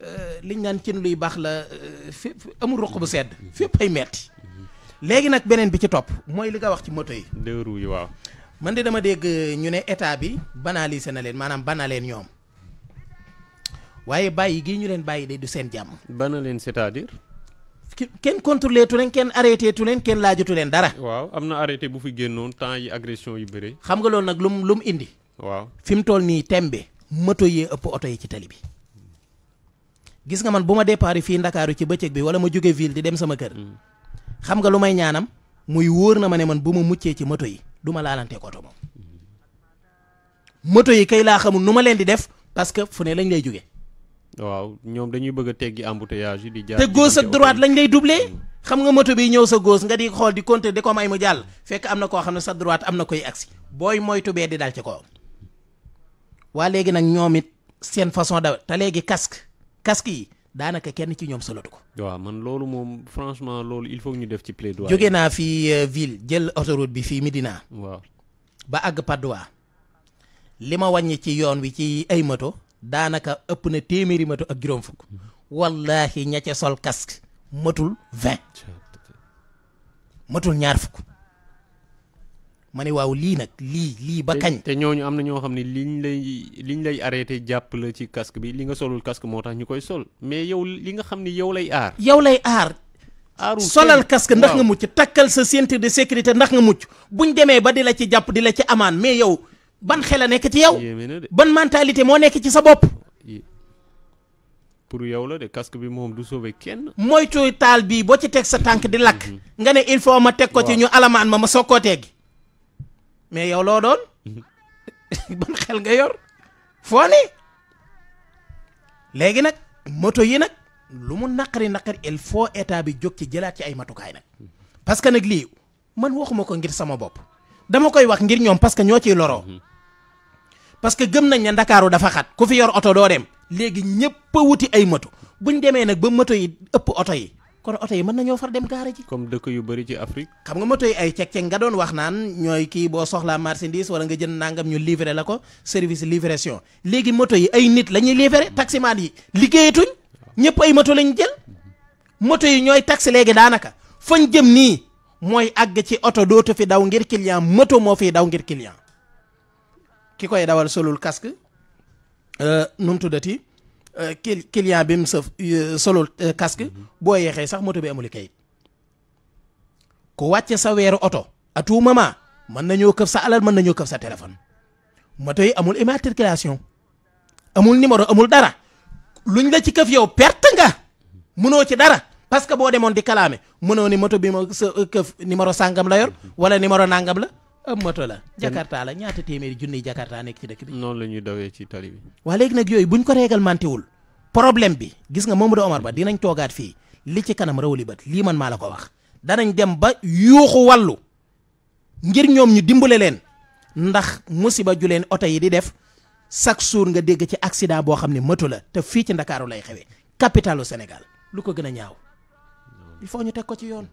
euh, liñ naan cin luy baax la euh, fépp amul roq bu sedd fépp ay metti léegi nag beneen bi ci topp mooy li nga wax ci moto yi waaw man de dama dégg euh, ñu ne état bi banaa banalisé na leen maanaam banaa leen ñoom waaye bàyyi gii ñu leen bàyyi de du seen jàmm bana leen cest à kenn contrôlé tu leen kenn arrêté tu leen kenn laajatu leen dara. waaw am na arrété bu fi génnoon temps yi agression yu bëri. xam nga loolu nag lu mu mu indi. waaw fi mu toll nii tembe. moto yee ëpp oto yi ci tali bi. gis nga man bu ma départ fii Ndakaaru ci bëccëg bi wala ma jóge ville di dem sama kër. Mm. xam nga lu may ñaanam. muy wóor na ma ne man bu ma muccee ci mato yi du ma laalanteeg oto moom. mato mm. yi kay laa xamul nu ma leen di def parce que fu ne lañ lay jóge waaw ñoom dañuy bëgg a teggi embouteillage di jaar te gauche ak droite lañ lay doublé xam nga moto bi ñëw sa gauche nga di xool di compter di ko may mu jàll fekk am na koo xam ne sa droite am na koy agsi booy moytu bee di dal ci ko waa léegi nag ñoom it seen façon da te léegi casque casque yi daanaka kenn ci ñoom solatu ko. waaw man loolu moom franchement loolu il faut ñu def ci plaidoyer. jóge naa fii euh, ville jël autoroute bi fii Médina. waaw ba àgg Padois li ma wàññi ci yoon wi ci ay moto. daanaka ëpp na téeméeri moto ak juróom fukk wallahi ña ca sol casque matul vingt matul ñaar fukk ma ne waaw lii nag lii lii ba kañ. te ñu am na ñoo xam ne liñ lay liñ lay arrêté jàpp la ci casque bi li nga solul casque moo tax ñu koy sol mais yow li nga xam ne yow lay aar. yow lay aar. aaru solal casque ndax nga mucc takkal sa ceinture de sécurité ndax nga mucc buñ demee ba di la ci jàpp di la ci amaan mais yow. ban xel a nekk ci yow ban mentalité moo nekk ci sa bopp pour yow la de casque bi moom du sauver kenn. moytu taal bii boo ci teg sa tànk di lakk. Mhm. nga ne il faut ma teg ko ci ñu alamaan ma ma soog koo teggi mais yow loo doon ban xel nga yor foo ne léegi nag moto yi nag lu mu naqari naqari il foo état bi jóg ci jëlaat ci ay matukaay nag mhm. parce que nag lii man waxuma ko ngir sama bopp dama koy wax ngir ñoom parce que ñoo ciy loroo mhm. parce que gëm nañ ne ndakaaru dafa xat ku fi yor oto doo dem léegi ñëpp a wuti ay moto ñu demee nag ba moto yi ëpp oto yi kon oto yi mën nañoo far dem gaara ji. comme dëkk yu bari ci Afrique. xam nga moto yi ay cek cek nga doon wax naan ñooy kii boo soxlaa marchandise wala nga jënd nangam ñu livrer la ko service livraison léegi moto yi ay nit la ñuy livrer taximaan yi liggéeyatuñ ñëpp ay moto lañ jël moto yi ñooy taxi léegi daanaka fañ jëm nii mooy àgg ci oto dootu fi daw ngir client moto moo fiy daw ngir client. ki koy dawal solul casque euh, nu mu tuddati euh, kii client bi mu sëf euh, solul boo yeexee sax moto bi amul kayit ku wàcce sa weeru oto à tout moment mën nañoo këf sa alal mën nañoo këf sa téléphone moto yi amul immatriculation amul numéro amul dara luñ la ci këf yow perte nga mënoo ci dara parce que boo demoon di kalaame mënoo ni moto bi ma sa këf numéro sàngam la yor wala numéro nàngam la ab moto la jakarta la ñaata téeméeri junniy jakarta nekk ci dëkk bi noonu la ñuy dawee ci tali bi waa léegi nag yooyu buñ ko réglementé wul problème bi gis nga Mamadou Omar Ba dinañ toogaat fii li ci kanam rawali bat lii man maa la ko wax danañ dem ba yuuxu wallu ngir ñoom ñu dimbale leen ndax musiba ju leen oto yi di def chaque jour nga dégg ci accident boo xam ne moto la te fii ci ndakaaru lay xewee capitalu Sénégal lu ko gën a ñaaw il faut ñu teg ko ci yoon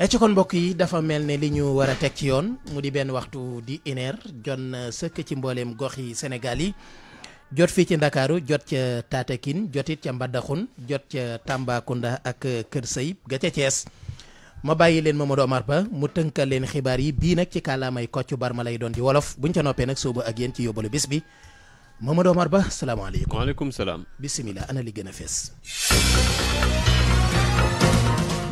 Eh, ci kon mbokk yi dafa mel ne li ñu war a teg ci yoon mu di benn waxtu di une jot na sëkk ci mbooleem gox yi Sénégal yi jot fii ci Ndakaaru jot ca Tatakin jotit ca Mbadakhoune jot ca Tambacounda ak Kër Sayib ga ca Thiès ma bàyyi leen Mamadou Omar Ba mu tënkal leen xibaar yi bii nag ci kàllaamay Kocc Barma lay doon di wolof buñ ca noppee nag soobu ak yéen ci yóbbalu bis bi Mamadou Omar Ba salaamaaleykum. waaleykum salaam. bisimilah ana li gën a fees.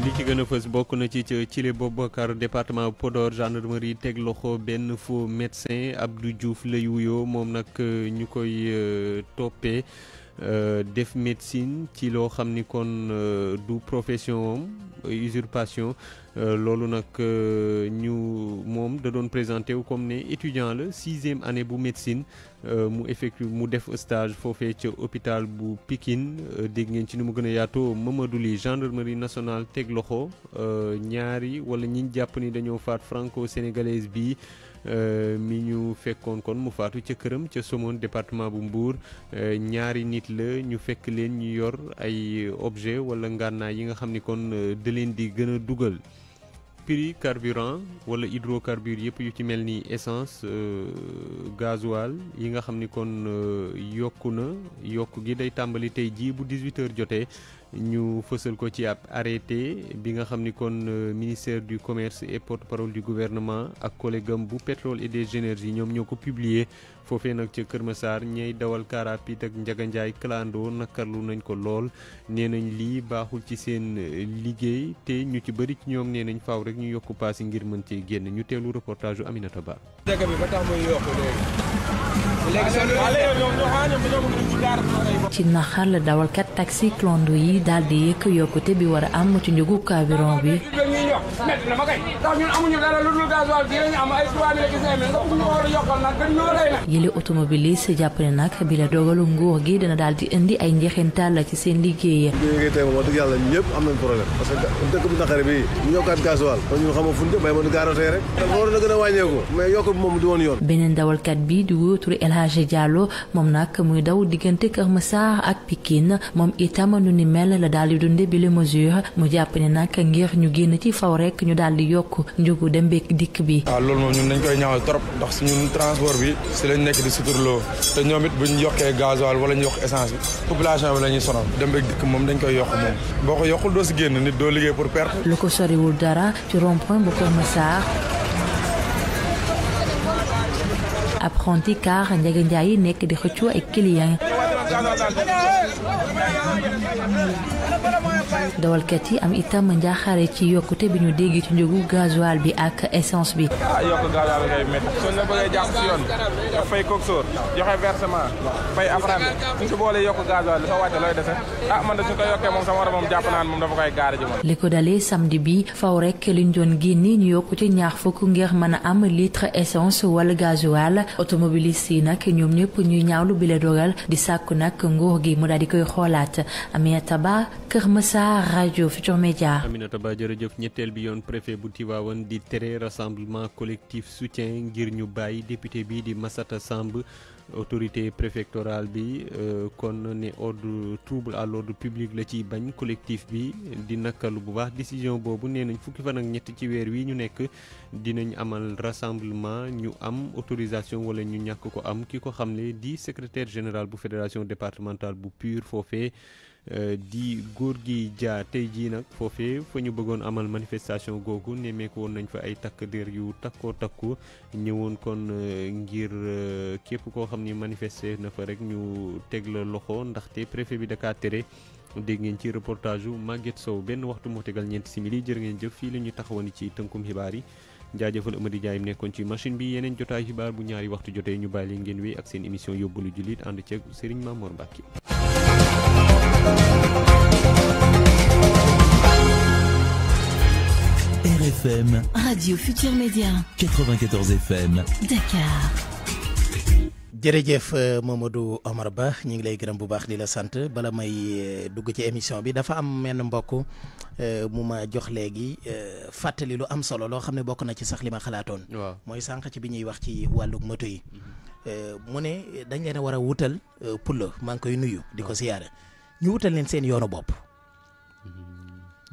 li ci gën fës bokk na ci ca Thillé Boubacar département Podor gendarmerie teg loxo benn faux médecin Abdou Diouf lay wuyoo moom nag euh, ñu koy euh, toppee euh, def médecine ci loo xam ni kon du profession am usurpation. Euh, loolu nag euh, ñu moom da doon présenté wu comme ne étudiant la sixième année bu médecine euh, mu effectue mu def stage foofee ca hôpital bu pikin dégg ci ni ma gën a yaatoo Mamadou Ly gendarmerie nationale teg loxo ñaari wala ñiñ jàpp ni dañoo faat franco-sénégalaise bi mi ñu fekkoon kon mu faatu ca këram ca Somone département bu Mbour ñaari nit la ñu fekk leen ñu yor ay objet wala ngànnaay yi nga xam ni kon da leen di gën a dugal prix carburant wala hydrocarbures yëpp yu ci mel ni essence euh, gasoil yi nga xam ni kon euh, yokk na yokk gi day tàmbali tey jii bu 18h jotee ñu fësal ko ci ab arrêté bi nga xam ni kon euh, ministère du commerce et porte-parole du gouvernement ak collègue bu pétrole et des énergies ñoom ñoo ko publier. foofee nag ca Kër Massar ñey dawal car rapide ak njaganjaay clando nakarlu nañ ko lool nee nañ lii baaxul ci seen eh, liggéey te ñu ci bari ci ñoom nee nañ faaw rek ñu yokk paas ngir mën cee génn ñu teelu reportage yu Aminata Ba. dëkk yi daal di yëkk ci njëgu carburant bi. bu ñu war ñi automobiliste jàpp ne nag bi la dogalu nguur gi dina daal di indi ay njeexintal ci seen liggéey. ñu ngi tey moom wax yàlla ñëpp am nañ ñu yokkaat rek dafa waroon dawalkat bi di wóoturu El moom nag muy daw diggante Kër Massar ak Pikine moom itam nu ni mel la daal di dunde bi les mu jàpp ne nag ngir ñu génn ci faw rek ñu daldi yokk njëgu dem beek dikk bi waaw ah, loolu moom ñun dañ koy ñaawal trop ndax suñu transport bi si lañ nekk di suturloo te ñoom it buñ yokkee gasoil wala ñu yokk essence bi population bi la ñuy sonal dem ak dikk moom dañ koy yokk moom boo ko yokkul doo si génn nit doo liggéey pour perte. lu ko soriwul dara ci rond point bu Kër Massar. apprenti car Ndiaga Ndiaye yi nekk di xëccoo ay clients. dawalkat yi am itam njaaxaare ci yokkute bi ñu dégg ci njëgu gasoil bi ak essence bi. ah yokk gasoil ngay métti. suñ la boolee yokk gasoil dafa wàcce looy dese ah man de suñ ko yokkee moom sama war moom jàpp naan moom dafa koy gaare ji moom. li ko dalee samdi bi faw rek liñ doon génni ñu yokku ci ñaar fukk ngir mën a am litre essence wala gasoil automobiliste yi nag ñoom ñëpp ñuy ñaawlu bile dogal di sàkku nag nguur gi mu daal di koy xoolaat Aminata Ba Kër Massar rajo Futur Média. Aminata Ba jërëjëf ñetteel bi yoon préfet bu Tivaouane di tere rassemblement collectif soutien ngir ñu bàyyi député bi di Massata Samb autorité préfectorale bi euh, kon ne ordre trouble à l'ordre public la ci bañ collectif bi di nakalu bu baax décision boobu nee nañ fukki fan ak ñett ci weer wi ñu nekk dinañ amal rassemblement ñu am autorisation wala ñu ñàkk ko am ki ko xam ne di secretaire général bu fédération départementale bu PUR foofee. Euh, di góor gi jaa tey jii nag foofee fa ñu bëggoon amal manifestation googu nemmeeku woon nañ fa ay takk der yu takkoo takku ñëwoon kon euh, ngir euh, képp koo xam ni manifester na fa rek ñu teg la loxo ndaxte préfet bi daka tere dégg ci reportage yu Maguette Sow benn waxtu moo tegal ñeenti simili jër ngeen jëf fii la ñu taxawani ci tënkum xibaar yi jaajëfal Amady Ndiaye nekkoon ci machine bi yeneen jotaay xibaar bu ñaari waxtu jotee ñu bàyyi leen ngeen wéy ak seen émission yóbbalu jullit ànd ceeg Serigne Mamor Mbacke RFM. Radio Futur Média. 94 jërëjëf euh, Mamadou Omar Ba ñu ngi lay gërëm bu baax di la sant bala may euh, dugg ci émission bi dafa am menn mbokk euh, mu ma jox léegi fàttali lu am solo loo xam ne bokk na ci sax li ma xalaatoon. waaw mooy sànq ci bi ñuy wax ci wàllug moto yi. Mhm. mu ne dañ leen war a wutal pulo maa ngi koy nuyu. di ko siyaare. ñu wutal leen seen yoonu bopp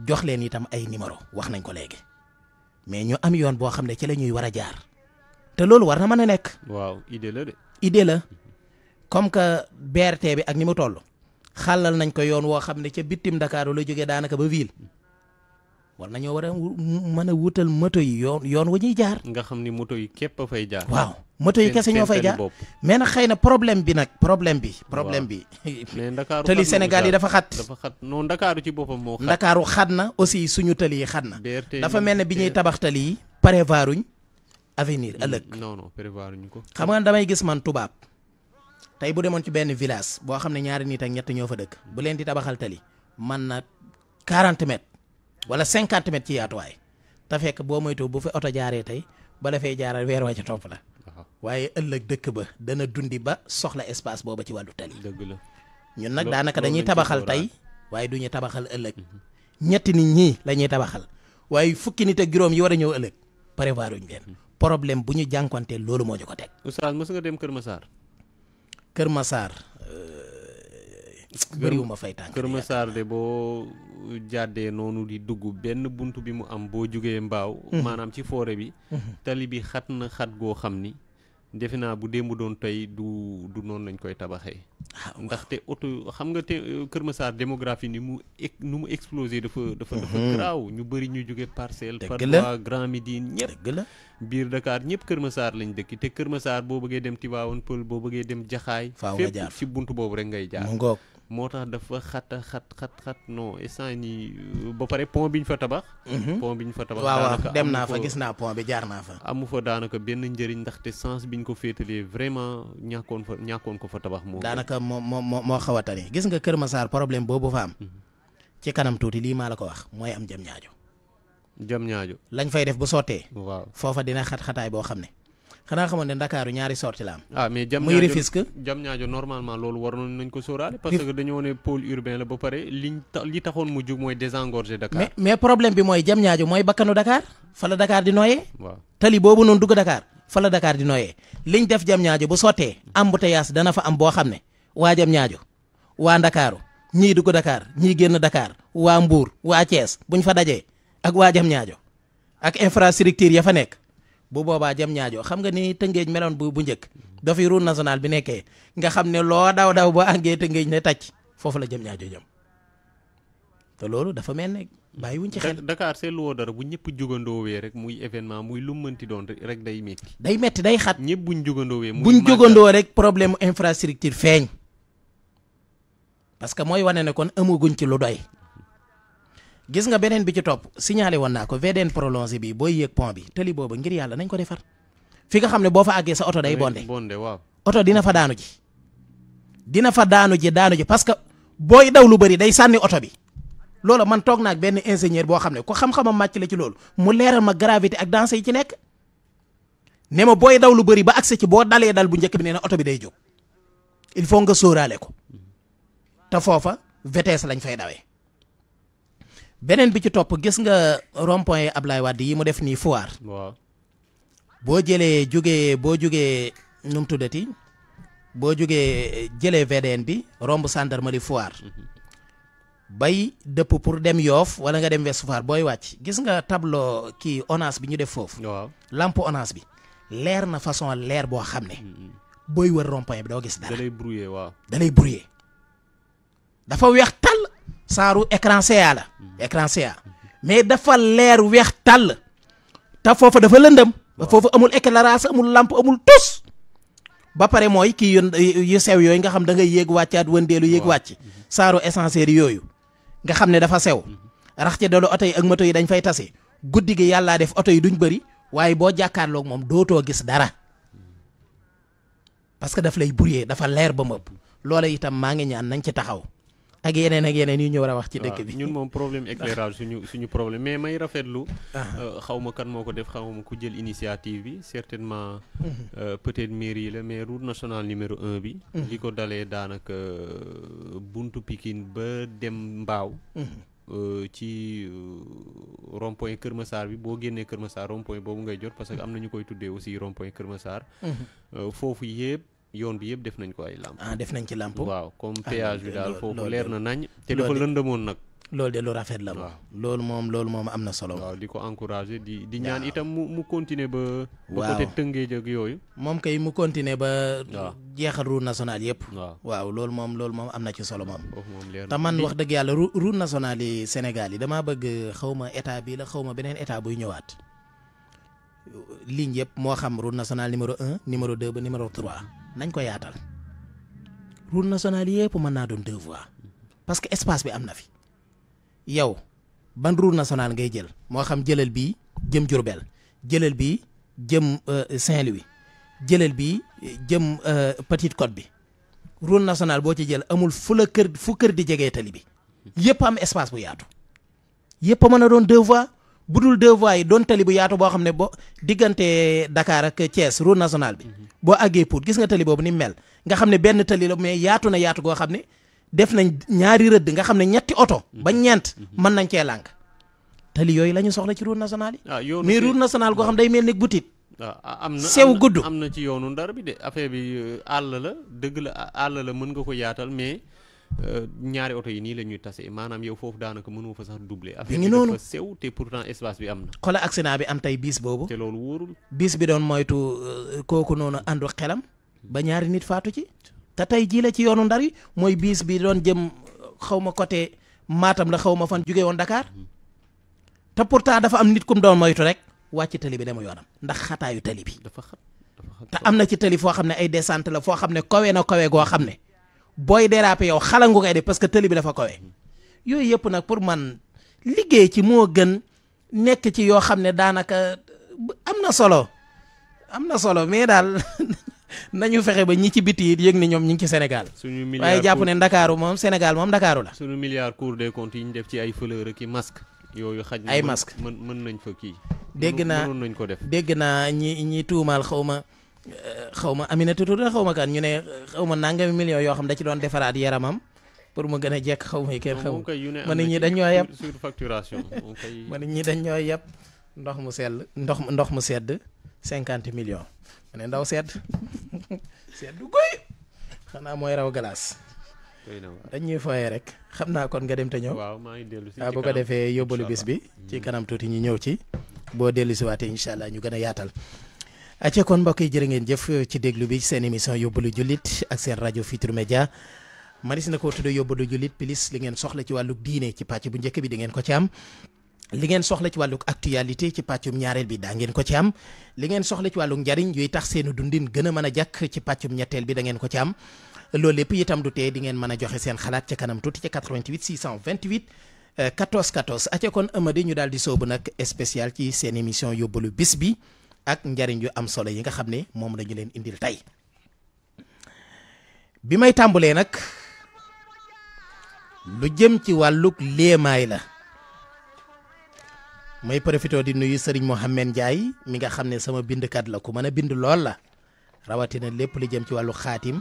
jox leen itam ay numéro wax nañ ko léegi mais ñu am yoon boo xam ne ci lañuy war a jaar te loolu war na mën a nekk. waaw idée la de. idée la comme que BRT bi ak ni mu toll xàllal nañ ko yoon woo xam ne ca bitim Dakar la jóge daanaka ba ville war nañoo war a mën a wutal moto yi yoon yoon wu ñuy jaar. nga xam ni moto yi képp a fay jaar. waaw moto yi kese ñoo fay jaar mais nag xëy na problème bi nag problème bi problème bi tali Sénégal yi dafa xat dafa xat Ndakaaru ci boppam moo xat Ndakaaru xat na aussi suñu tali yi xat na dafa mel ne bi ñuy tabax tali yi prévoiruñ avenir ëllëg non non ko xam nga damay gis man tubaab tey bu demoon ci benn village boo xam ne ñaari nit ak ñett ñoo fa dëkk bu leen di tabaxal tali man na 40 mètres wala 50 mètres ci yaatuwaay te fekk boo moytu bu fi oto jaaree tey ba la fay jaaral weer waa ci topp la waaye ëllëg dëkk ba dana dundi ba soxla espace boobu ci wàllu tali. dëgg ñun nag daanaka dañuy tabaxal tey waaye du ñu tabaxal ëllëg mhm. ñetti nit ñi la tabaxal waaye fukki nit ak juróom yi a ñëw ëllëg prévoir uñ leen mhm. problème bu ñu jànkontee loolu moo ñu ko teg. Oustaz mës dem Kër Massar. Kër Massar. Euh, bëriwuma fay tànk Kër Massar de boo jàddee noonu di dugg benn bunt bi mu am boo jugee mbaaw. Mhm. maanaam ci foore bi. tali bi xat na xat goo xam ni. defe naa bu démb doon tey du du noonu lañ koy tabaxee. Ah, ndaxte oto xam nga te euh, Kër Massar démographie ni mu e, nu mu explosé dafa dafa dafa mhm. garaaw ñu bëri ñu jóge parcelle Padois Grand Médine ñëpp dëgg la biir Dakar ñëpp Kër saar lañ dëkki te Kër Massar boo bëggee dem Tivaouane Peulh boo bëggee dem Jaxaay fépp ci bunt boobu rek ngay jaar moo tax dafa xat xat xat xat non instant nii ba pare pont bi ñu fa tabax. Mhm. pont bi ñu fa tabax. daanaka dem naa fa gis naa pont bi jaar naa fa. amu fa daanaka benn njëriñ ndaxte sens bi ñu ko féetalee vraiment ñàkkoon fa ñàkkoon ko fa tabax moo. daanaka moo moo moo xaw tane gis nga Kër Massar problème boobu fa am. Mhm. ci kanam tuuti lii maa la ko wax mooy am jam ñaajo. jam ñaajo lañ fay def bu sottee. waaw foofa dina xat xataay boo xam ne. xanaa xamoon ne Ndakaaru ñaari sorti la am. Ah, mais jam muy Rufisque jam ñaajo normalement loolu waroon nañ ko sóoraale. parce que dañoo ne pôle urbain la ba pare liñ li taxoon mu jug mooy désengorger Dakar. mais mais problème bi mooy jam ñaajo mooy bakkanu Dakar fa la dakaar di nooyee. waaw tali boobu noonu dugg Dakar fa la dakaar di nooyee liñ def jam ñaajo bu sottee embouteillage dana fa am boo xam ne waa jam ñaajo waa Ndakaaru ñii dugg dakaar ñii génn dakaar waa Mbour waa Thiès buñ fa dajee ak waa ñaajo ak infrastructure ya fa nekk. bu boobaa jam ñaajoo xam nga ni tëngéej meloon bu bu njëkk dafay route national bi nekkee nga xam ne loo daw daw ba àggee tëngeej ne tàcc foofu la jam ñaajoo jëm te loolu dafa mel ne bàyyi wuñ ci xel Dakar seetlu woo dara bu ñëpp jugandoowee rek muy événement muy lu mënti doon rek day métti day métti day xat ñëpp buñ wee buñ jugandoo rek problème infrastructure feeñ parce que mooy wane ne kon amaguñ ci lu doy gis nga beneen bi ci topp signalé woon naa ko VDN prolongé bi booy yéeg pont bi tëli boobu ngir yàlla nañ ko defar fi nga xam ne boo fa àggee sa oto day bondé oto dina fa daanu ji dina fa daanu ji daanu ji parce que booy daw lu bëri day sànni oto bi loola man toog naag benn ingénieur boo xam ne ko xam màcc la ci loolu mu leeral ma gravité ak dansé yi ci nekk ne ma booy daw lu bëri ba accès ci boo dalee dal bu njëkk bi nee na oto bi day jóg il faut nga sóoraale ko te foofa vitesse lañ fay dawee beneen bi ci topp gis nga rond-point Ablaye Wade yi mu def nii Foire. waaw boo jëlee jógee boo jógee nu mu tuddati boo jógee jëlee VDN bi romb gendarmerie Foire. Mhm. bay dëpp pour dem Yoff wala nga dem Ouest Foire booy wàcc gis nga tabloo kii ONAS bi ñu def foofu. waaw lampe bi leer na façon leer boo xam ne. Mhm. booy wër rond-point bi doo gis dara. da da lay dafa weex saaru écran CA la écran mais dafa leer weex tàll te foofa dafa lëndëm foofa amul éclairage amul làmp amul tus ba pare mooy kii yu yu sew yooyu nga xam da ngay yéeg wàccaat wëndeelu yéeg wàcc saaru essentiel yooyu nga xam ne dafa sew rax ci dalu oto yi ak moto yi dañ fay tase guddi gi yàllaa def oto yi duñ bëri waaye boo jàkkaarloog moom dootoo gis dara parce que daf lay brouiller dafa leer ba mëpp loola itam maa ngi ñaan nañ ci taxaw ak yeneen ak yeneen yu ñu war a wax ci dëkk bi ñun moom problème éclairage suñu suñu problème mais may rafetlu ah. euh, xaw ma kan moo ko def xawma ma ku jël initiative bi certainement mhm. euh, peut-être mairie yi la mais route nationale numéro un bi mhm. li ko dalee daanaka euh, buntu Pikine ba dem Mbaaw mhm. ci rond-point Kër Massar bi boo génnee Kër Massar rond-point boobu ngay jot parce que am na ñu koy tuddee aussi rond-point Kër Massar foofu yépp yoon bi yëpp def nañ ko ay làmp ah, def nañ ci làmp waaw comme ah, péage bi daal foofu leer na nañ te dafa lëndëmoon nag loolu de lu rafet la moom loolu moom loolu moom am na solo ko encourager di di ñaan itam mu mu continuer ba ba côté yooyu moom kay mu continuer ba jeexal route nationale yëpp waaw loolu moom loolu moom am na ci solo moom te man wax dëgg yàlla route nationale yi Sénégal yi damaa bëgg xawma état bii la xawma beneen état buy ñëwaat ligne yëpp moo xam route nationale numéro un numéro deux ba numéro trois nañ ko yaatal route nationale yëpp mën naa doon deux voies parce que espace bi am na fi yow ban route nationale ngay jël moo xam jëlal bi jëm Diourbel jëlal bi jëm euh, Saint-Louis jëlal bi euh, jëm euh, Petite Côte bi route nationale boo ci jël amul fu la kër fu kër di jegee tali bi yëpp am espace bu yaatu yëpp a mën a doon bu dul deux voies yi doon tali bu yaatu boo xam ne boo diggante Dakar ak Thiès route nationale bi mhm. boo àggee pour gis nga tali boobu ni mel nga xam ne benn tali la mais yaatu na yaatu goo xam ne def nañ ñaari rëdd nga xam ne ñetti oto mhm. ba ñeent mhm. mën nañ cee lànk tali yooyu lañu ñu soxla ci route nationale yi ah, mais route nationale goo xam day mel ni butit ah, ah, am sew gudd am na ci yoonu ndara bi de affaire bi euh, àll la dëgg la àll la mën nga ko yaatal mais Euh, ñaari oto yi nii la ñuy tase maanaam yow foofu daanaka mënoo fa sax doubler. affaire bi dafa sew te pourtant espace bi am na. xoolal accident bi am tey biis boobu. te loolu wóorul. biis bi doon moytu euh, kooku noonu àndu xelam. ba ñaari nit faatu ci. te tey jii la ci yoonu ndar mooy biis bi doon jëm euh, xaw ma côté Matam la xaw ma fan jóge woon Dakar te pourtant dafa am nit ku mu doon moytu rek wàcc tali bi dama yoonam ndax xataayu tali bi. dafa xat dafa xat te am na ci tali foo xam ne ay descente la foo xam ne kawe na kawe goo ne. booy déraper yow xalangu koy def parce que tëli bi dafa kowe yooyu yëpp nag pour man liggéey ci moo gën nekk ci yoo xam ne daanaka am na solo am na solo mais daal nañu fexe ba ñi ci biti yi yëg ne ñoom ñu ngi ci senegal suñu waaye jàpp ne ndakaaru moom Sénégal moom ndakaaru la. suñu milliard cour des comptes yi ñu def ci ay fleur ak i masque yooyu xaj na ay masque mën mën nañ fa kii. dégg naa mënoon nañ ko def dégg naa ñi ñi tuumaal xaw ma xaw ma Aminata da xaw ma kan ñu ne xaw ma nangami millions yoo xam da ci doon defaraat yaramam pour mu gën a jekk xaw ma kenn xaw ma nit ñi dañ ñoo yàpp surfacturation ma nit ñi dañ ñoo yàpp ndox mu sell ndox ndox mu sedd cinquante million ma ne ndaw sedd sedd guy xanaa mooy raw galaas dañ ñuy fooyee rek xam naa kon nga dem te ñëw waaw ah, bu ko defee yóbbalu bis bi mm. ci kanam tuuti ñu ñëw ci boo dellusiwaatee incha allah ñu gën a yaatal ace kon mbokk yi jërë ngeen jëf ci déglu bi seen émission yóbbalu jullit ak seen rajo Futurs Médias manis na koo tudd yóbbalu jullit pilis li ngeen soxla ci wàlluk diine ci pàcc bu njëkk bi da ngeen ko ci am li ngeen soxla ci wàlluk actualité ci pàccum ñaareel bi daa ngeen ko ci am li ngeen soxla ci wàlluk njariñ yuy tax seenu dundin gën a mën a jàkk ci pàccum ñetteel bi dangeen ko ci am loolu lépp itam du tee di ngeen mën a joxe seen xalaat ca kanam tuuti ca 88 628 14 14 ace kon Amady ñu daal di soobu nag spécial ci seen émission yóbbalu bis bi ak njariñ yu am solo yi nga xam ne moom lañu leen indil tey bi may tàmbulee nag lu jëm ci wàlluk léemaay la may profité di nuyu sëriñ Mohamed Ndiaye mi nga xam ne sama bind bindkat la ku mën a bind lool la rawatina lépp lu jëm ci wàllu xaatim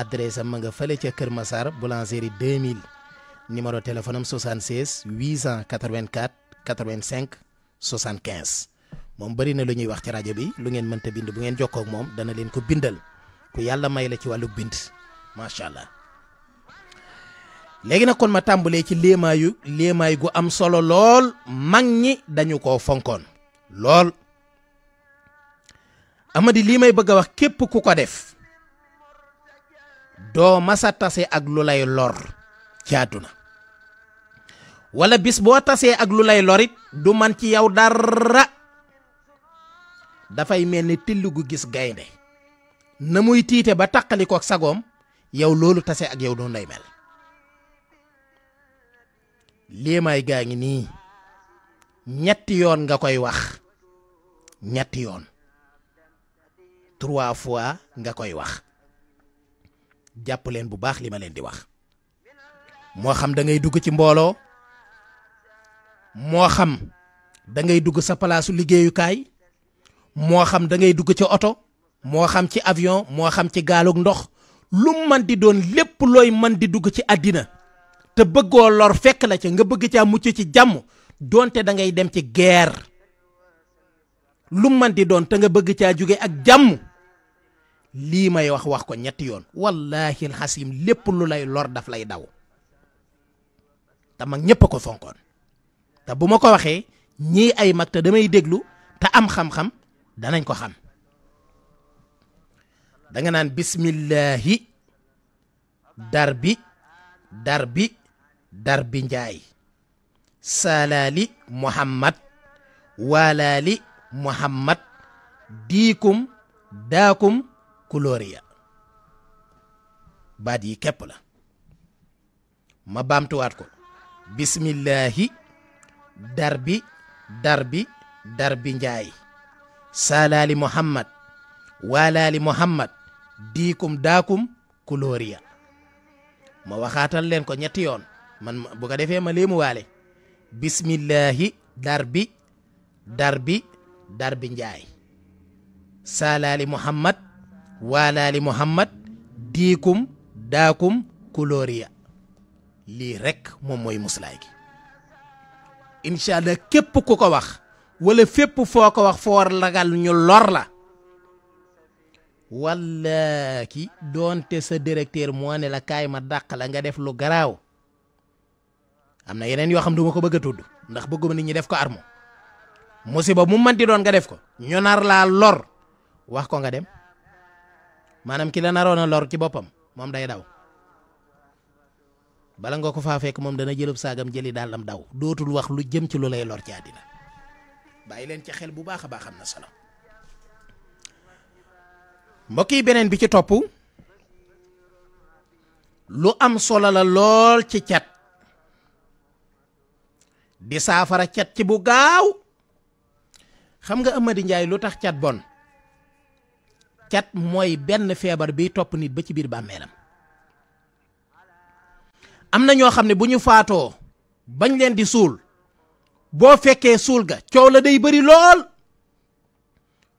adresse am ma nga fële ca Kër Massar boulangerie 2000 numéro téléphone am 76 884 85 75 moom bari na lu ñuy wax ci rajo bi lu ngeen mënta bind bu ngeen jokkoo ak moom dana leen ko bindal ku yàlla may la ci wàllu bind macha allah léegi nag kon ma tàmbalee ci léemaayu léemaay gu am solo lool mag ñi dañu koo fonkoon lool amadi lii may bëgg a wax képp ku ko def doo masa tase ak lu lay lor jaatu na walla bis boo tasee ak lu lay lorit du man ci yow dara dafay mel ni till gu gis gaynde na muy tiite ba taqali ko sagoom yow loolu tase ak yow doon lay mel léemaay gaa ngi nii ñetti yoon nga koy wax ñetti yoon troit fois nga koy wax jàpp leen bu baax li ma leen di wax moo xam dangay dugg ci mbooloo moo xam dangay dugg sa palaasu liggéeyukaay moo xam dangay dugg ci oto moo xam ci avion moo xam ci gaalug ndox lu man di doon lépp looy man di dugg ci àddina te bëggoo lor fekk la ci nga bëgg caa mucc ci jàmm doonte da ngay dem ci guerre lu man di doon te nga bëgg caa jóge ak jàmm lii may wax wax ko ñetti yoon wallahi alxasim lépp lu lay lor daf lay daw te mag ñépp ko fonkoon te bu ma ko waxee ñii ay mag te damay déglu te am xam-xam danañ ko xam danga naan bismillahi darbi darbi darbi njaay saalaali muhammad waalaali muhammad diikum daakum kulóoriya baat yi képp la ma baamtuwaat ko bismillahi darbi darbi darbi njaay saalaali muhammad waalaali muhammad diikum daakum kulóoriya ma waxaatal leen ko ñetti yoon man bu defee ma léemu waale bismillahi darbi darbi darbi njaay saalaali muhammad waalaali muhammad diikum daakum kulóoriya lii rek moom mooy muslaay gi incha ku ko wax wala fépp foo ko wax foo ragal ñu lor la wallaaki doonte sa directeur moo ne la kaay ma dàq la nga def lu garaaw am na yeneen yoo xam duma ko bëgg a tudd ndax bëgguma nit ñi def ko armo musiba mu di doon nga def ko ñu nar laa lor wax ko nga dem maanaam ki la naroon a lor ci boppam moom day daw bala nga ko faa fekk moom dana jëlub saagam jëli daal am daw dootul wax lu jëm ci lu lay lor ci àddina bàyyi leen ci xel bu baax a baax am na solo mbokk yi beneen bi ci topp lu am solo la lool ci cat di saafara cat ci bu gaaw xam nga Amady Ndiaye lu tax cat bon cat mooy benn feebar bi topp nit ba ci biir bàmmeelam am na ñoo xam ne bu ñu faatoo bañ leen di suul boo fekkee suul ga coow la day bëri lool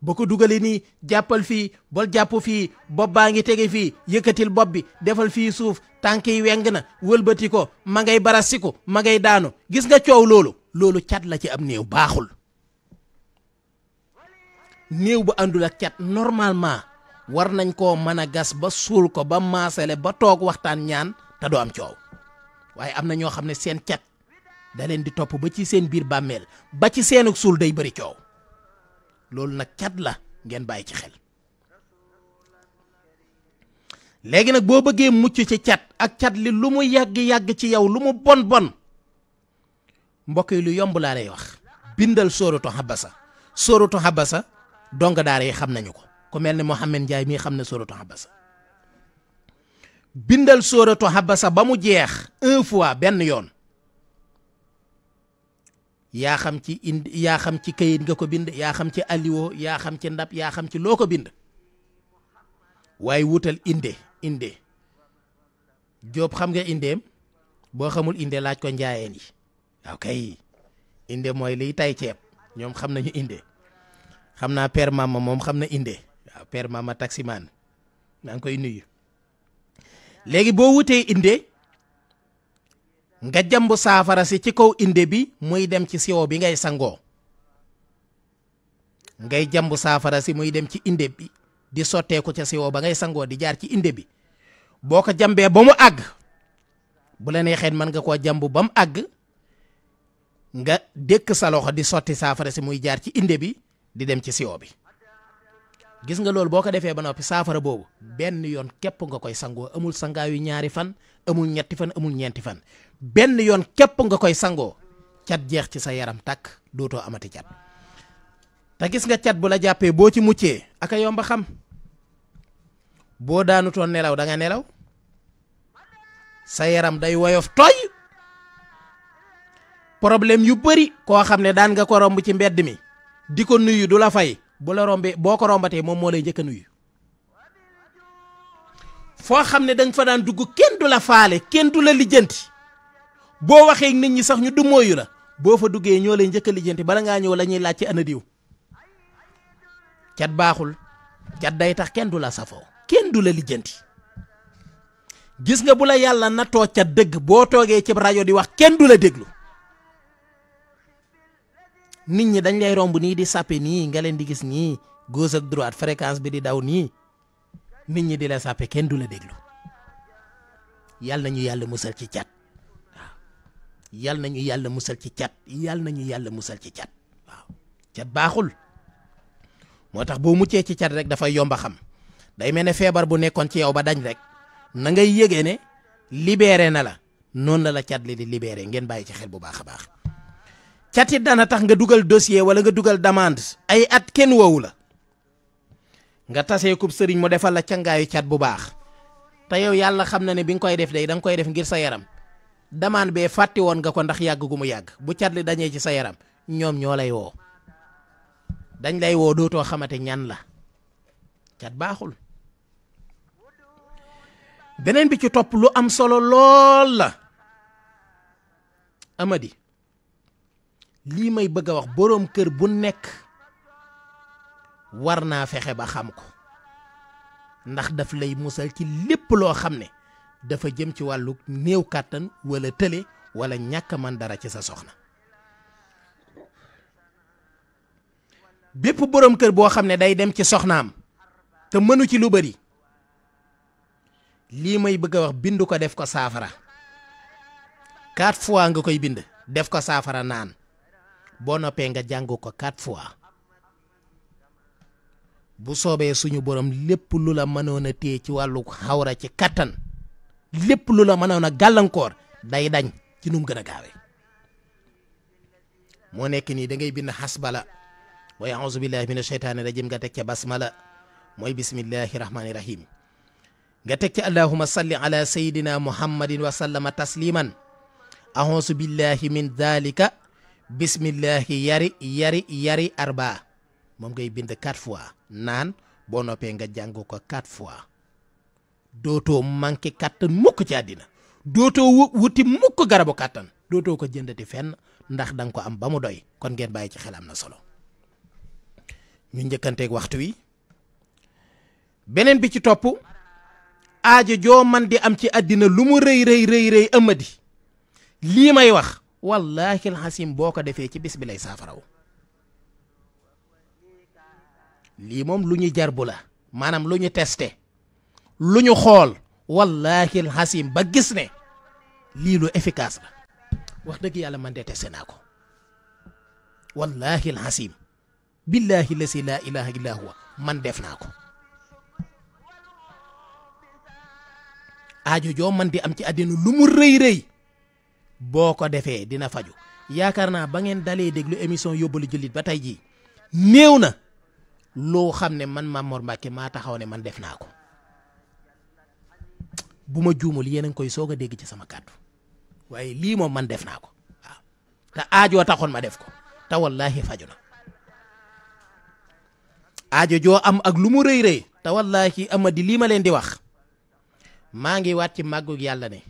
boo ko dugalee nii jàppal fii bol jàpp fii bopp baa ngi tege fii yëkkatil bopp bi defal fii suuf tànk yi weng na wëlbati ko ma ngay barasiku ma daanu gis nga coow loolu loolu cat la ci am néew baaxul néew bu àndul ak cat normalement war nañ koo mën a gas ba suul ko ba maasale ba toog waxtaan ñaan te du am coow waaye am na ñoo xam ne seen cat da di topp ba ci seen biir bàmmeel ba ci seenug suul day bëri coow loolu nag cat la ngeen bàyyi ci xel léegi nag boo bëggee mucc ci cat ak cat li lu mu yàgg-yàgg ci yow lu mu bon bon mbokk lu yomb laa lay wax bindal sóoratu habasa sóoratu habasa dong daara yi xam nañu ko ku mel ne Mouhamed Ndiaye mii xam ne sóoratu habasa bindal sóoratu habasa ba mu jeex un fois benn yoon yaa xam ci indi yaa xam ci kayit nga ko bind yaa xam ci aliwo yaa xam ci ndab yaa xam ci loo ko bind waaye wutal inde inde Jóob xam nga indeem boo xamul inde laaj ko njaayeen yi waaw kay inde mooy liy tay ceeb ñoom xam na nañu inde xam naa père mama moom xam na inde waaw père mama taximaan maa ngi koy nuyu léegi boo wutee inde nga jàmb saafara si ci kaw inde bi muy dem ci siwo bi ngay sangoo ngay jàmb saafara si muy dem ci inde bi di sotteeku ca siwo ba ngay sangoo di jaar ci inde bi boo ko jàmbee ba mu àgg bu la neexee mën nga koo jàmb ba mu àgg nga dékk sa loxo di sotti saafara si muy jaar ci inde bi di dem ci siwo bi gis nga loolu boo ko defee ba noppi saafara boobu benn yoon képp nga koy sangoo amul sangaayu ñaari fan amul ñetti fan amul ñeenti fan benn yoon képp nga koy sangoo cat jeex ci sa yaram tàkk dootoo amati cat te gis nga cat bu la jàppee boo ci muccee aka yomba xam boo daanutoon nelaw danga nelaw sa yaram day woyof tooy problème yu bëri koo xam ne daan nga ko romb ci mbedd mi di ko nuyu du la fay bu la boo ko rombatee moom moo lay njëkk a nuyu foo xam ne danga fa daan dugg kenn du la faale kenn du la lijjanti boo waxee nit ñi sax ñu du mooyu la boo fa duggee ñoo lay njëkk lijjanti bala ngaa ñëw la ñuy laaj ci ana diw cat baaxul cat day tax kenn du la safoo kenn du la lijjanti gis nga bu la yàlla nattoo cat dëgg boo toogee ci rajo di wax kenn du la déglu nit ñi dañ lay romb nii di sàppe nii nga leen di gis nii gauche ak droite fréquence bi di daw nii nit ñi di la sàppe kenn du la déglu yàlla ñu yàlla musal ci cat yal nañu yàlla musal ci cat yal nañu yàlla musal ci cat waaw cat baaxul moo tax boo muccee ci cat rek dafay yomba xam day mel ne feebar bu nekkoon ci yow ba dañ rek na ngay yëgee ne libeere na la noonu la la cat li di libéré ngeen bàyyi ci xel bu baax a baax cat it dana tax nga dugal dossier wala nga dugal demande ay at kenn woowu la nga tasee kub sëriñ mu defal la cangaayu cat bu baax te yow yàlla xam na ne bi nga koy def day danga koy def ngir sa yaram damaan bee fàtte woon nga ko ndax yàgg gu mu yàgg bu cat li dañee ci sa yaram ñoom ñoo lay woo dañ lay woo dootoo xamante ñan la cat baaxul beneen bi ci topp lu am solo lool la amadi lii may bëgg a wax boroom kër bu nekk war naa fexe ba xam ko ndax daf lay musal ci lépp loo xam ne dafa jëm ci wàllu néew kàttan wala tële wala ñàkk man dara ci sa soxna bépp borom kër boo xam ne day dem ci soxnaam te mënu ci lu bari lii may bëgg a wax bind ko def ko saafara quatre fois nga koy bind def ko saafara naan boo noppee nga jàng ko quatre fois bu soobee suñu borom lépp lu la mënoon a téye ci wàllu xawra ci kattan lépp lu la mënoon a gàllankoor day dañ ci nu mu moo nekk nii da ngay bind xasbala mooy auzu billahi min asheytaani rajim nga teg ca basmala mooy bismillahi rahmaani rahim nga teg ca allahuma salli ala sayidina muhammadin wa sallama tasliman auzu billahi min dalika bismillahi yari yari yari moom ngay bind quatre fois naan boo noppee nga jàng ko quatre fois dootoo manqué kàttan mukk ci àddina dootoo wuti mukk garabu kàttan dootoo ko jëndati fenn ndax danga ko am ba mu doy kon ngeen bàyyi ci xel am na solo ñu njëkkanteeg waxtu wi beneen bi ci topp aajo joo man di am ci àddina lu mu rëy rëy rëy rëy ëmmadi lii may wax wallaahi alxasim boo ko defee ci bis bi lay saafaraw lii moom lu ñu jar la maanaam lu ñu testé lu ñu xool wallahi alxasim ba gis ne lii lu efficace la wax dëgg yàlla man de testé naa ko wallahi alxasim billahi lasi laa ilaha illa huwa man def naa ko aajo joo man di am ci àddina lu mu rëy boo ko defee dina faju yaakaar naa ba ngeen dalee déglu émission yóbbalu jullit ba tey jii néew na loo xam ne man Mame Mor Mbacke maa taxaw ne man def naa ko bu ma juumul yéen a koy soog a dégg ci sama kàddu waaye lii moom man def naa ko waaw aajoo taxoon ma def ko te wallaahi faju na aajo joo am ak lu mu rëy rëy te wallaahi amadi lii ma leen di wax maa ngi waat ci màggug yàlla ne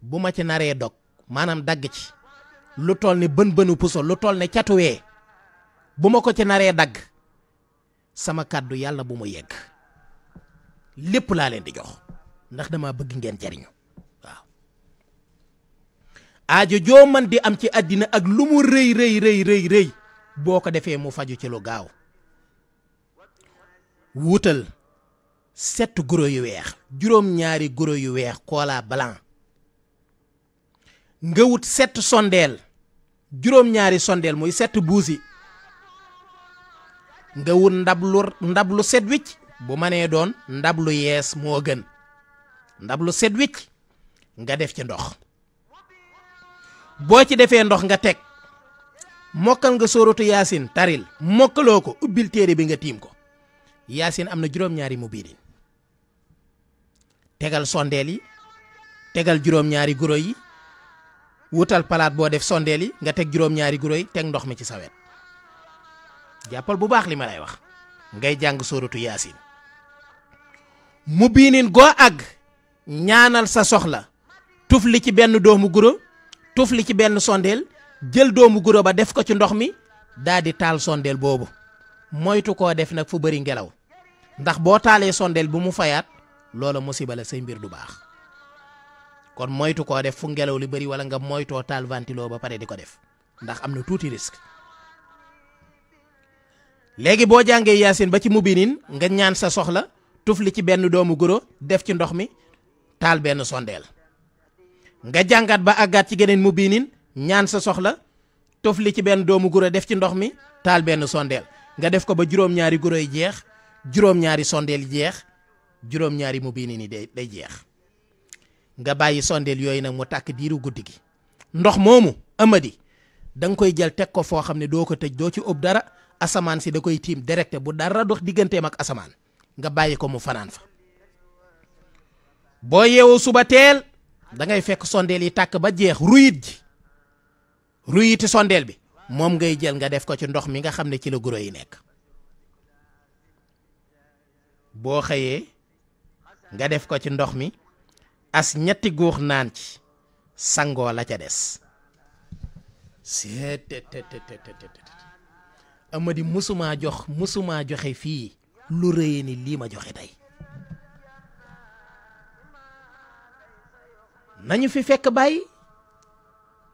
bu ma ci naree dog maanaam dagg ci lu toll ne bën bënu puso lu toll ne catuwee bu ma ko ci naree dagg sama kàddu yàlla bu mu yegg lépp laa leen di jox ndax dama bëgg ngeen jariñu waaw aajo joo di am ci àddina ak lu mu rëy rëy rëy boo ko defee mu faju ci lu gaaw wutal set guro yu weex juróom-ñaari guro yu weex koolaa blanc nga wut sett sondeel juróom-ñaari sondeel muy sett buusi nga wut ndab lu ndab bu manee doon ndab lu yees moo gën ndab lu set wicc nga def ci ndox boo ci defee ndox nga teg mokkal nga sóoratu yaasin taril mokkaloo ko ubbil téere bi nga tiim ko yaasin am na juróom-ñaari mu biidin tegal sondeel yi tegal juróom-ñaari guro yi wutal palaat boo def sondeel yi nga teg juróom-ñaari guro yi teg ndox mi ci sawet jàppal bu baax li ma lay wax ngay jàng sóoratu yaasin mu biinin goo àgg ñaanal sa soxla tuf li ci benn doomu guro tuf li ci benn sondeel jël doomu guro ba def ko ci ndox mi daal di taal sondeel boobu moytu koo def nag fu bari ngelaw ndax boo taalee sondeel bu mu fayaat loolu musiba la say mbir du baax kon moytu koo def fu ngelaw li bari wala nga moytoo taal ventilo ba pare di ko def ndax am na tuuti risque léegi boo jàngee yaasin ba ci mubinin nga ñaan sa soxla tuf li ci benn doomu guro def ci ndox mi taal benn sondeel nga jàngat ba àggaat ci geneen mu biinin ñaan sa soxla tof li ci benn doomu guro def ci ndox mi taal benn sondeel nga def ko ba juróom-ñaari guro jeex juróom-ñaari sondeel jeex juróom-ñaari mu biinin yi day jeex nga bàyyi sondeel yooyu nag mu tàkk diiru guddi gi ndox moomu amadi danga koy jël teg ko foo xam ne doo ko tëj doo ci ub dara asamaan si da koy tiim directe bu dara dox diggantee ak asamaan nga bàyyi ko mu fanaan fa boo yeewoo suba teel da ngay fekk sondeel yi tàkk ba jeex ruyit ji ruyiti sondeel bi moom ngay jël nga def ko ci ndox mi nga xam ne ci la guro yi nekk boo xëyee nga def ko ci ndox mi as ñetti guux naan ci sangoo la ca des amadi mësumaa jox mësumaa joxe fii lu rëye ni lii ma joxe tey nañu fi fekk bay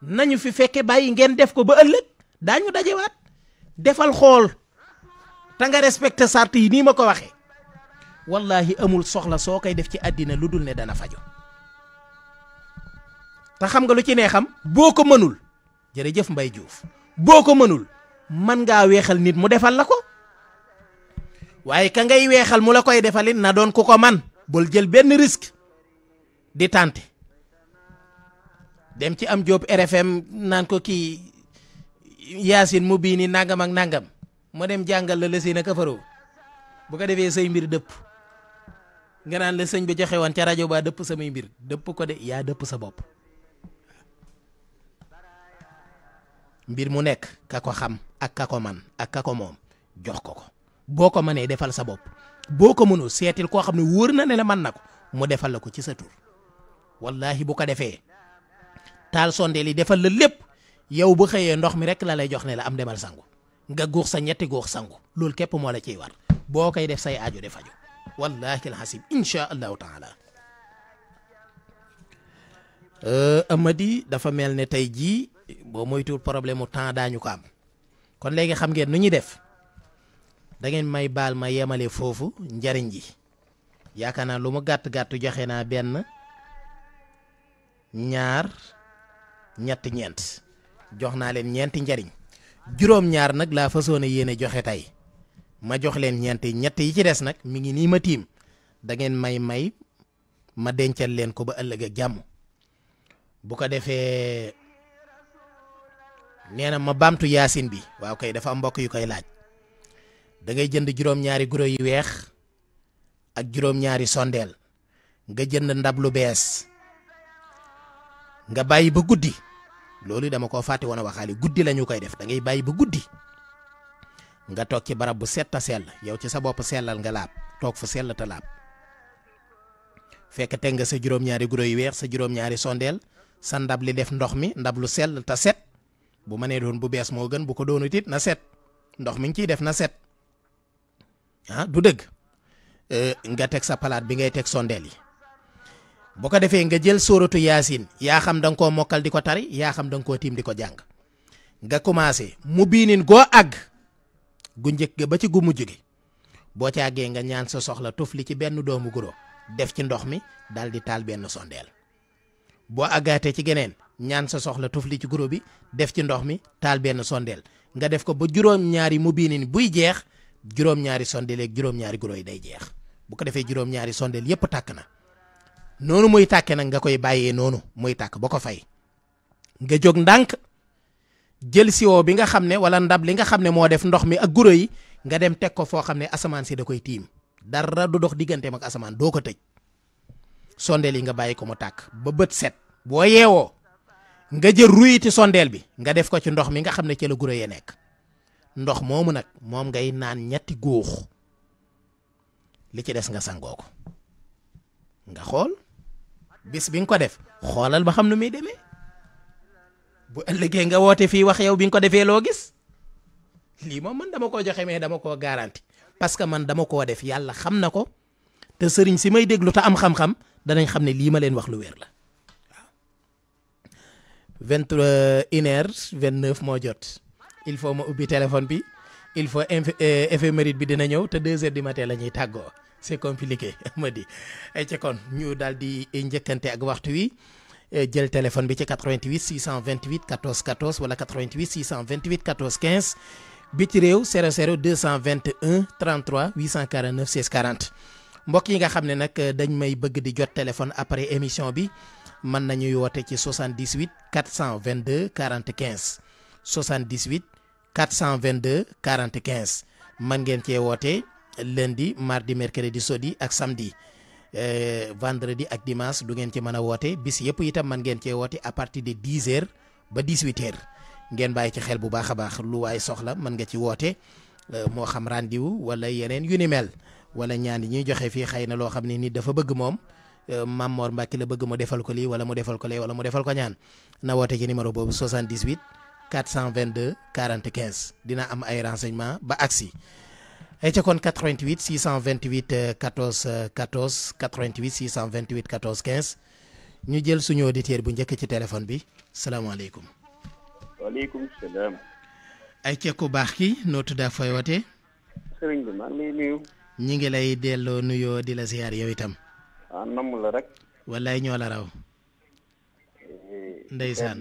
nañu fi fekke bàyyi ngeen def ko ba ëllëg daañu daje dajewaat defal xool te nga respecté sart yi nii ma ko waxee wallahi amul soxla soo koy def ci àddina lu dul ne dana fajo te xam nga lu ci neexam boo ko mënul jërëjëf Mbay Juuf boo ko mënul mën ngaa weexal nit mu defal la ko waaye ka ngay weexal mu la koy defalit na doon ku ko man bul jël benn risque di tànti dem ci am Diop RFM nan ko kii Yaasin mu bii nii nangam ak nangam mu dem jàngal la la a kafaroo bu ko defee say mbir dëpp nga naan la sëñ bi joxe woon ca rajo ba dëpp samay mbir dëpp ko de yaa dëpp sa bopp mbir mu nekk ka ko xam ak ka ko man ak ka ko moom jox ko ko boo ko mënee defal sa bopp boo ko mënul seetil koo xam ne wër na ne la man na ko mu defal la ko ci sa tur wallaahi bu ko defee taal sondeel yi defal la lépp yow bu xëyee ndox mi rek lalay jox ne la am demal sangu nga guux sa ñetti guux sangu loolu képp moo la ciy war boo koy def say aajo de faju wallahi alxasib insha allahu taala euh, amadi dafa mel ne tey jii boo moytuwul problème mu temps daañu ko am kon léegi xam ngeen nu ñuy def dangeen may baal ma yemale foofu njariñ ji yaakaar naa lu mu gàtt gàtt joxe naa benn ñaar ñett ñeent jox naa leen ñeenti njariñ juróom-ñaar nag laa fasoon a yéene joxe tey ma jox leen ñeenti ñett yi ci des nag mi ngi nii ma tiim da ngeen may may ma dencal leen ko ba ëllëg a jàmm bu ko defee nee na ma baamtu yaasin bi waaw kay dafa am mbokk yu koy laaj da ngay jënd juróom-ñaari guro yu weex ak juróom-ñaari sondeel nga jënd ndab lu bees nga bàyyi ba guddi loolu dama koo fàtte woon a waxaale guddi la koy def da ngay bàyyi ba guddi nga toog ci barab bu set ta sell yow ci sa bopp sellal nga laab toog fu sell ta laab fekk teg nga sa juróom-ñaari guro yu weex sa juróom-ñaari sondeel sa ndab li def ndox mi ndab lu sell ta set bu ma nee doon bu bees moo gën bu ko doonut it na set ndox mi ngi ciy def na set ah du dëgg euh, nga teg sa palaat bi ngay teg sondeel yi. bu ko defee nga jël sóoratu yaasin yaa xam da koo mokkal di ko tari yaa xam da nga koo tiim di ko jàng nga commencé mu biinin goo àgg gu njëkk ba ci gu mujj gi boo ci àggee nga ñaan sa soxla tuf li ci benn doomu guro def ci ndox mi daal di taal benn sondeel boo àggaatee ci geneen ñaan sa soxla tuf li ci guro bi def ci ndox mi taal benn sondeel nga def ko ba juróom-ñaari mu biinin buy jeex juróom-ñaari sondeel ak juróom-ñaari guro yi day jeex bu ko defee juróom-ñaari sondeel yépp tàkk na noonu muy tàkke nag nga koy bàyyee noonu muy tàkk ba ko fay nga jóg ndànk jël siwo bi nga xam ne wala ndab li nga xam ne moo def ndox mi ak guro yi nga dem teg ko foo xam ne asamaan si da koy tiim dara du dox digganteem ak asamaan doo ko tëj sondeel yi nga bàyyi ko mu tàkk ba bët set boo yeewoo nga jël ruyiti sondeel bi nga def ko ci ndox mi nga xam ne ca la guro yee nekk ndox moomu nag moom ngay naan ñetti góox li ci des nga sangoo ko nga xool bis bi nga ko def xoolal ba xam nu muy demee bu ëllëgee nga woote fii wax yow bi nga ko defee loo gis lii moom man dama koo joxe mais dama koo garanti parce que man dama koo def yàlla xam na ko te sëriñ si may déglu te am xam-xam danañ xam ne lii ma leen wax lu wér la waaw vingt une heure vingt neuf moo jot il faut ma ubbi téléphone bi il faut euh, éphéméride bi dina ñëw te deux heures du matin la ñuy tàggoo c'est compliqué ma di eh, ci kon ñu daal di njëkkante ak waxtu wi eh, jël téléphone bi ci 88 628 14 14 wala 88 628 14 15 biti réew 00 221 33 849 16 40 mbokk yi nga xam ne nag eh, dañ may bëgg di jot téléphone après émission bi mën nañuy woote ci 78 422 45 78 422 45 mën ngeen cee woote. lundi mardi mercredi jeudi ak samedi eh, vendredi ak dimanche du ngeen ci mën a woote bis yëpp itam man ngeen cee woote à partir de 10 heures ba 18 heures ngeen bàyyi ci xel bu baax a baax lu waay soxla man nga ci woote eh, moo xam rendez-vous wala yeneen yu ni mel wala ñaan yi ñuy joxe fii xëy na loo xam ne nit dafa bëgg moom eh, Mame Mor Mbacke la bëgg mu defal ko lii wala mu defal ko lee wala mu defal ko ñaan na woote ci numéro boobu 78 422 45 dina am ay renseignements ba agsi ay ca kon 88 628 14 14 88 628 14 15 ñu jël suñu auditeur bu njëkk ci téléphone bi salaamaaleykum. ku baax ki noo tudda fooy wootee. sëriñ bi maa ngi lay nuyu. ñi ngi lay delloo nuyoo di la ziar yow itam. ah namm la rek. wallaay ñoo la raw. Eh, ndeysaan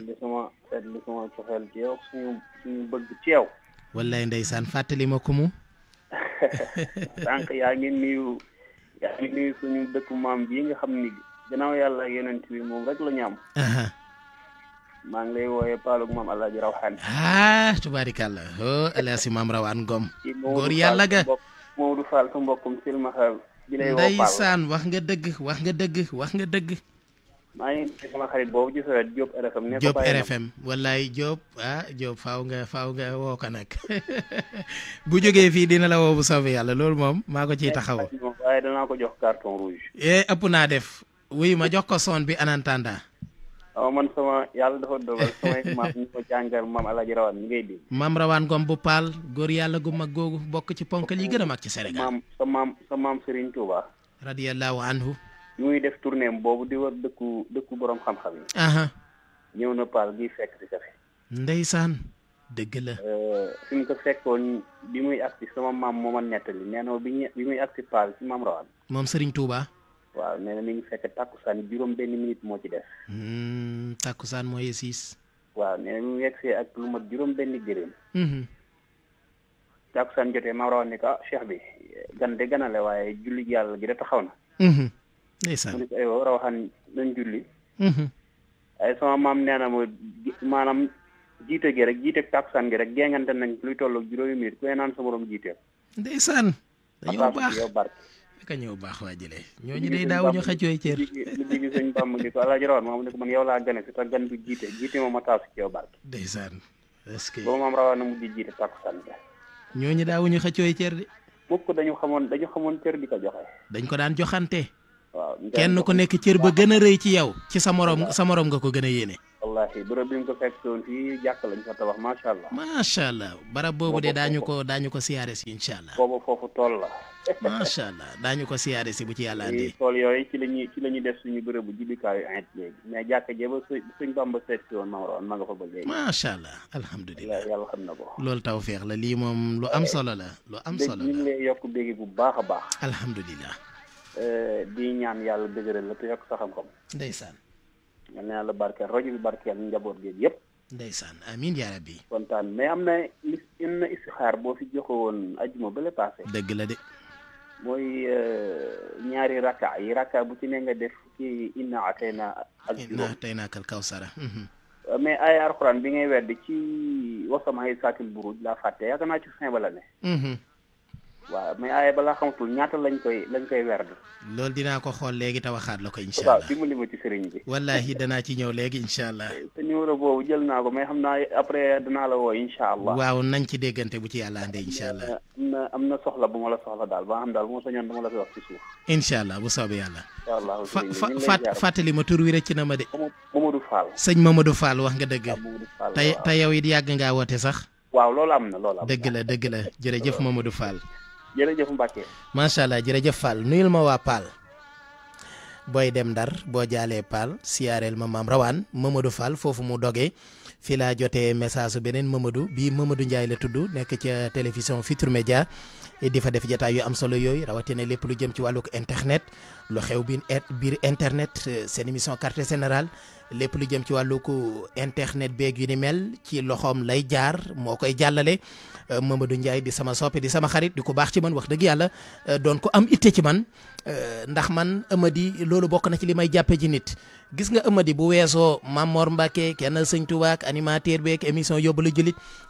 seetlu fàttali ma ko sànq yaa ngi nuyu yaa ngi nuyu suñu dëkku nga xam ni gannaaw yàlla ak yonent bi moom rek la ñu am. maa ngi lay wooyee Paaluk maam El Hadj Rawane. ah tubaarikàlla oh El Hadj maam Rawane Ngom. góor yàlla ga Maodo Fall sa mbokkum silmaxa bi lay woo Paal wax nga dëgg wax nga dëgg wax nga dëgg. maa ngi sama xarit boobu ci sa Diop RFM. ne wallaay Diop ah Diop faaw nga faaw nga woo nag bu jógee fii dina la woo bu soobee yàlla loolu moom maa ko ciy taxawoo. waaye danaa ko jox carton rouge. eh ëpp naa def wuyu ma jox ko son bi en attendant. waaw man bu Paal góor yàlla gu mag googu bokk ci ponk yi gën a mag ci Sénégal. maam sa maam sa maam Serigne Touba. bi muy def tournée boobu di wër dëkku dëkku boroom xam-xam yi. ñëw na Paal gi fekk si ko fi. ndeysaan dëgg la. Euh, fi mu ko fekkoon bi muy agsi sama maam moo a nettali nee na bi ñu bi muy agsi Paal ci maam Rawaan. moom Serigne Touba. waaw nee na mi ngi fekk takkusaan juróom benn minute moo ci def. Hmm, takkusaan mooy siis. waaw nee na mi ngi ak lu mat juróom benn gëréem. Hmm. takkusaan jotee maam Rawaan ni ah cheikh bi gan de ganale waaye julli yàlla gi da taxaw na. Hmm. ndeysaan mu ne ko aywa rawaxaan nañ julli mhm. ay sama ma maanaam jiite gi rek jiite takkusaan gi rek géngante nañ luy toll juróomi minute ku ne naan sa morom jiiteel ndeysaan ka ñëw baax waa jëlee ñooñu day ñu xëccoo cër lu jigi sëñ bàmm ni ko alaaji rawaan moom ne ko man yow laa gane si te gan du jiite jiite moom ma taasu ci yow barke ndeysaan est-ce que boobu maam rawaan na mujj jiite takkusaan bi ñooñu daawuñu xëccoo cër de mukk dañu xamoon dañu xamoon cër di ko joxe dañ ko daan joxante waaw kenn ko nekk cër ba gën a rëy ci yow ci sa moroom sa morom nga ko gën a yéene. wallaahi bërëb bi nga ko fekk woon fii jàkk lañ fa tabax macha allah. macha allah barab boobu de daañu ko daañu ko siyaare si incha allah. boobu foofu tool la. macha allah daañu ko siyaare si bu ci yàlla andee. tool yooyu ci la ñuy la ñuy def suñu bërëbu jibikaayu ayit léegi mais jàkk jee ba suñ bamba seet si woon Maodo ma nga fa ba léegi. macha allah alhamdulilah yàlla xam na ko. loolu tawféex la lii moom lu am solo la. lu am solo la léegi ñu ngi lay yokk béegi bu baax a baax. alhamdulilah Euh, di ñaan yàlla dëgëral la te yokk sa xam-xam. ndeysaan. yal na yàlla barkeel rajo bi barkeel njaboot géej yëpp. ndeysaan amiin yaa bi kontaan mais am na li am na istixaar boo fi joxe woon ajuma bële paase. dëgg la de. mooy euh, ñaari rakka yi rakka bu ci ne nga def ci inna atayna ak juróom inna ataynaakal kawsara. Mhm. Euh, mais ay alxuraan bi ngay wedd ci wasamaay saatil buruj laa fàtte yaakaar naa ci fin ba ne. Mhm. waaw mais aaye balaa xamatul ñaata lañ koy lañ koy werd loolu dinaa ko xool léegi te waxaat la ko incha allah waaw danaa ci ñëw léegi incha allah te numéro boobu jël naa ko mais xam naa après danaa la woo incha allah nañ ci déggante bu ci yàlla àndee incha allah na am na soxla bu ma la soxla daal ba xam daal bu ma sañoon dama la koy wax ci suuf incha allah bu soobee yàlla fa fàttali ma tur wi rëcc na ma de Mamadou Fall sëñ Mamadou Fall wax nga dëgg te te yow it yàgg ngaa woote sax waaw loolu am na loolu am dëgg la dëgg la jërëjëf Mamadou Fall jërëjëf Mbacke. macha allah jërëjëf Fall nuyul ma waa Paal. booy dem ndar boo jaalee Paal siyaareel ma maam rawaan Mamadou Fall foofu mu dogee fii laa jotee message beneen Mamadou bii Mamadou Ndiaye la tudd nekk ca télévision Futurs Médias di fa def jotaay yu am solo yooyu rawatina lépp lu jëm ci wàllug internet lu xew biir er, biir internet seen émission carte général lépp lu jëm ci wàllug internet beeg yu mel ci loxoom lay jaar moo koy jàllale. Euh, Mamadou njaay di sama soppe di sama xarit di ko baax ci man wax dëgg yàlla euh, doon ko am itte ci man euh, ndax man Amady loolu bokk na ci li may jàppee ci nit gis nga Amady bu weesoo Mamor Mbacke kenn sëñ Touba ak animateur beeg émission yóbbu la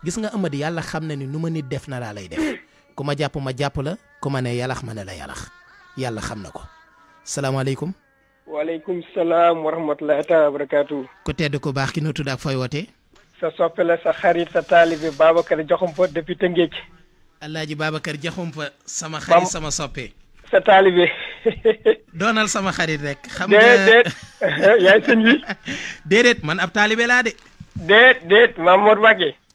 gis nga amadi yàlla xam na ni nu ma nit def na laa lay def ku ma jàpp ma jàpp la ku ma ne yàllax ma ne la yàllax yàlla xam na ko salaamaaleykum. waaleykum salaam wa rahmatulah taala wa barakaatu. ku tedd ku baax ki noo tudd wootee. sa soppe sa xarit sa taalibe Babacar Diakhoumpa depuis Tëngéej. kër jaxum Diakhoumpa sama xarit sama soppe. sa taalibe. doonal sama xarit rek. xam nga déedéet yaay sëñ bi. man ab taalibe de. déet déet Mamour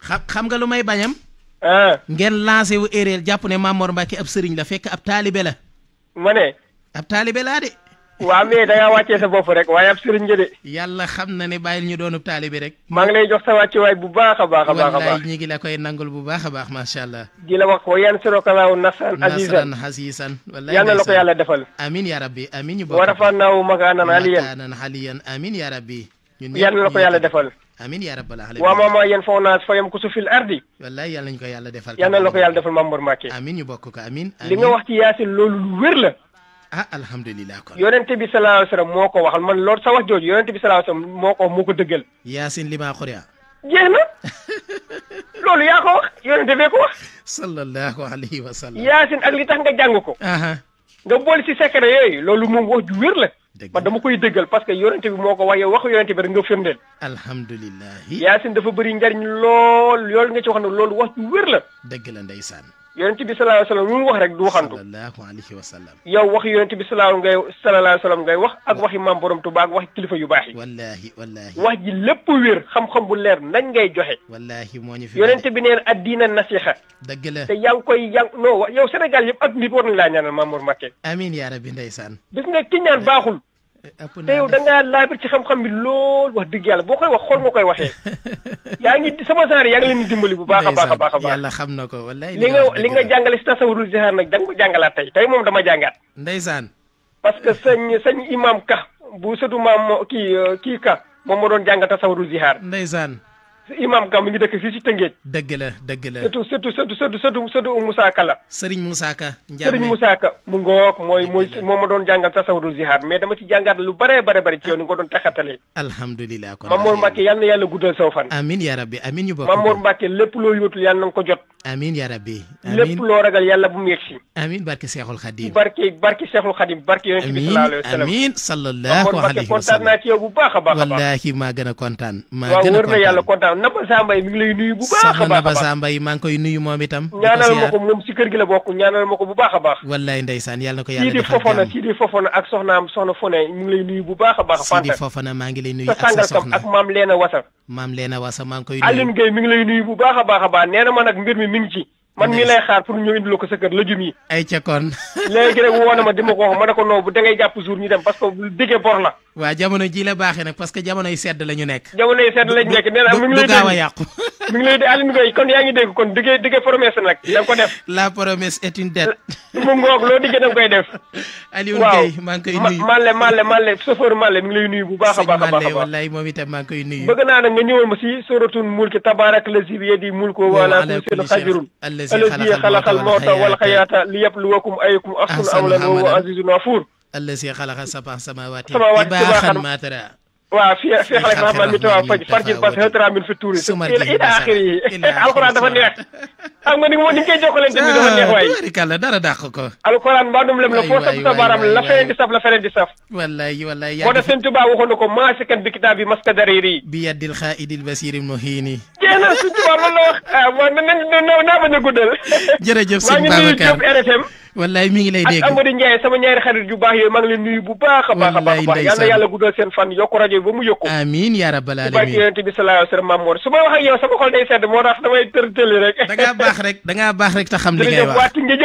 xam xam nga lu may bañam. Ah. ngeen lancé wu erreur jàpp ne Mamour Mbacke ab sëriñ la fekk ab taalibe la. ab taalibe de. waaw mais da ngaa wàccee sa bopp rek waaye ab sëriñ nga de. yàlla xam na ne bàyyil ñu doonub taalibi rek. maa ngi lay jox sa wàccuwaay bu baax a baax a baax a baax wallaay ñi ngi la koy nangul bu baax a baax macha allah. di la wax ko yan sirokalaaw nasran asisan nasran asisan. wallaay yal na la ko yàlla defal. amiin yaa rabbi amiin ñu bokk. wa rafanaaw makaanan aliyan makaanan aliyan amiin yaa rabbi. ñun yal na la ko yàlla defal. amiin yaa rabbal alamin waaw maama yéen foog naa fa yam ku su fil ardi wallaay yàlla nañu ko yàlla defal yàlla na la ko yàlla defal Mamour Mbacke amiin ñu bokk ko amiin li nga wax ci yaasin loolu lu wér la ah alhamdulilah kon yonente bi sallallahu alayhi moo ko waxal man loolu sa wax jooju bi sallallahu moo ko moo ko dëggal yaasin lima xuriya jeex na loolu yaa ko wax yonente bee ko wax wa sallam yaasin ak li tax nga jàng ko nga bool si secret yooyu loolu moom wax ju wér la man dama koy dëggal parce que yonente bi moo ko wax yow waxu yonente bi rek nga firndeel alhamdulilah yaasin dafa bari njariñ lool yoolu nga ci wax ne loolu wax ju wér la dëgg la ndeysaan yonent bi sallallahu wa sallam lu mu wax rek du waxantu sallallahu alayhi wa sallam yow wax yonent bi sallallahu ngay sallallahu alayhi wa sallam ngay wax ak waxi maam borom Tuubaa ak waxi kilifa yu baax yi wallahi wallahi wax ji lépp wér xam-xam bu leer nañ ngay joxe wallahi moo ñu fi yonent bi neen addiina nasiha dëgg la te yaa ngi koy yaa ngi noo yow Sénégal yëpp ak nit war laa ñaanal Mamour Mbacké amiin yaa rabbi ndeysaan gis nga ki ñaan baaxul te yow da ngaa laabir ci xam-xam bi lool wax dëgg yàlla boo koy wax xool nga koy waxee yaa ngi sama genre yaa ngi leen di dimbali bu baax a baax a baax a baax yàlla xam na ko wallaay li nga li nga jàngale si tasawurul zihaar nag da ko jàngalaat tey tey moom dama jàngaat ndeysaan parce que sañ sañ imam ka bu sëtu maam kii kii ka moom moo doon jàng tasawurul zihaar ndeysaan imam Ka mi ngi dëkk fii ci Tëngéej. dëgg la dëgg la surtout surtout surtout surtout surtout Moussa Ka la. Serigne Moussa Ka. Ndiame Serigne Moussa mooy mooy moo ma doon jàngal tasawudul jihaad mais dama ci jàngaat lu bëree bëri bëri ci yow ni nga ko doon taxatalee. alhamdulilah kon Mamour Mbacke yal na yàlla guddal saw fan. amiin yaa rabbi amiin ñu bokk Mamour Mbacke lépp loo yóotul yàlla na nga ko jot. amiin yaa rabbi. amiin lépp loo ragal yàlla bu mu yegg si. amiin barke Cheikhul Khadim. barke barke Cheikhul barke yonent ci yow bu a a a kontaan. ginnaaw Nabassa Mbaye mi ngi lay nuyu bu baax a baax Nabassa Mbaye maa ngi koy la bokk ñaanal ma ko bu baax a baax wallaay ndeysaan yàlla ak soxnaam mi ngi lay nuyu bu a a a man mii lay xaar pour ñu indiloo ko sa kër lëjum yi. ay ca kon. léegi rek woo di ma ko wax ko non bu dangay jàpp jour ñu dem parce que bor la. waa jamono ji la baaxee nag parce que yi sedd la nekk. jamono yi sedd la nekk nee naa mi ngi lay. du gaaw a yàqu. mi ngi lay dégg Alioune Gueye kon yaa ko def. la promesse est une dette. mu ngoog loo diggee da nga koy def. Alioune Gueye maa nuyu bu baax a baax a baax. sëñ Malle wallaay moom itam maa ngi allazi xalaqal mawta wal xayaata li yabluwakum ayyukum ahsanu amalan wa huwa azizun gafuur allazi xalaqa sab'a samaawaati tibaaxan maa taraa waa fi fi xale Rahman mi tawa faj farjin parce que xëtara min fi tuuri ila axiri yi alxuraan dafa neex xam nga ni la foo saf sa baram la feneen di saf la feneen di saf wallaay wallaay moo tax seen tubaab waxoon na ko maasikan bi kitaab maska dariri bi yaddil xaaidil basiri muhiini jeex na su tubaab loolu la wax ah na naa bañ a guddal jërëjëf sëñ Babacar maa ngi wallaay mi ngi lay dégg ak Amady Ndiaye sama ñaari xarit yu baax yooyu maa ngi leen nuyu bu baax a baax a baax yal na yàlla guddal seen fan yokk rajo bi ba mu yokku amiin yaa rabbal alamin barke yonent bi sallallahu alayhi baax rek da ngaa baax rek te xam li ngay wax waa Tinge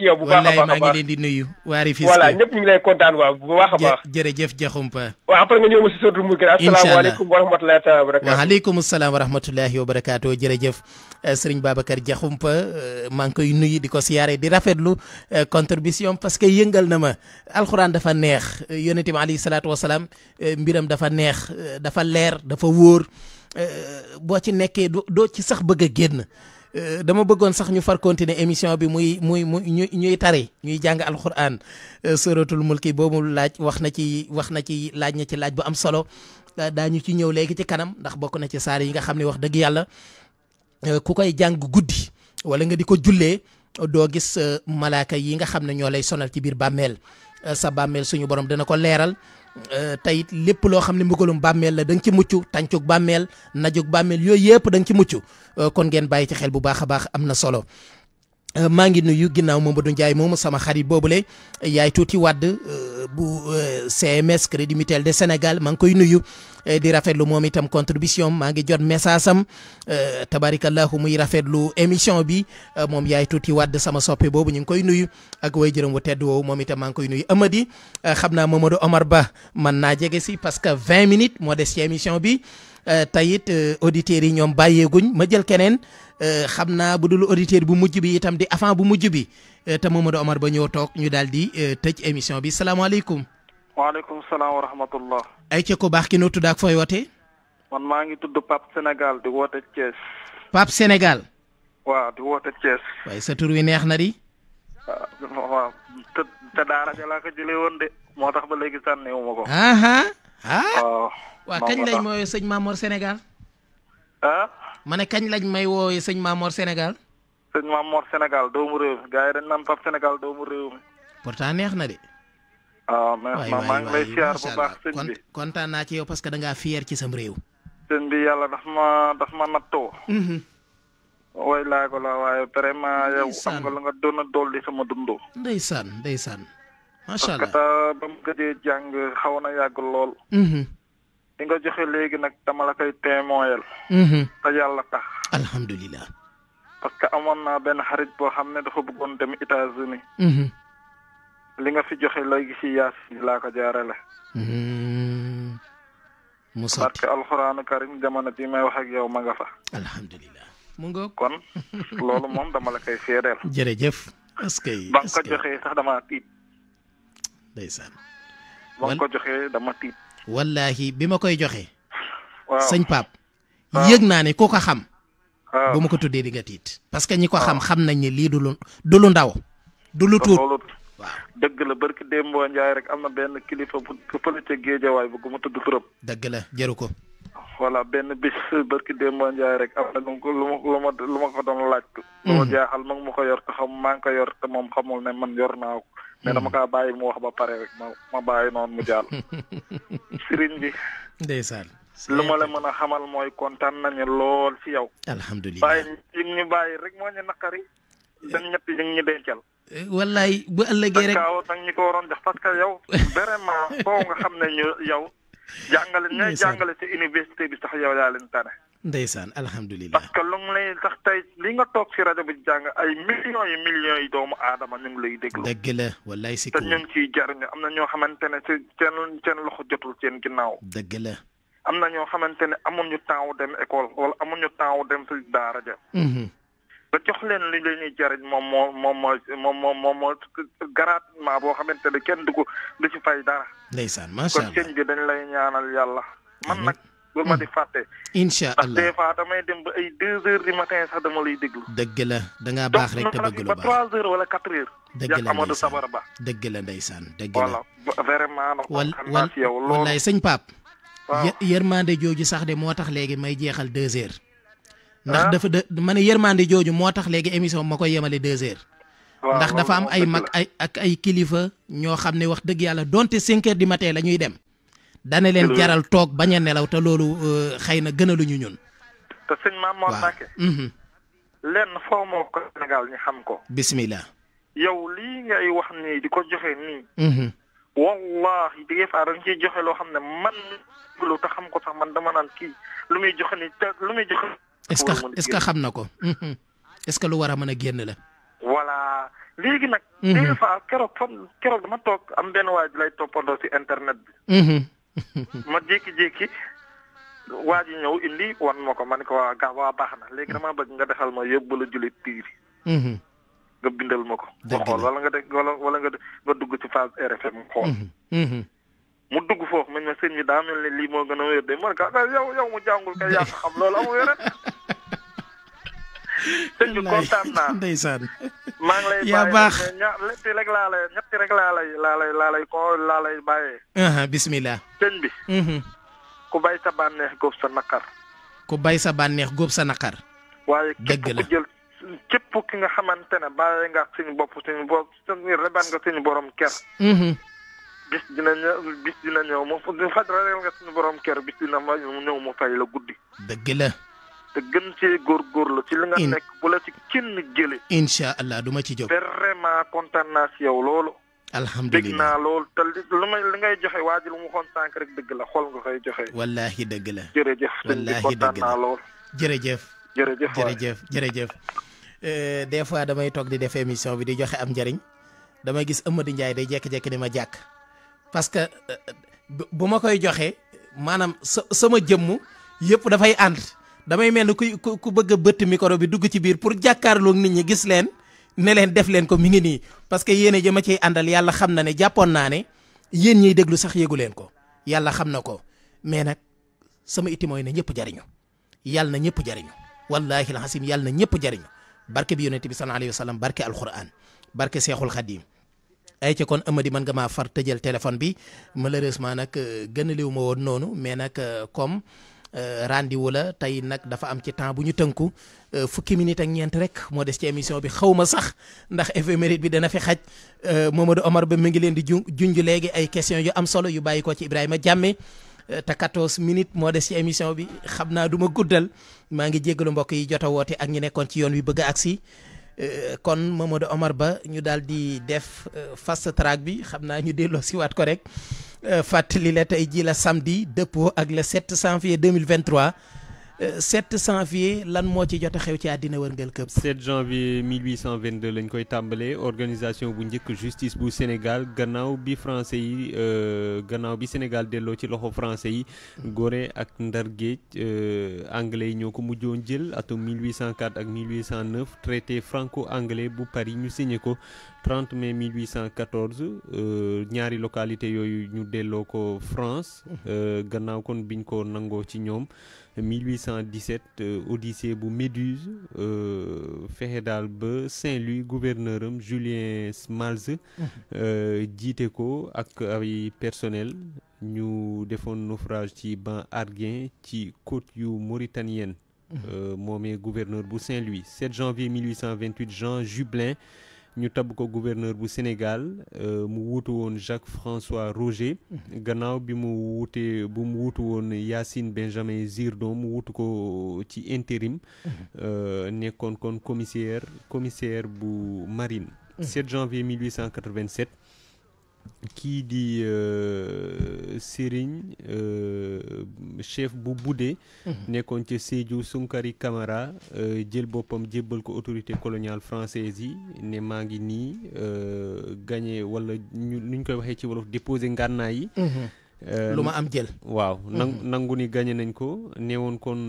yow bu baax a baax maa ngi leen di nuyu waa Rufisque voilà ñëpp ñu ngi lay kontaan waaw bu baax a baax jërëjëf jaxumpa waaw après nga ñëw ma si sóotu mu gën asalaamaaleykum wa rahmatulahi taala wa barakatu waaleykum asalaam wa rahmatulahi wa barakatu jërëjëf eh, sëriñ Babacar jaxumpa eh, maa ngi koy nuyu di ko siyaare di rafetlu Euh, contribution parce que yëngal na ma alxuraan dafa neex euh, yonente bi alayhi salaatu euh, mbiram dafa neex dafa leer dafa wóor boo ci nekkee doo ci sax bëgg a génn dama bëggoon sax ñu far continuer émission bi muy muy muy ñuy ñuy tari ñuy jàng alxuraan suratul mulki boobu laaj wax na ci wax na ci laaj na ci laaj bu am solo daañu ci ñëw léegi ci kanam ndax bokk na ci saar yi nga xam ne wax dëgg yàlla ku koy jàng guddi wala nga di ko jullee doo gis euh, malaaka yi nga xam ne ñoo lay sonal ci biir bàmmeel euh, sa bàmmeel suñu borom dana ko leeral euh, tey it lépp loo xam ne mbugalum bàmmeel la da ci mucc tàncug bàmmeel najug bàmmeel yooyu yëpp da ci mucc kon ngeen bàyyi ci xel bu baax a baax am na solo Euh, maa ngi nuyu ginnaaw Mamadou Ndiaye moomu sama boobu boobule yaay tuuti wàdd euh, bu euh, CMS Crédit Mutuel de Sénégal maa ngi koy nuyu di rafetlu moom itam contribution maa ngi jot message am tabarakallahu muy rafetlu émission bi moom yaay tuuti wàdd sama soppe boobu ñu ngi koy nuyu ak way jërëm wu tedd woowu moom itam maa ngi koy nuyu amadi xam naa Mamadou Omar Ba man naa jege si parce que vingt minutes moo des ci émission bi tayit auditeurs yi ñoom bàyyeeguñ ma jël keneen Euh, xam naa bu dul auditeur bu mujj bi itam di avant bu mujj bi euh, te Mamadou Omar ba ñëw toog ñu daal di euh, tëj émission bi salaamaaleykum. waaleykum salaam wa rahmatullah. ay ca ko baax ki noo tudd ak fooy wootee. man maa ngi tudd Pape Sénégal di woote Thiès. Pape Sénégal. waaw di woote Thiès. waaye sa tur wi neex na di. Ah, waaw te daara ja laa woon de moo tax ba léegi sànni wu ma ko. Ah, ah. ah waaw kañ lañ mooy sëñ Mamour Sénégal. ma ne kañ lañ may woowee sëñ Mamor Sénégal. sëñ Mamor Sénégal doomu réew mi gars yi dañ naan neex na de. Ah, ma mais maa lay siyaar bu baax sëñ bi kontaan naa ci yow parce que da ngaa ci sam réew. sëñ bi yàlla daf ma daf ma nattoo. Mhm. way laa la waaye vraiment yow xam nga la nga doon a dolli sama dundoo. ndeysaan ndeysaan macha allah parce que ba mu gëjee jàng xaw na yàgg lool. Mhm. di nga joxe léegi nag dama la koy témoyel mm-hmm. te tax alhamdulilah parce que amoon naa benn xarit boo xam ne dafa bëggoon dem États-Unis mm-hmm. li nga fi joxe léegi si yaas yi laa ko jaarale mu mm-hmm. sotti parce que alxuraanu may wax ak yow ma nga fa alhamdulilah mu nga kon loolu moom dama la koy seedeel jërëjëf est-ce que ko joxee sax dama tiit ndeysaan ba dama tiit wallaahi bi ma koy joxe. waaw sëñ yëg naa ne ku ko xam. bu ma ko tuddee di tiit. parce que ñi ko xam xam nañ ne lii du lu du lu ndaw. du lu tuut waaw dëgg la barki Dembo Ndiaye rek am na benn kilifa bu fële ca géejawaay bu ma tudd turam. dëgg la jëru ko. voilà benn bis barki Dembo Ndiaye rek am na lu ma lu ma ko doon laaj. Mm. lu ma jaaxal ma ngi ma ko yor te xam maa ngi ko yor te moom xamul ne man yor naa mais dama hmm. kaa bàyyi mu wax ba pare rek ma ma bàyyi noonu mu jàll. sëriñ bi. ndeysaan. lu ma la mën a xamal mooy kontaan nañu lool ci yow. alhamdulilah bàyyi yi ñu bàyyi rek moo ñu naqari. Eh. dañ ñett ñu ngi ñu dencal. Eh, wallaay bu ëllëgee rek da nga ko waroon jox parce que yow. vraiment foo nga xam ne ñu yow. jàngale ñooy jàngale ci université bi sax yow yaa leen tane. ndeysaan alhamdulilah. parce que lu mu lay sax tey li nga toog si rajo bi jàng ay millions yi millions yi doomu aadama ñu ngi lay déglu. dëgg la wallaay si te ñu ngi ciy jariñu am na ñoo xamante ne si seen seen loxo jotul seen ginnaaw. dëgg la. am na ñoo xamante ne amuñu temps wu dem école wala amuñu temps wu dem si daara ja. Mhm. nga jox leen li leen di jariñ moom moo moom moo moom moom moo gratuitement boo xamante ne kenn du ko du ci fay dara. ndeysaan macha allah kon sëñ bi dañ lay ñaanal yàlla. man mhm. nag bul ma di mm. fàtte. incha allah ndax des fois damay dem ba ay deux heures du matin sax dama lay déglu. dëgg la da ngaa baax rek te bëgg lu baax ba trois heures wala quatre heures. dëgg la Amadou Sabar Ba dëgg la ndeysaan dëgg la. voilà vraiment. wal wal wallaay sëñ Pape. waaw yërmande jooju sax de moo tax léegi may jeexal deux heures. ndax ah. dafa da ma ne yërmande jooju moo tax léegi émission ma koy yemale deux heures. ndax dafa am ay mag ay ak ay kilifa ñoo xam ne wax dëgg yàlla donte cinq heures du matin la ñuy dem. dana leen jaral toog bañ a nelaw te loolu euh, xëy na gënaluñu ñun. te sëñ ma moo Mbàkke. lenn foo moo ko Sénégal ñu xam ko. bismillah. yow lii ngay wax nii di ko joxe nii. Mm-hmm. wallahi di ngeen faa joxe loo xam ne man lu te xam ko sax man dama naan kii lu muy joxe nii te lu muy joxe. est xam na ko. Mhm. est-ce que lu war a mën a génn la. voilà léegi nag. Mhm. des fois keroog fan keroog dama toog am benn waay lay toppandoo ci internet bi. Mhm. ma jékki-jékki. waa ji ñëw indi wan ma ko ma ne ko waa ga waa baax na léegi damaa bëgg nga defal ma yóbbalu jullit piir. nga bindal ma ko. nga xool wala nga def wala wala nga dugg ci phase RFM xool. mu dugg foofu man ma sëñ bi daa mel ne lii moo gën a wér de man ka ah, yow yow mu jàngul kay yaa xam loolu amul yeneen. sëñ bi kontaan naa ndeysaan maa ngi lay yaa baax ñetti rek laa lay ñetti rek laa lay laa lay laa lay ko laa lay bàyyee. Uh-huh, bisimilah. sëñ bi. Mm-hmm. ku bay sa bànneex góob sa naqar. ku bay sa bànneex góob sa naqar. dëgg la waaye képp ku jël képp ki nga xamante ne bàyyi nga suñu bopp suñu bopp suñu reban nga suñu borom ker. Mm-hmm. bis dina ñëw bis dina ñëw mu fajareel nga suñu borom kër bis dina ma ñëw mu fay la guddi. dëgg la. te gën cee ci li nga nekk bu la ci kenn jëlee. incha allah ci vraiment kontaan naa si yow loolu. alhamdulilah dégg lool loolu te lu may li ngay joxe waa lu mu xoon sànq rek dëgg la xool nga koy joxe. wallaahi dëgg la. jërëjëf wallaahi kontaan naa lool. jërëjëf. jërëjëf jërëjëf jërëjëf. Euh, des fois damay toog di defee émission bi di joxe am njëriñ damay gis Amady Ndiaye day jékki-jékki ni ma jàkk parce que euh, bu ma koy joxee maanaam sa sama jëmm yëpp dafay ànd damay mel ni ku ku bëgg a bëtt micro bi dugg ci biir pour jàkkaarloog nit ñi gis leen ne leen def leen ko mi ngi nii parce que yéen a jëma ciy àndal yàlla xam na ne jàppoon naa ne yéen ñiy déglu sax yéegu leen ko yàlla xam na ko mais nag sama itti mooy ne ñëpp jariñu yàlla na ñëpp jariñu wallaahi alxasim yàlla na ñëpp jariñu barke bi yonente bi sallallahu alayhi wa sallam barke alquran barke seexul xadim ay ca kon Amady man nga maa far tëjal téléphone bi malheureusement nag euh, gën gënalewuma woon noonu mais nag euh, comme euh, rendez-vous la tey nag dafa am ci temps bu ñu tënku fukki minit ak ñeent rek moo des ci émission bi xaw ma sax ndax éphéméride bi dana fi xaj Mamadou Omar Ba mi ngi leen di ju junj léegi ay questions yu am solo yu bàyyi ko ci Ibrahima Jàmme te 14 minutes moo des ci émission bi xam naa du ma guddal maa ngi jéggalu mbokk yi jot woote ak ñu nekkoon ci yoon wi bëgg a agsi Euh, kon Mamadou Omar Ba ñu daal di def euh, fast track bi xam naa ñu delloo siwaat ko rek euh, fàttali la tey jii la samedi dëppoo ak le 7 janvier 2023 7 euh, janvier lan moo ci jot a xew ci àddina wërngël këpp. 7 janvier 1822 lañ koy tàmbalee organisation bu njëkk justice bu Sénégal gannaaw bi français yi euh, gannaaw bi Sénégal delloo ci loxo français yi Gorée ak Ndar Géej euh, anglais yi ñoo ko mujjoon jël atum 1804 ak 1809 traité franco-anglais bu Paris ñu signé ko 30 mai 1814 ñaari localité yooyu ñu delloo ko France mmh. gannaaw kon biñ ko nangoo ci ñoom. 1817 euh, Odyssée bu Méduse euh, fexe daal ba Saint-Louis gouverneur am Julien Smalze euh, jiite ko ak ay personnel ñu defoon naufrage ci ban Arguin ci côte yu mauritanienne mhm. moomee gouverneur bu Saint-Louis 7 janvier 1828 Jean Jublin ñu tabb ko gouverneur bu Sénégal euh, mu wuutu woon Jacques François Roger mhm. gannaaw bi mu wuutee bu mu wuutu woon Yacine Benjamin Zirdon mu wuutu ko ci intérim mhm. euh, nekkoon kon commissaire commissaire bu marine 7 mhm. janvier kii di euh, Serigne euh, chef bu Boudé. Mhm. nekkoon ca Sédhiou Sunkari kamara euh, jël boppam jébbal ko autorité coloniale française yi ne maa ngi nii gagné wala ñu ñu koy waxee ci wolof déposé ngànnaay yi. Mhm. lu ma am jël. waaw mhm. nangu ni gagné nañ ko newoon kon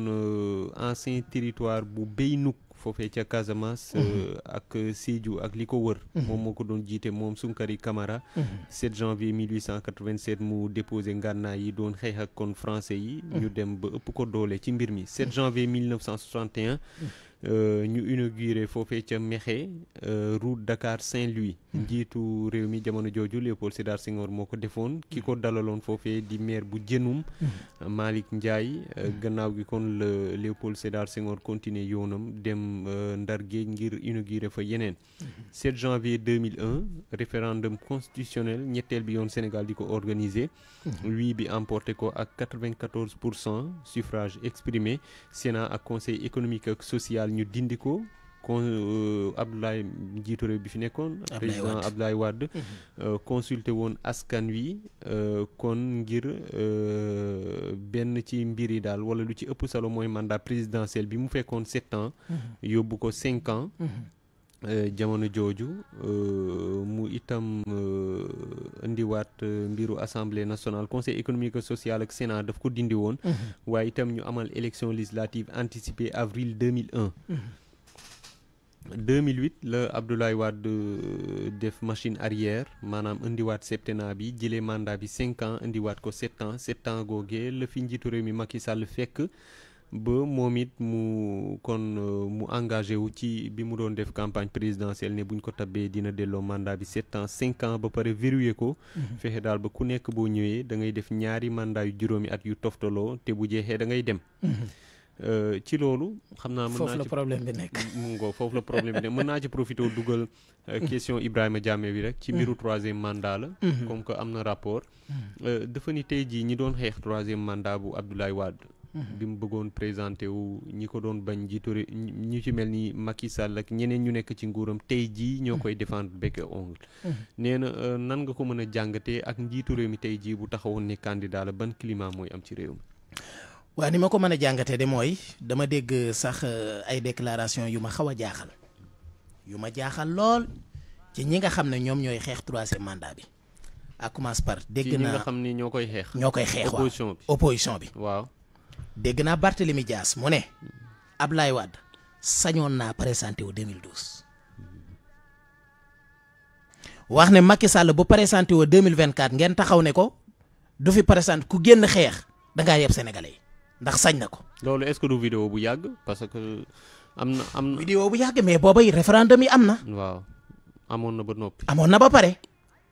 ancien territoire bu Beynouk. foofee ca Casamance. Mhm. Euh, ak Sédhiou ak li ko wër. Mhm. moom moo ko doon jiite moom Sunkari Camara. 7 mhm. janvier 1887 mu déposé ngànnaay yi doon xeex ak kon français yi. ñu dem ba ëpp ko doole ci mbir mi 7 janvier 1961. Euh, ñu inauguré foofee ca Mekhe euh, route Dakar Saint-Louis hmm. njiitu réew mi jamono jooju Léopold Sédar Senghor moo ko defoon hmm. ki ko dalaloon foofee di maire bu Jënum hmm. euh, Malick Ndiaye gannaaw gi kon la Léopold Sédar Senghor continuer yoonam dem Ndar Géej ngir inauguré fa yeneen 7 janvier 2001 référendum constitutionnel ñetteel bi yoon Sénégal di ko organisé oui bi emporté ko ak 94 pour cent suffrage exprimé Sénat ak conseil économique ak social Sall ñu dindi ko kon euh, Abdoulaye njiitu réew bi fi nekkoon président Abdoulaye Wade mhm. euh, consulté woon askan wi euh, kon ngir benn ci mbir yi daal wala lu ci ëpp solo mooy mandat présidentiel bi mu fekkoon sept ans mhm. yóbbu ko cinq ans mhm. Euh, jamono jooju euh, mu itam euh, indiwaat mbiru assemblée national conseil économique social ak sénat daf ko dindi woon mm-hmm. waaye itam ñu amal élection législative anticipée avril 2001 2008 mm-hmm. la Abdoulaye Wade def machine arrière maanaam indiwaat septennat bi jëlee mandat bi cinq ans indiwaat ko sept ans sept ans googee la fi njiitu réew mi Macky Sall fekk ba moom it mu kon euh, mu engagé wu ci bi mu doon def campagne présidentielle ne bu ñu ko tabbee dina delloo mandat bi sept ans cinq ans ba pare verrouillé ko. Mhm. fexe daal ba ku nekk boo ñëwee dangay def ñaari mandat yu juróomi at yu toftaloo te bu jeexee da ngay dem. Mhm. Euh, ci loolu xam naa mën naa foofu la problème bi nekk mu ngoo foofu bi ci profité dugal euh, mhm. question Ibrahima Diame bi rek ci mbiru troisième mandat la comme que am na rapport dafa ni tey jii ñi doon xeex troisième mandat bu Abdoulaye Wade Mm-hmm. bi mu bëggoon présenté wu ñi ko doon bañ jiitu ñu ci mel ni Macky Sall ak ñeneen ñu nekk ci nguuram tey jii ñoo mm-hmm. koy défendre bec et ongle mm-hmm. nee na euh, nan nga ko mën a jàngatee ak njiitu réew mi tey jii bu taxawoon ne candidat la ban climat mooy am ci réew mi waa ni ma ko mën a jàngatee de mooy dama dégg euh, sax euh, ay déclaration yu ma xaw a jaaxal yu ma jaaxal lool ci ñi nga xam ne ñoom ñooy xeex troisième mandat bi à commence par dégg naa xam ni ñoo koy xeex ñoo koy xeex waaw dégg naa Barthélemy Dias mu ne Ablaye Wade sañoon naa présenté wu 2012 wax ne Macky Sall bu présenté wu 2024 ngeen taxaw ne ko du fi présenté ku génn xeex da ngaa yeb sénégalais ndax sañ na ko. loolu est-ce que du vidéo bu yàgg parce que am na am na. bu yàgg mais booba yi référendum yi am na. waaw amoon na ba noppi. amoon na ba pare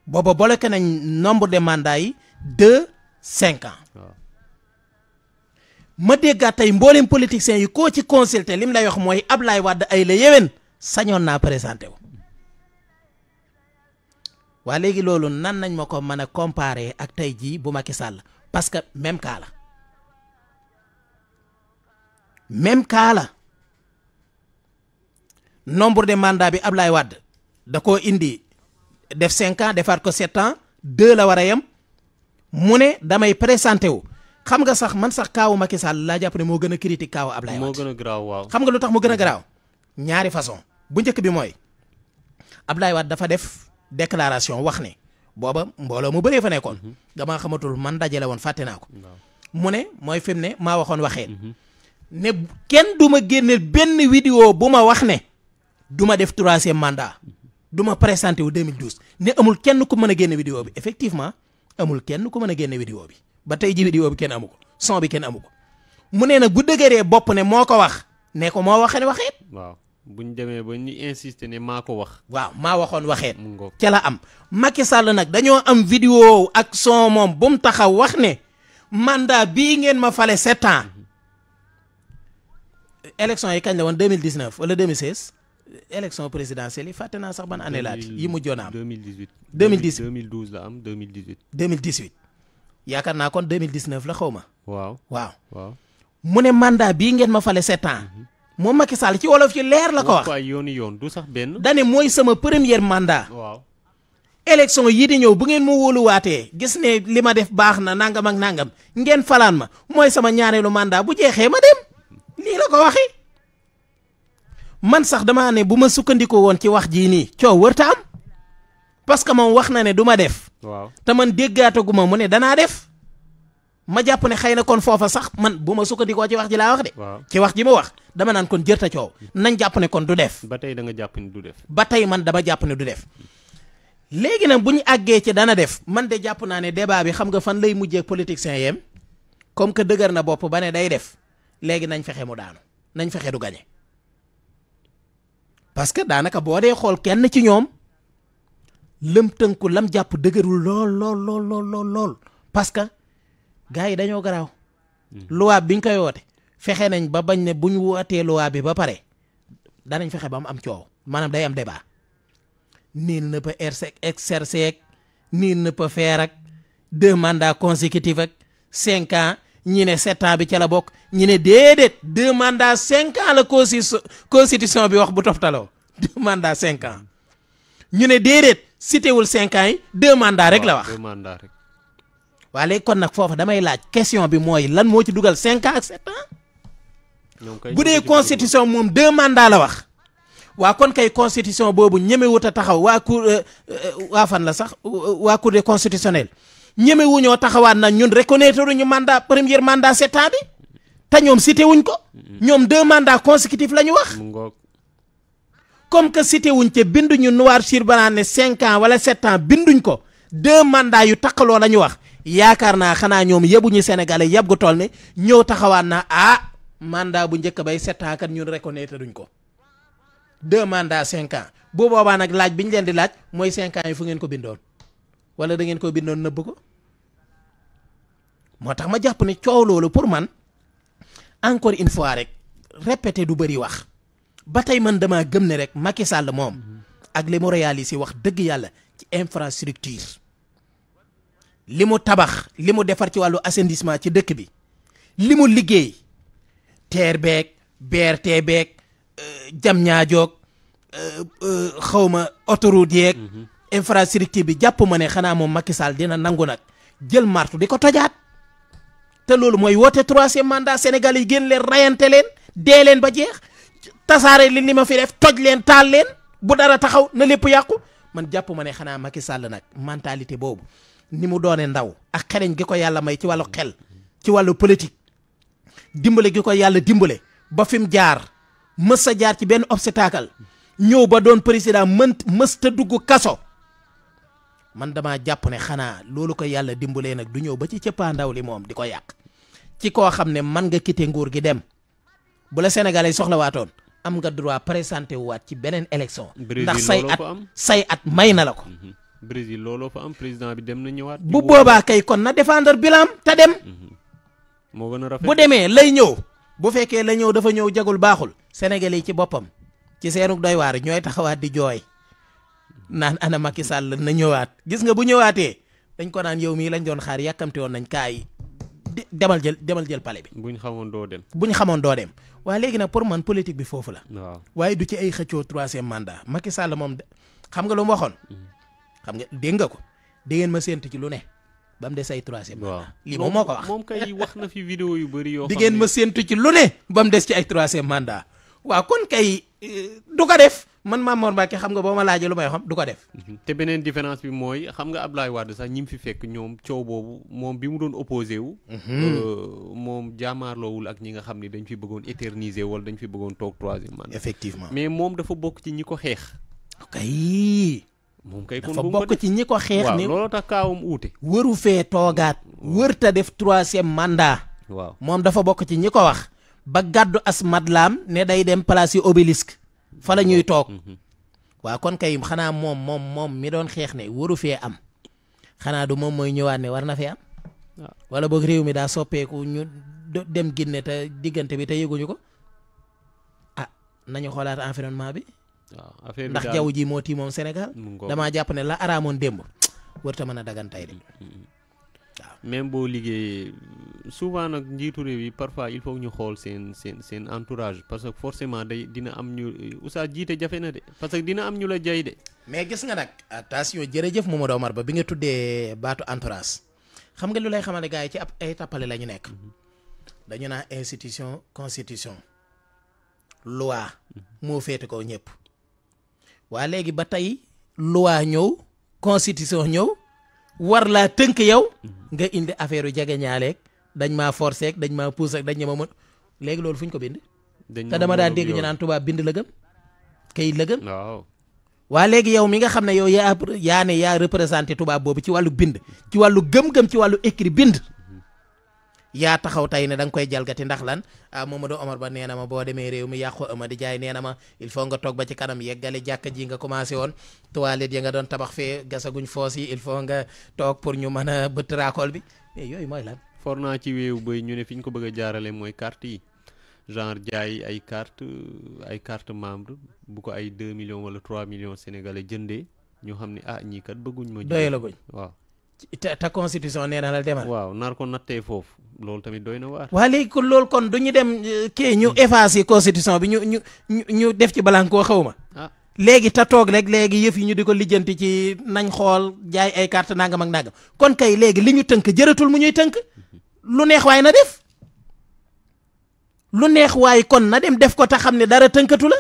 booba booleke nañ nombre de mandats yi deux cinq ans. ma déggaat tey mboolem politiciens yi koo ci consulté lim lay wax mooy Ablaye Wade ay la yéwén sañoon naa présenté wu waa léegi loolu nan nañ ma ko mën a comparer ak tey jii bu Macky Sall parce que même cas la même cas la nombre de mandat bi Ablaye Wade da koo indi def cinq ans defaat ko sept ans deux la war a yem mu ne damay présenté wu xam nga sax man sax kaawu Macky Sall laa jàpp ne moo gën a critique kaawu Ablaye Wade a garaaw waaw xam nga lu tax mu gën a garaaw ñaari façon bu njëkk bi mooy ablaay waat dafa def déclaration wax ne booba mbooloo mu bëree fa nekkoon mhm. damaa xamatul man dajale woon fàtte naa ko mu ne mooy fi ne maa waxoon waxeen mhm. ne kenn du ma génne benn vidéo bu ma wax ne du ma def troisième mandat mhm. du ma présenté wu 2012 ne amul kenn ku mën a génne vidéo bi effectivement amul kenn ku mën a génne vidéo bi ba tey ji vidéo bi kenn amu ko son bi kenn amu ko mu ne nag bu dëgëree bopp ne moo ko wax ne ko moo waxee waxeet. waaw bu ñu demee ba ñu insister ne maa ko wax. waaw maa waxoon waxeet. ca la am Macky Sall nag dañoo am vidéo ak son moom bu mu taxaw wax ne mandat bii ngeen ma fale sept ans. yi kañ la woon 2019 wala présidentielle yi fàtte naa sax ban année laat yi mujjoon a am 2018 2018 2012 yaakaar naa kon 2019 la xaw ma. waaw waaw mu ne mandat bii ngeen ma fale sept ans. Mhm. moom Macky Sall ci wolof ci leer la ko wax. waaw yoonu yoon du sax benn. dane mooy sama premier mandat. waaw. élection yii di ñëw bu ngeen ma wóoluwaatee gis ne li ma def baax na nàngam ak nàngam ngeen falaan ma mooy sama ñaareelu mandat bu jeexee ma dem lii la ko waxi man sax damaa ne bu ma sukkandikoo woon ci wax jii nii coow wërta am. parce que moom wax na ne duma def. waaw te man déggaatagu ma mu ne danaa def. ma jàpp ne xëy na kon foofa sax man bu ma sukkandikoo ci wax ji laa wax de. ci wax ji ma wax dama naan kon jërta coow. nañ jàpp ne kon du def. ba tey da nga jàpp ne du def. ba tey man dama jàpp ne du def. léegi nag bu ñu àggee ci dana def man de jàpp naa ne débat bi xam nga fan lay mujjee ak politiciens yem comme que dëgër na bopp ba ne day def léegi nañ fexe mu daanu nañ fexe du gañe parce que daanaka boo dee xool kenn ci ñoom. lëm tënku lam jàpp dëgërul lool lool lool lool lool parce que gars yi dañoo garaaw. Hmm. loi biñ koy woote fexe nañ ba bañ ne bu ñu wootee loi bi ba pare danañ fexe ba mu am coow maanaam day am débat. nul ne peut exercer ak nul ne peut faire ak deux mandats ñi ne sept bi ca la bokk ñi ne déedéet deux mandats cinq ans la constitution bi wax bu toftaloo deux mandats cinq ans ne déedéet. citéwul cinq ans yi deux mandats rek la wax deux mandats rek waa léegi kon nag foofu damay laaj question bi mooy lan moo ci dugal cinq ans ak sept bu dee constitution moom deux mandats la wax waa kon kay constitution boobu ñemewut a taxaw waa cour euh, euh, waa fan la sax waa cour des constitutionnels ñemewuñoo taxawaat na ñun reconnaître ñu mandat premier mandat sept ans te ñoom cité wuñ ko ñoom deux mandats consécutifs la ñu wax comme que cité wuñ ca binduñu noir sur blanc ne cinq ans wala sept ans binduñ ko deux mandats yu takkaloo la ñu wax yaakaar naa xanaa ñoom yebuñu sénégalais yeb gu toll ne ñëw taxawaan naa ah mandat bu njëkk bay sept ans kat ñun reconnaître ko deux mandats cinq ans bu boobaa nag laaj bi ñu leen di laaj mooy cinq ans fu ngeen ko bindoon wala da ngeen ko bindoon nëbb ko moo tax ma jàpp ne coow loolu pour man encore une fois rek répété du bëri wax. ba tey man damaa gëm ne rek Macky moom ak li mu réalisé wax dëgg yàlla ci infrastructure li mu tabax li mu defar ci wàllu assainissement ci dëkk bi li mu liggéey TER beeg BRT beeg euh, jam ñaajoog euh, euh, xawma autoroute yeeg bi jàpp ma ne xanaa moom Macky Sall dina nangu nag jël martu di ko tojaat te loolu mooy woote troisième mandat Sénégal yi génn leen rayante leen dee leen ba jeex tasaare li li ma fi def toj leen taal leen bu dara taxaw na lépp yàqu man jàpp ma ne xanaa Macky Sall nag mentalité boobu ni mu doone ndaw a xereñ gi ko yàlla may ci wàllu xel ci wàllu politique dimbale gi ko yàlla dimbale ba fi mu jaar mës jaar ci benn obstacle ñëw ba doon président mën mës ta dugg kaso man damaa jàpp ne xanaa loolu ko yàlla dimbalee nag du ñëw ba ci ndaw li moom di ko yàq ci koo xam ne man nga kite nguur gi dem bu la sénégalais soxla waatoon am nga droit présenté waat ci beneen élection ndax say at say at may na la ko mhm. Brésil looloo fa am président bi dem na ñëwaat bu boobaa kay kon na défendre bilam te dem mhm. moo gën a bu demee lay ñëw bu fekkee la ñëw dafa ñëw jagul baaxul sénégalais yi ci boppam ci seenu doy waar ñooy taxawaat di jooy naan ana Macky Sall na ñëwaat gis nga bu ñëwaatee dañ ko naan yow mii lañ doon xaar yàkkamte woon nañ kaa yi demal jël demal bi. bu xamoon doo dem. bu xamoon doo dem waaye léegi nag pour man politique bi foofu la. waaw waaye du ci ay xëccoo troisième mandat Macky Sall moom xam nga lu mu waxoon. Mm. xam nga dégg ko dégg ma séntu ci lu ne. ba mu des ay troisième mandat. lii moom na fi yu bëri yoo. xam ma séntu ci lu ne. ba mu des ci ay troisième mandat waaw kon kay euh, du ko def. man Mame Mor Mbacke xam nga boo ma laajee lu may xam du ko def. Mhm. te beneen différence bi mooy xam nga Abdoulaye Wade sax ñi mu fi fekk ñoom coow boobu moom bi mu doon opposé wu. Mhm. Euh, moom jaamaarloowul ak ñi nga xam ne dañ fi bëggoon éterniser wala dañ fi bëggoon toog troisième mandat. mais moom dafa bokk ci ñi ko xeex. ci ñi ko xeex. ni looloo tax kaawam uute. wëru fee toogaat. wër def troisième mandat. waaw moom dafa bokk ci ñi ko wax. ba gàddu as laam ne day dem place yi fa la ñuy toog mhm. waaw kon kay xanaa moom moom moom mi doon xeex ne waru fee am xanaa du moom mooy ñëwaat ne war na fee am wala boog réew mi daa soppeeku ñu dem Ginne te diggante bi te yëguñu ko a ah, nañu xoolaat environnement bi waaw ndax jaww ji moo tii moom Sénégal damaa jàpp ne la araamoon démb wërta mën a dagan de mm-hmm. même boo liggéeyee souvent nag njiitu réew yi parfois il faut ñu xool seen seen seen entourage parce que forcément de dina am ñu oustaz jiite jafe na de parce que dina am ñu la jay de. mais gis nga nag attention jërëjëf Mamadou Omar Ba bi nga tuddee baatu entourage xam nga lu lay xamal ne gars yi ci ab ay tappale la ñu nekk. Mm-hmm. dañu naa institution constitution. loi mm-hmm. moo féete ko ñëpp. waa léegi ba tey loi ñëw constitution ñëw war laa tënk yow nga indi affaire yu jege ñaaleeg dañ maa forcé dañ maa poussé dañ ma mën léegi loolu fu ñu ko bind. te dama daa dégg ñu naan tubaab bind la gëm kayit la gëm. waa léegi yow mi nga xam ne yow yaa yaa ne yaa représenté tubaab boobu ci wàllu bind ci wàllu gëm-gëm ci wàllu écrit bind. yaa taxaw tey ne da nga koy jalgati ndax lan ah Mamadou Omar Ba nee na ma boo demee réew mi yàqu ama di jaay nee na ma il faut nga toog ba ci kanam yeggali jàkka ji nga commencé woon toilette ya nga doon tabax fee gasaguñ foos yi il faut nga toog pour ñu mën a bët raakool bi yooyu mooy lan for naa ci wéewu bay ñu ne fi ñu ko bëgg a jaarale mooy carte yi genre jaay ay carte ay carte membre bu ko ay 2 millions wala 3 millions sénégalais jëndee ñoo xam ne ah ñii kat bëgguñ ma doyalaguñ waaw ta constitution nee na la demal. waaw nar ko nattee foofu loolu tamit dooy na waar. waa léegi kon loolu kon du ñu dem eh, kii ñu effacer constitution bi ñu ñu ñu def ci balankoo xaw ma. Ah. léegi ta toog rek léegi yëf yi ñu di ko lijjanti ci nañ xool jaay ay carte nangam ak nangam kon kay léegi li ñu tënk jëratul mu ñuy tënk lu neex waay na def lu neex waay kon na dem def ko te xam ne dara tënkatu la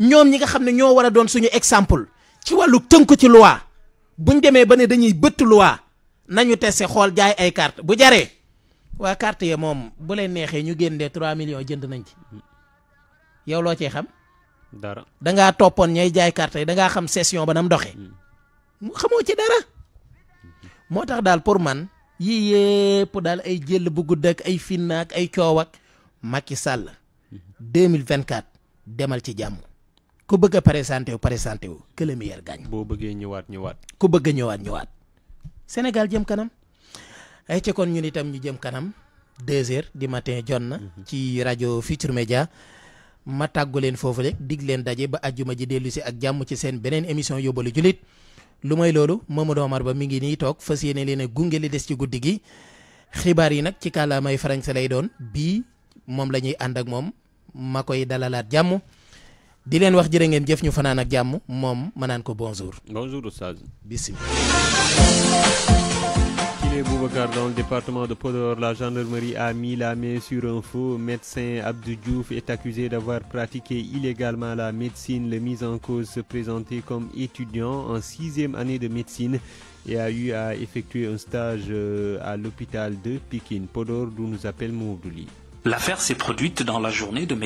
ñoom ñi nga xam ne ñoo war a doon suñu exemple ci wàllu tënk ci loi. buñ demee ba ne dañuy bëtt loi nañu tese xool jaay ay carte bu jaree waa carte yi moom bu leen neexee ñu génnee 3 millions jënd nañ ci yow loo cee xam. dara da ngaa toppoon ñay jaay carte yi da ngaa xam session ba nam doxee. Mm. xamoo ci dara. moo tax daal pour man yii yëpp daal ay jël bu gudd ak ay finna ak ay coow ak Macky Sall 2024 mm-hmm. demal ci jàmm. ku bëgg a présenté wu présenté wu que gaañ meilleur gagne. boo bëggee ñëwaat ñëwaat. ku bëgg a ñëwaat ñëwaat. Sénégal jëm kanam ay ci kon ñun itam ñu jëm kanam deux heures di matin jot na. Mhm. ci rajo Futur Media. ma tàggu leen foofu rek dig leen daje ba ajjuma ji dellu si ak jàmm ci seen beneen émission yóbbalu julit lu may loolu Mamadou Omar Ba mi ngi nii toog fas yéene leen a gunge li des ci guddi gi xibaar yi nag ci kàllaamay français lay doon bii moom lañuy ànd ak moom ma koy dalalaat jàmm. di leen wax jërë ngeen jëf ñu fanaan ak jàmm moom ma naan ko bonjour. bonjour oustaz. bisimilah. Boubacar dans le département de Podor, la gendarmerie a mis la main sur un faux médecin. Abdou Diouf est accusé d'avoir pratiqué illégalement la médecine. Le mis en cause se présentait comme étudiant en sixième année de médecine et a eu à effectuer un stage euh, à l'hôpital de Pikine. Podor, d'où nous appelle Moudouli. L'affaire s'est produite dans la journée de